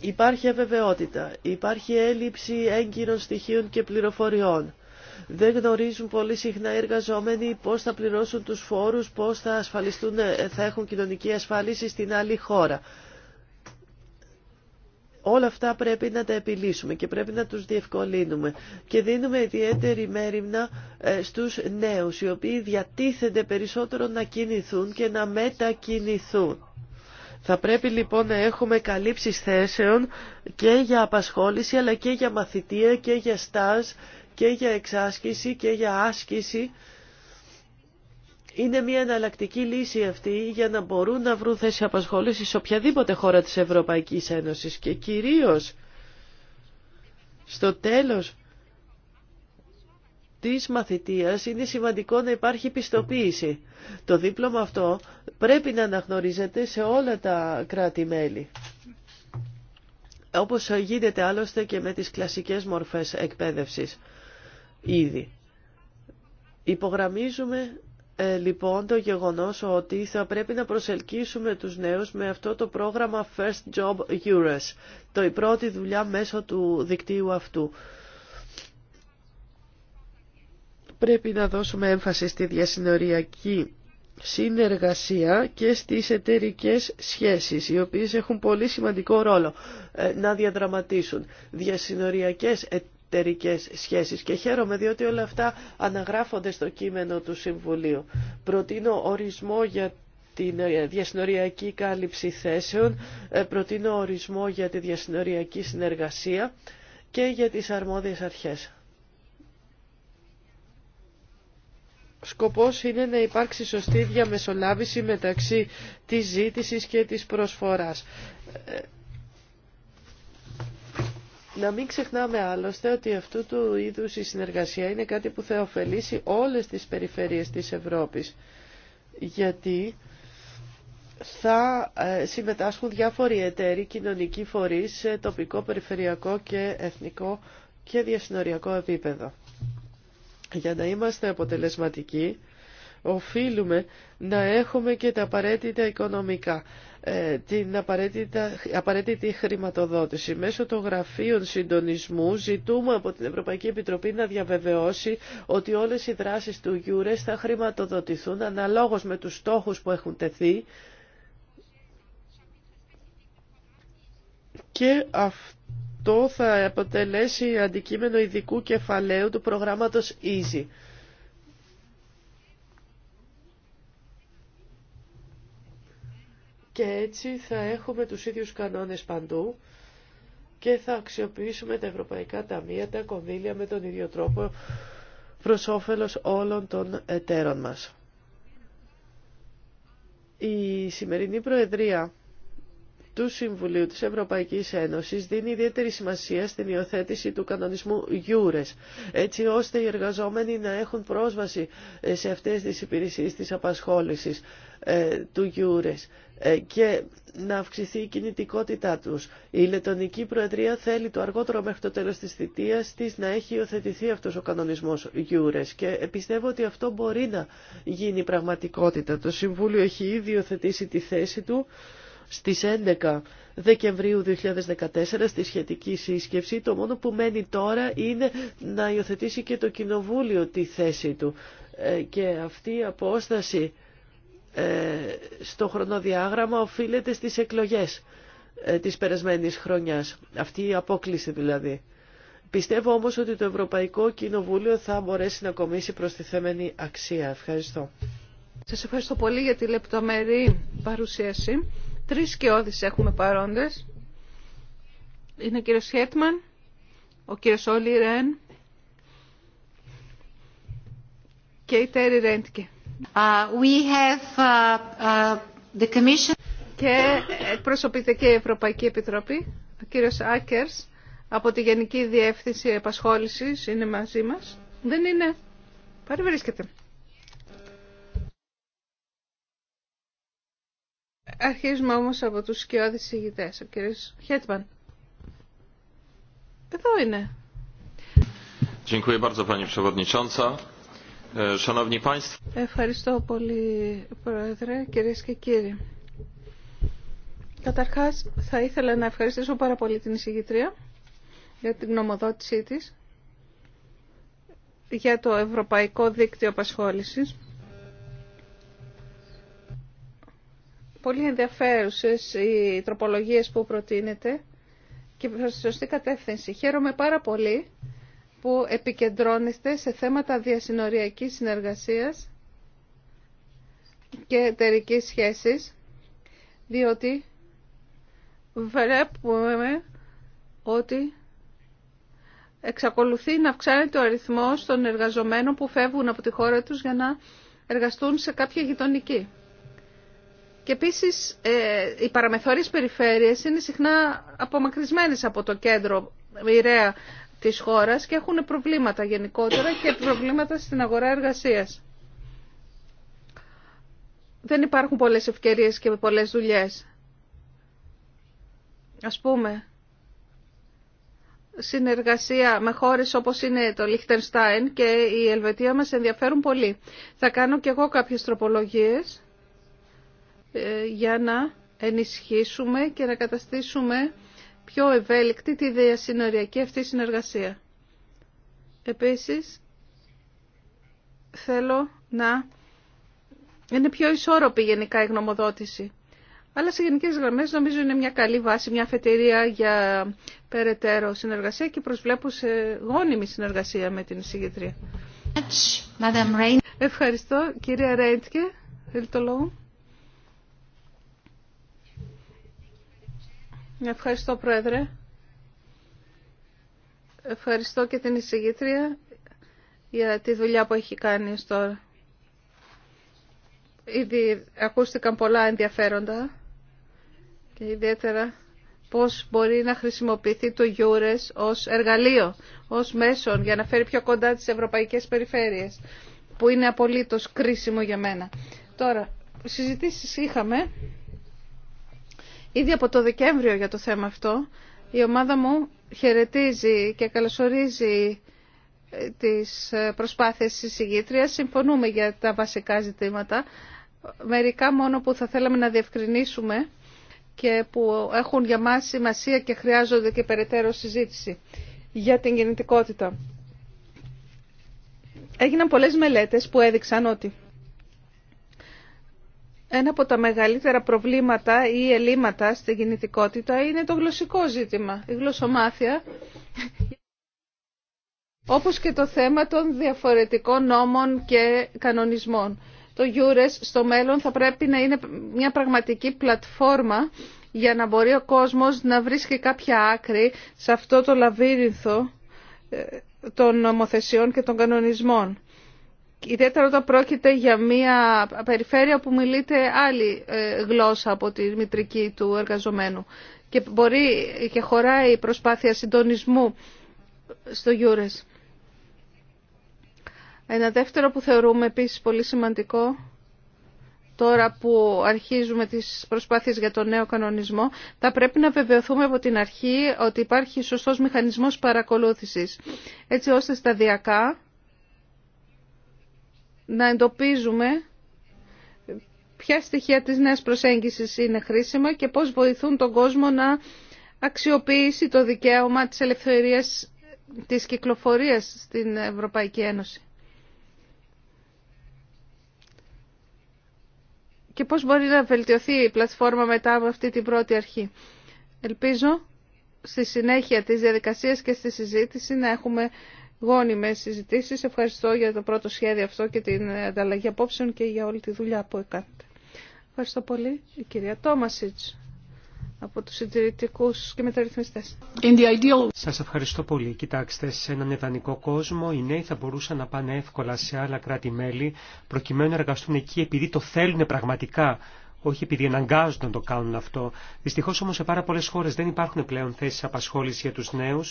Υπάρχει αβεβαιότητα, υπάρχει έλλειψη έγκυρων στοιχείων και πληροφοριών. Δεν γνωρίζουν πολύ συχνά οι εργαζόμενοι πώς θα πληρώσουν τους φόρους, πώς θα ασφαλιστούν, ε, θα έχουν κοινωνική ασφάλιση στην άλλη χώρα. Όλα αυτά πρέπει να τα επιλύσουμε και πρέπει να τους διευκολύνουμε. Και δίνουμε ιδιαίτερη μέρημνα ε, στους νέους, οι οποίοι διατίθενται περισσότερο να κινηθούν και να μετακινηθούν. Θα πρέπει λοιπόν να έχουμε καλύψεις θέσεων και για απασχόληση αλλά και για μαθητεία και για στάζ και για εξάσκηση και για άσκηση. Είναι μια εναλλακτική λύση αυτή για να μπορούν να βρουν θέση απασχόληση σε οποιαδήποτε χώρα της Ευρωπαϊκής Ένωσης και κυρίως στο τέλος της μαθητείας είναι σημαντικό να υπάρχει πιστοποίηση. Το δίπλωμα αυτό πρέπει να αναγνωρίζεται σε όλα τα κράτη-μέλη. Όπως γίνεται άλλωστε και με τις κλασικές μορφές εκπαίδευσης ήδη. Υπογραμμίζουμε ε, λοιπόν το γεγονός ότι θα πρέπει να προσελκύσουμε τους νέους με αυτό το πρόγραμμα First Job Euros, το η πρώτη δουλειά μέσω του δικτύου αυτού. Πρέπει να δώσουμε έμφαση στη διασυνοριακή συνεργασία και στις εταιρικές σχέσεις, οι οποίες έχουν πολύ σημαντικό ρόλο ε, να διαδραματίσουν. Διασυνοριακές ε, σχέσεις και χαίρομαι διότι όλα αυτά αναγράφονται στο κείμενο του Συμβουλίου. Προτείνω ορισμό για τη ε, διασυνοριακή κάλυψη θέσεων, ε, προτείνω ορισμό για τη διασυνοριακή συνεργασία και για τις αρμόδιες αρχές. Σκοπός είναι να υπάρξει σωστή διαμεσολάβηση μεταξύ της ζήτησης και της προσφοράς. Ε, να μην ξεχνάμε άλλωστε ότι αυτού του είδους η συνεργασία είναι κάτι που θα ωφελήσει όλες τις περιφέρειες της Ευρώπης. Γιατί θα ε, συμμετάσχουν διάφοροι εταίροι, κοινωνικοί φορείς σε τοπικό, περιφερειακό και εθνικό και διασυνοριακό επίπεδο. Για να είμαστε αποτελεσματικοί, οφείλουμε να έχουμε και τα απαραίτητα οικονομικά. Ε, την απαραίτητη χρηματοδότηση. Μέσω των γραφείων συντονισμού ζητούμε από την Ευρωπαϊκή Επιτροπή να διαβεβαιώσει ότι όλες οι δράσεις του Γιούρες θα χρηματοδοτηθούν αναλόγως με τους στόχους που έχουν τεθεί και αυτό θα αποτελέσει αντικείμενο ειδικού κεφαλαίου του προγράμματος EASY. και έτσι θα έχουμε τους ίδιους κανόνες παντού και θα αξιοποιήσουμε τα ευρωπαϊκά ταμεία, τα κονδύλια με τον ίδιο τρόπο προς όφελος όλων των εταίρων μας. Η σημερινή Προεδρία του Συμβουλίου της Ευρωπαϊκής Ένωσης δίνει ιδιαίτερη σημασία στην υιοθέτηση του κανονισμού γιούρες, έτσι ώστε οι εργαζόμενοι να έχουν πρόσβαση σε αυτές τις υπηρεσίες της απασχόλησης ε, του γιούρες. Ε, και να αυξηθεί η κινητικότητά τους. Η Λετωνική Προεδρία θέλει το αργότερο μέχρι το τέλος της θητείας της να έχει υιοθετηθεί αυτός ο κανονισμός Γιούρες και πιστεύω ότι αυτό μπορεί να γίνει πραγματικότητα. Το Συμβούλιο έχει ήδη υιοθετήσει τη θέση του στις 11 Δεκεμβρίου 2014 στη σχετική σύσκευση. Το μόνο που μένει τώρα είναι να υιοθετήσει και το Κοινοβούλιο τη θέση του. Ε, και αυτή η απόσταση ε, στο χρονοδιάγραμμα οφείλεται στις εκλογές ε, της περασμένης χρονιάς. Αυτή η απόκληση δηλαδή. Πιστεύω όμως ότι το Ευρωπαϊκό Κοινοβούλιο θα μπορέσει να κομίσει προστιθέμενη αξία. Ευχαριστώ. Σας ευχαριστώ πολύ για τη λεπτομερή παρουσίαση. Τρεις και έχουμε παρόντες. Είναι ο κύριος Χέτμαν, ο κύριος Όλι Ρεν και η Τέρι Ρέντκε. Uh, uh, uh, και εκπροσωπείται και η Ευρωπαϊκή Επιτροπή. Ο κύριος Άκερς από τη Γενική Διεύθυνση Επασχόλησης είναι μαζί μας. Δεν είναι. Παρευρίσκεται. Αρχίζουμε όμως από τους σκιώδεις ηγητές. Ο κύριος Χέτμαν. Εδώ είναι. Dziękuję bardzo Pani Przewodnicząca. Ε, Ευχαριστώ πολύ, Πρόεδρε, κυρίες και κύριοι. Καταρχάς, θα ήθελα να ευχαριστήσω πάρα πολύ την εισηγητρία για την νομοδότησή της για το Ευρωπαϊκό Δίκτυο Απασχόλησης. Πολύ ενδιαφέρουσες οι τροπολογίες που προτείνεται και προς τη σωστή κατεύθυνση. Χαίρομαι πάρα πολύ που επικεντρώνεστε σε θέματα διασυνοριακής συνεργασίας και εταιρική σχέσης, διότι βλέπουμε ότι εξακολουθεί να αυξάνεται ο αριθμός των εργαζομένων που φεύγουν από τη χώρα τους για να εργαστούν σε κάποια γειτονική. Και επίσης ε, οι παραμεθόριες περιφέρειες είναι συχνά απομακρυσμένες από το κέντρο, μοιραία της χώρας και έχουν προβλήματα γενικότερα και προβλήματα στην αγορά εργασίας. Δεν υπάρχουν πολλές ευκαιρίες και πολλές δουλειές. Ας πούμε, συνεργασία με χώρες όπως είναι το Λιχτενστάιν και η Ελβετία μας ενδιαφέρουν πολύ. Θα κάνω και εγώ κάποιες τροπολογίες ε, για να ενισχύσουμε και να καταστήσουμε πιο ευέλικτη τη διασυνοριακή αυτή συνεργασία. Επίσης, θέλω να είναι πιο ισόρροπη γενικά η γνωμοδότηση. Αλλά σε γενικές γραμμές νομίζω είναι μια καλή βάση, μια αφετηρία για περαιτέρω συνεργασία και προσβλέπω σε γόνιμη συνεργασία με την εισηγητρία. Ευχαριστώ κυρία Ρέντκε, Θέλει το λόγο. Ευχαριστώ, Πρόεδρε. Ευχαριστώ και την εισηγήτρια για τη δουλειά που έχει κάνει ως τώρα. Ήδη ακούστηκαν πολλά ενδιαφέροντα και ιδιαίτερα πώς μπορεί να χρησιμοποιηθεί το Γιούρες ως εργαλείο, ως μέσο για να φέρει πιο κοντά τις ευρωπαϊκές περιφέρειες, που είναι απολύτως κρίσιμο για μένα. Τώρα, συζητήσεις είχαμε Ήδη από το Δεκέμβριο για το θέμα αυτό η ομάδα μου χαιρετίζει και καλωσορίζει ε, τις ε, προσπάθειες της συγγήτριας. Συμφωνούμε για τα βασικά ζητήματα. Μερικά μόνο που θα θέλαμε να διευκρινίσουμε και που έχουν για μας σημασία και χρειάζονται και περαιτέρω συζήτηση για την γεννητικότητα. Έγιναν πολλές μελέτες που έδειξαν ότι ένα από τα μεγαλύτερα προβλήματα ή ελλείμματα στην κινητικότητα είναι το γλωσσικό ζήτημα, η γλωσσομάθεια, όπως και το θέμα των διαφορετικών νόμων και κανονισμών. Το EURES στο μέλλον θα πρέπει να είναι μια πραγματική πλατφόρμα για να μπορεί ο κόσμος να βρίσκει κάποια άκρη σε αυτό το λαβύρινθο ε, των νομοθεσιών και των κανονισμών ιδιαίτερα όταν πρόκειται για μια περιφέρεια που μιλείται άλλη ε, γλώσσα από τη μητρική του εργαζομένου. Και μπορεί και χωράει η προσπάθεια συντονισμού στο Γιούρες. Ένα δεύτερο που θεωρούμε επίσης πολύ σημαντικό, τώρα που αρχίζουμε τις προσπάθειες για τον νέο κανονισμό, θα πρέπει να βεβαιωθούμε από την αρχή ότι υπάρχει σωστός μηχανισμός παρακολούθησης, έτσι ώστε σταδιακά να εντοπίζουμε ποια στοιχεία της νέας προσέγγισης είναι χρήσιμα και πώς βοηθούν τον κόσμο να αξιοποιήσει το δικαίωμα της ελευθερίας της κυκλοφορίας στην Ευρωπαϊκή Ένωση. Και πώς μπορεί να βελτιωθεί η πλατφόρμα μετά από αυτή την πρώτη αρχή. Ελπίζω στη συνέχεια της διαδικασίας και στη συζήτηση να έχουμε γόνιμες συζητήσεις. Ευχαριστώ για το πρώτο σχέδιο αυτό και την ανταλλαγή απόψεων και για όλη τη δουλειά που έκανατε. Ευχαριστώ πολύ. Η κυρία Τόμασιτς από τους συντηρητικού και μεταρρυθμιστές. Ideal... Σας ευχαριστώ πολύ. Κοιτάξτε, σε έναν ιδανικό κόσμο οι νέοι θα μπορούσαν να πάνε εύκολα σε άλλα κράτη-μέλη προκειμένου να εργαστούν εκεί επειδή το θέλουν πραγματικά όχι επειδή αναγκάζονται να το κάνουν αυτό. Δυστυχώ όμω σε πάρα πολλέ χώρε δεν υπάρχουν πλέον θέσει απασχόληση για τους νέου.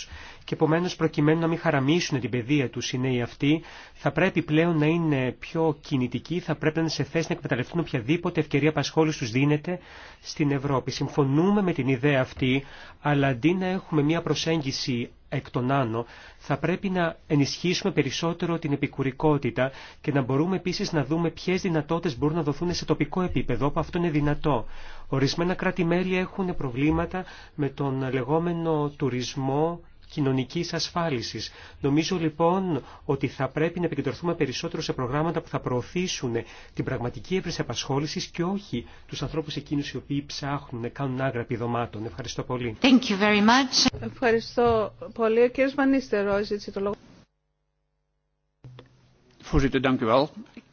και επομένως προκειμένου να μην χαραμίσουν την παιδεία του οι νέοι αυτοί θα πρέπει πλέον να είναι πιο κινητικοί, θα πρέπει να είναι σε θέση να εκμεταλλευτούν οποιαδήποτε ευκαιρία απασχόληση του δίνεται στην Ευρώπη. Συμφωνούμε με την ιδέα αυτή, αλλά αντί να έχουμε μια προσέγγιση εκ των άνω, θα πρέπει να ενισχύσουμε περισσότερο την επικουρικότητα και να μπορούμε επίσης να δούμε ποιες δυνατότητες μπορούν να δοθούν σε τοπικό επίπεδο, επίπεδο αυτό είναι δυνατό. Ορισμένα κράτη-μέλη έχουν προβλήματα με τον λεγόμενο τουρισμό κοινωνικής ασφάλισης. Νομίζω λοιπόν ότι θα πρέπει να επικεντρωθούμε περισσότερο σε προγράμματα που θα προωθήσουν την πραγματική έβριση απασχόλησης και όχι τους ανθρώπους εκείνους οι οποίοι ψάχνουν να κάνουν άγραπη δωμάτων. Ευχαριστώ πολύ. Thank you very much. Ευχαριστώ πολύ. Ο κύριος Μανίστερο ζήτησε το λόγο.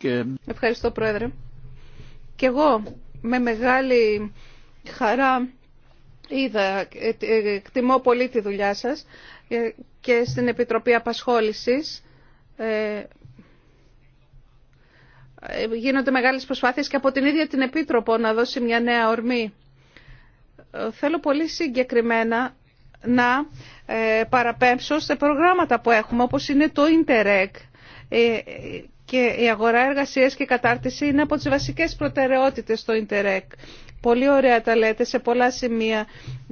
Eh, Ευχαριστώ Πρόεδρε. Και εγώ με μεγάλη χαρά Είδα, ε, ε, ε, εκτιμώ πολύ τη δουλειά σας και στην Επιτροπή Απασχόλησης γίνονται μεγάλες προσπάθειες και από την ίδια την Επίτροπο να δώσει μια νέα ορμή. Θέλω πολύ συγκεκριμένα να παραπέμψω σε προγράμματα που έχουμε, όπως είναι το Interreg. Και η αγορά εργασίας και κατάρτιση είναι από τις βασικές προτεραιότητες στο Interreg. Πολύ ωραία τα λέτε σε πολλά σημεία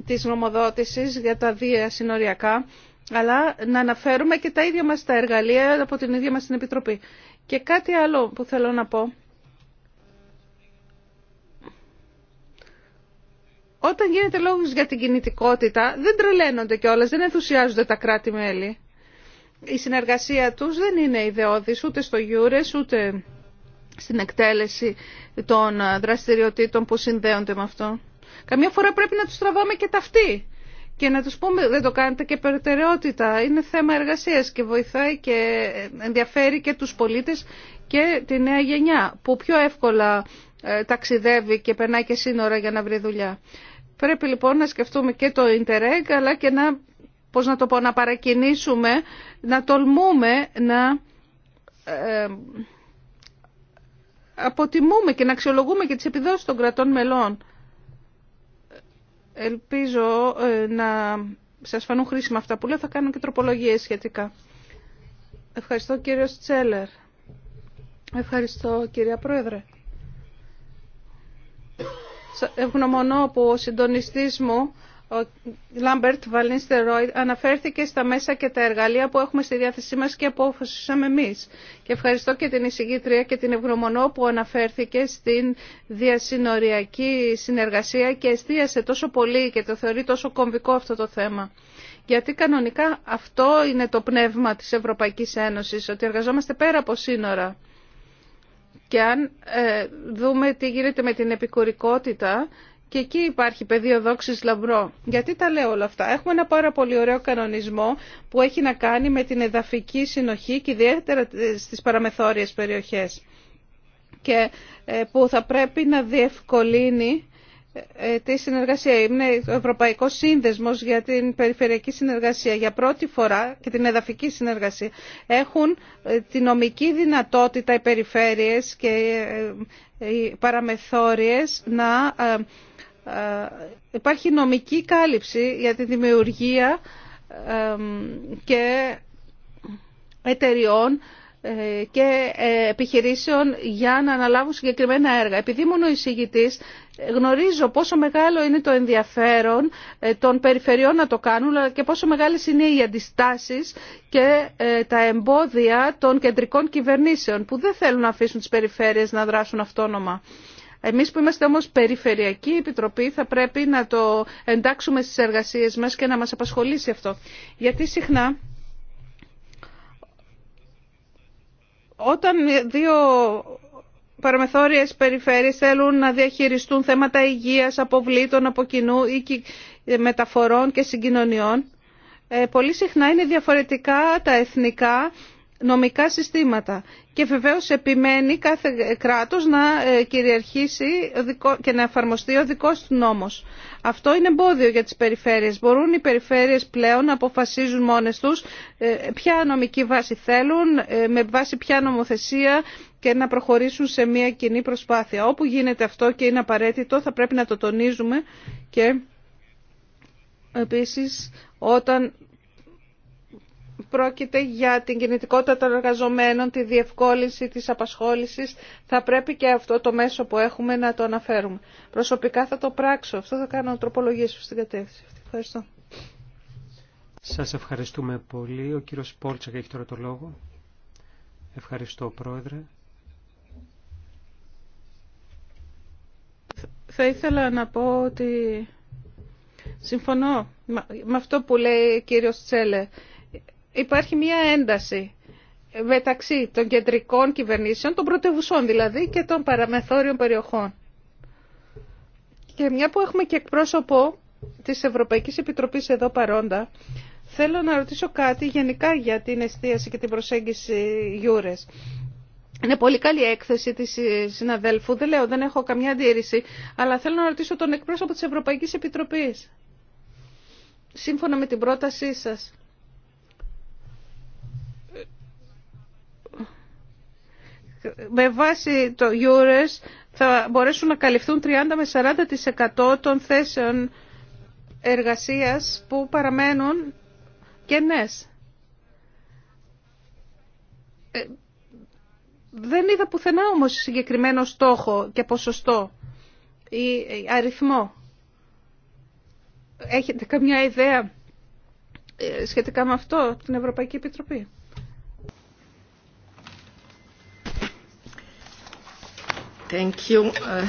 της νομοδότησης για τα δύο συνοριακά, αλλά να αναφέρουμε και τα ίδια μας τα εργαλεία από την ίδια μας την Επιτροπή. Και κάτι άλλο που θέλω να πω. Όταν γίνεται λόγος για την κινητικότητα, δεν τρελαίνονται κιόλας, δεν ενθουσιάζονται τα κράτη-μέλη. Η συνεργασία τους δεν είναι ιδεώδης ούτε στο Γιούρες, ούτε στην εκτέλεση των ε, δραστηριοτήτων που συνδέονται με αυτό. Καμιά φορά πρέπει να τους τραβάμε και ταυτί και να τους πούμε δεν το κάνετε και περιτεραιότητα. Είναι θέμα εργασίας και βοηθάει και ενδιαφέρει και τους πολίτες και τη νέα γενιά που πιο εύκολα ε, ταξιδεύει και περνάει και σύνορα για να βρει δουλειά. Πρέπει λοιπόν να σκεφτούμε και το Interreg αλλά και να, πώς να το να παρακινήσουμε, να τολμούμε να ε, αποτιμούμε και να αξιολογούμε και τις επιδόσεις των κρατών μελών. Ελπίζω ε, να σας φανούν χρήσιμα αυτά που λέω. Θα κάνω και τροπολογίες σχετικά. Ευχαριστώ κύριο Τσέλερ. Ευχαριστώ κυρία Πρόεδρε. Ευγνωμονώ που ο συντονιστής μου ο Λάμπερτ Βαλίνστερ Ρόιτ αναφέρθηκε στα μέσα και τα εργαλεία που έχουμε στη διάθεσή μας και απόφασισαμε εμείς. Και ευχαριστώ και την εισηγήτρια και την Ευγνωμονό που αναφέρθηκε στην διασυνοριακή συνεργασία και εστίασε τόσο πολύ και το θεωρεί τόσο κομβικό αυτό το θέμα. Γιατί κανονικά αυτό είναι το πνεύμα της Ευρωπαϊκής Ένωσης, ότι εργαζόμαστε πέρα από σύνορα. Και αν ε, δούμε τι γίνεται με την επικουρικότητα, και εκεί υπάρχει πεδίο δόξη λαμπρό. Γιατί τα λέω όλα αυτά. Έχουμε ένα πάρα πολύ ωραίο κανονισμό που έχει να κάνει με την εδαφική συνοχή και ιδιαίτερα στις παραμεθόριες περιοχές και ε, που θα πρέπει να διευκολύνει ε, τη συνεργασία. Είναι ο Ευρωπαϊκό Σύνδεσμο για την Περιφερειακή Συνεργασία. Για πρώτη φορά και την εδαφική συνεργασία έχουν ε, τη νομική δυνατότητα οι περιφέρειες και οι παραμεθόριες να υπάρχει νομική κάλυψη για τη δημιουργία και εταιριών ε, και ε, επιχειρήσεων για να αναλάβουν συγκεκριμένα έργα. Επειδή μόνο εισηγητή γνωρίζω πόσο μεγάλο είναι το ενδιαφέρον ε, των περιφερειών να το κάνουν αλλά και πόσο μεγάλες είναι οι αντιστάσεις και τα εμπόδια των κεντρικών κυβερνήσεων που δεν θέλουν να αφήσουν τις περιφέρειες να δράσουν αυτόνομα. Εμείς που είμαστε όμως περιφερειακή επιτροπή θα πρέπει να το εντάξουμε στις εργασίες μας και να μας απασχολήσει αυτό. Γιατί συχνά όταν δύο παραμεθόριες περιφέρειες θέλουν να διαχειριστούν θέματα υγείας, αποβλήτων, από κοινού ή μεταφορών και συγκοινωνιών, ε, πολύ συχνά είναι διαφορετικά τα εθνικά νομικά συστήματα. Και βεβαίως επιμένει κάθε κράτος να ε, κυριαρχήσει και να εφαρμοστεί ο δικός του νόμος. Αυτό είναι εμπόδιο για τις περιφέρειες. Μπορούν οι περιφέρειες πλέον να αποφασίζουν μόνες τους ε, ποια νομική βάση θέλουν, ε, με βάση ποια νομοθεσία και να προχωρήσουν σε μια κοινή προσπάθεια. Όπου γίνεται αυτό και είναι απαραίτητο θα πρέπει να το τονίζουμε και επίσης όταν πρόκειται για την κινητικότητα των εργαζομένων, τη διευκόλυνση της απασχόλησης, θα πρέπει και αυτό το μέσο που έχουμε να το αναφέρουμε. Προσωπικά θα το πράξω. Αυτό θα κάνω τροπολογίες στην κατεύθυνση. Ευχαριστώ. Σας ευχαριστούμε πολύ. Ο κύριος Πόλτσακ έχει τώρα το λόγο. Ευχαριστώ, Πρόεδρε. Θα ήθελα να πω ότι συμφωνώ με αυτό που λέει ο κύριος Τσέλε υπάρχει μια ένταση μεταξύ των κεντρικών κυβερνήσεων, των πρωτεύουσών δηλαδή και των παραμεθόριων περιοχών. Και μια που έχουμε και εκπρόσωπο της Ευρωπαϊκής Επιτροπής εδώ παρόντα, θέλω να ρωτήσω κάτι γενικά για την εστίαση και την προσέγγιση γιούρες. Είναι πολύ καλή έκθεση της συναδέλφου, δεν λέω, δεν έχω καμιά αντίρρηση, αλλά θέλω να ρωτήσω τον εκπρόσωπο της Ευρωπαϊκής Επιτροπής. Σύμφωνα με την πρότασή σας, με βάση το EURES θα μπορέσουν να καλυφθούν 30 με 40% των θέσεων εργασίας που παραμένουν κενές. Ε, δεν είδα πουθενά όμως συγκεκριμένο στόχο και ποσοστό ή ε, αριθμό. Έχετε καμιά ιδέα ε, σχετικά με αυτό την Ευρωπαϊκή Επιτροπή.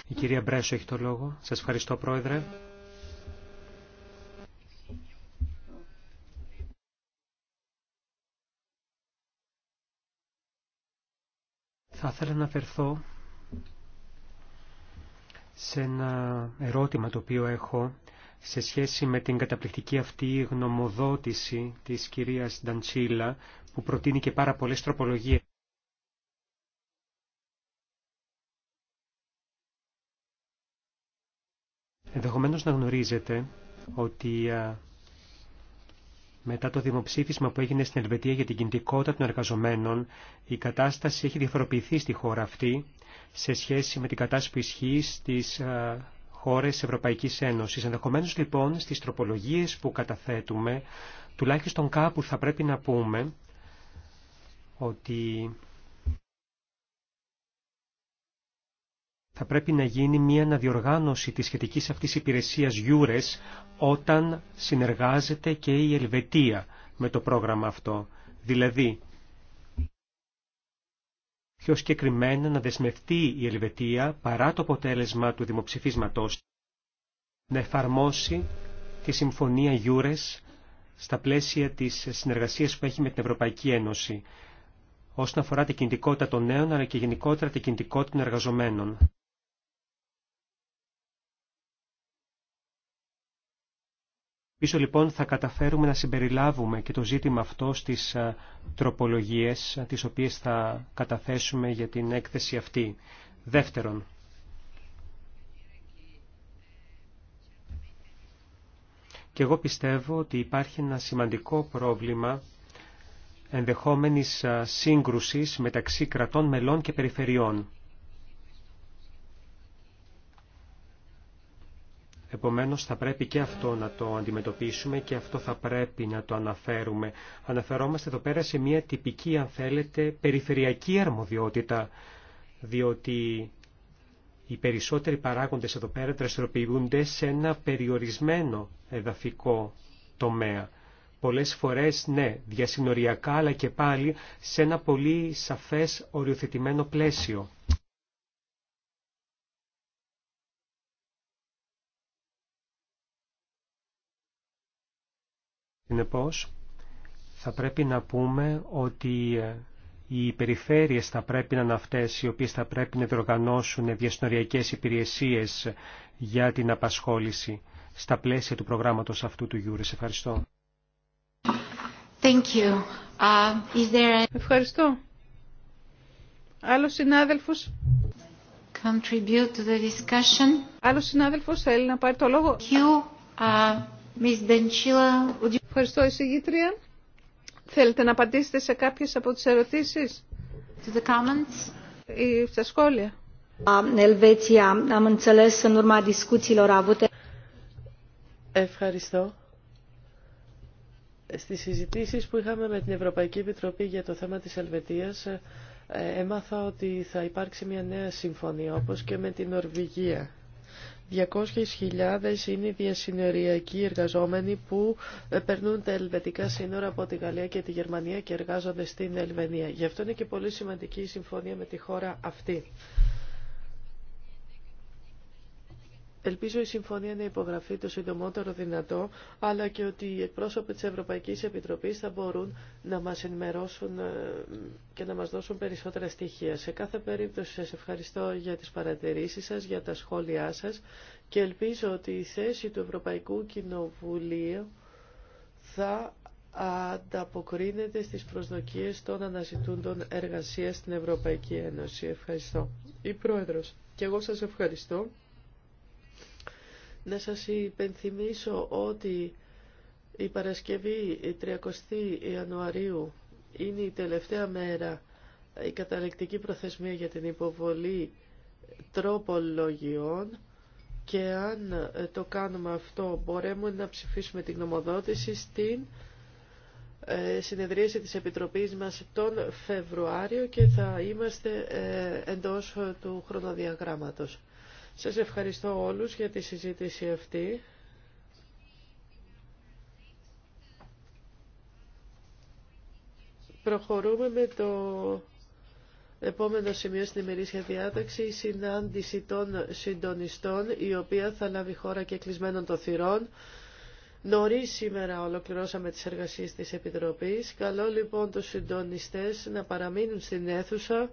Η κυρία Μπρέσο έχει το λόγο. Σας ευχαριστώ πρόεδρε. Θα ήθελα να αφαιρθώ σε ένα ερώτημα το οποίο έχω σε σχέση με την καταπληκτική αυτή γνωμοδότηση της κυρίας Νταντσίλα που προτείνει και πάρα πολλές τροπολογίες. Ενδεχομένως να γνωρίζετε ότι μετά το δημοψήφισμα που έγινε στην Ελβετία για την κινητικότητα των εργαζομένων, η κατάσταση έχει διαφοροποιηθεί στη χώρα αυτή σε σχέση με την κατάσταση που ισχύει στις χώρες Ευρωπαϊκής Ένωσης. Ενδεχομένως λοιπόν στις τροπολογίες που καταθέτουμε, τουλάχιστον κάπου θα πρέπει να πούμε ότι θα πρέπει να γίνει μια αναδιοργάνωση της σχετικής αυτής υπηρεσίας Γιούρες όταν συνεργάζεται και η Ελβετία με το πρόγραμμα αυτό. Δηλαδή, πιο συγκεκριμένα να δεσμευτεί η Ελβετία παρά το αποτέλεσμα του δημοψηφίσματός να εφαρμόσει τη Συμφωνία Γιούρες στα πλαίσια της συνεργασίας που έχει με την Ευρωπαϊκή Ένωση όσον αφορά την κινητικότητα των νέων αλλά και γενικότερα την κινητικότητα των εργαζομένων. Πίσω λοιπόν θα καταφέρουμε να συμπεριλάβουμε και το ζήτημα αυτό στις ε, τροπολογίες ε, τις οποίες θα καταθέσουμε για την έκθεση αυτή. Δεύτερον, και εγώ πιστεύω ότι υπάρχει ένα σημαντικό πρόβλημα ενδεχόμενης ε, σύγκρουσης μεταξύ κρατών μελών και περιφερειών. Επομένως θα πρέπει και αυτό να το αντιμετωπίσουμε και αυτό θα πρέπει να το αναφέρουμε. Αναφερόμαστε εδώ πέρα σε μια τυπική, αν θέλετε, περιφερειακή αρμοδιότητα, διότι οι περισσότεροι παράγοντες εδώ πέρα δραστηριοποιούνται σε ένα περιορισμένο εδαφικό τομέα. Πολλές φορές, ναι, διασυνοριακά, αλλά και πάλι σε ένα πολύ σαφές οριοθετημένο πλαίσιο. Συνεπώς, θα πρέπει να πούμε ότι ε, οι περιφέρειες θα πρέπει να είναι αυτές οι οποίες θα πρέπει να διοργανώσουν διασυνοριακές υπηρεσίες για την απασχόληση στα πλαίσια του προγράμματος αυτού του Γιούρης. Ευχαριστώ. Thank you. Um, Ευχαριστώ. Άλλος συνάδελφος. Contribute to the discussion. Άλλος συνάδελφος θέλει να πάρει το λόγο. Thank you. Uh, Ms. Ευχαριστώ, εισηγήτρια. Θέλετε να απαντήσετε σε κάποιες από τις ερωτήσεις. To the comments. Ή στα σχόλια. Ευχαριστώ. Στις συζητήσεις που είχαμε με την Ευρωπαϊκή Επιτροπή για το θέμα της Ελβετίας, ε, έμαθα ότι θα υπάρξει μια νέα συμφωνία, όπως και με την Νορβηγία. 200.000 είναι οι διασυνοριακοί εργαζόμενοι που ε, περνούν τα ελβετικά σύνορα από τη Γαλλία και τη Γερμανία και εργάζονται στην Ελβενία. Γι' αυτό είναι και πολύ σημαντική η συμφωνία με τη χώρα αυτή. Ελπίζω η συμφωνία να υπογραφεί το συντομότερο δυνατό, αλλά και ότι οι εκπρόσωποι της Ευρωπαϊκής Επιτροπής θα μπορούν να μας ενημερώσουν ε, και να μας δώσουν περισσότερα στοιχεία. Σε κάθε περίπτωση σας ευχαριστώ για τις παρατηρήσεις σας, για τα σχόλιά σας και ελπίζω ότι η θέση του Ευρωπαϊκού Κοινοβουλίου θα ανταποκρίνεται στις προσδοκίες των αναζητούντων εργασίας στην Ευρωπαϊκή Ένωση. Ευχαριστώ. Η Πρόεδρος. Και εγώ σας ευχαριστώ. Να σας υπενθυμίσω ότι η Παρασκευή 30 Ιανουαρίου είναι η τελευταία μέρα η καταληκτική προθεσμία για την υποβολή τροπολογιών και αν ε, το κάνουμε αυτό μπορούμε να ψηφίσουμε την γνωμοδότηση στην ε, συνεδρίαση της Επιτροπής μας τον Φεβρουάριο και θα είμαστε ε, εντός του χρονοδιαγράμματος. Σας ευχαριστώ όλους για τη συζήτηση αυτή. Προχωρούμε με το επόμενο σημείο στην ημερήσια διάταξη, η συνάντηση των συντονιστών, η οποία θα λάβει χώρα και κλεισμένων των θυρών. Νωρί σήμερα ολοκληρώσαμε τις εργασίες της Επιτροπής. Καλό λοιπόν τους συντονιστές να παραμείνουν στην αίθουσα.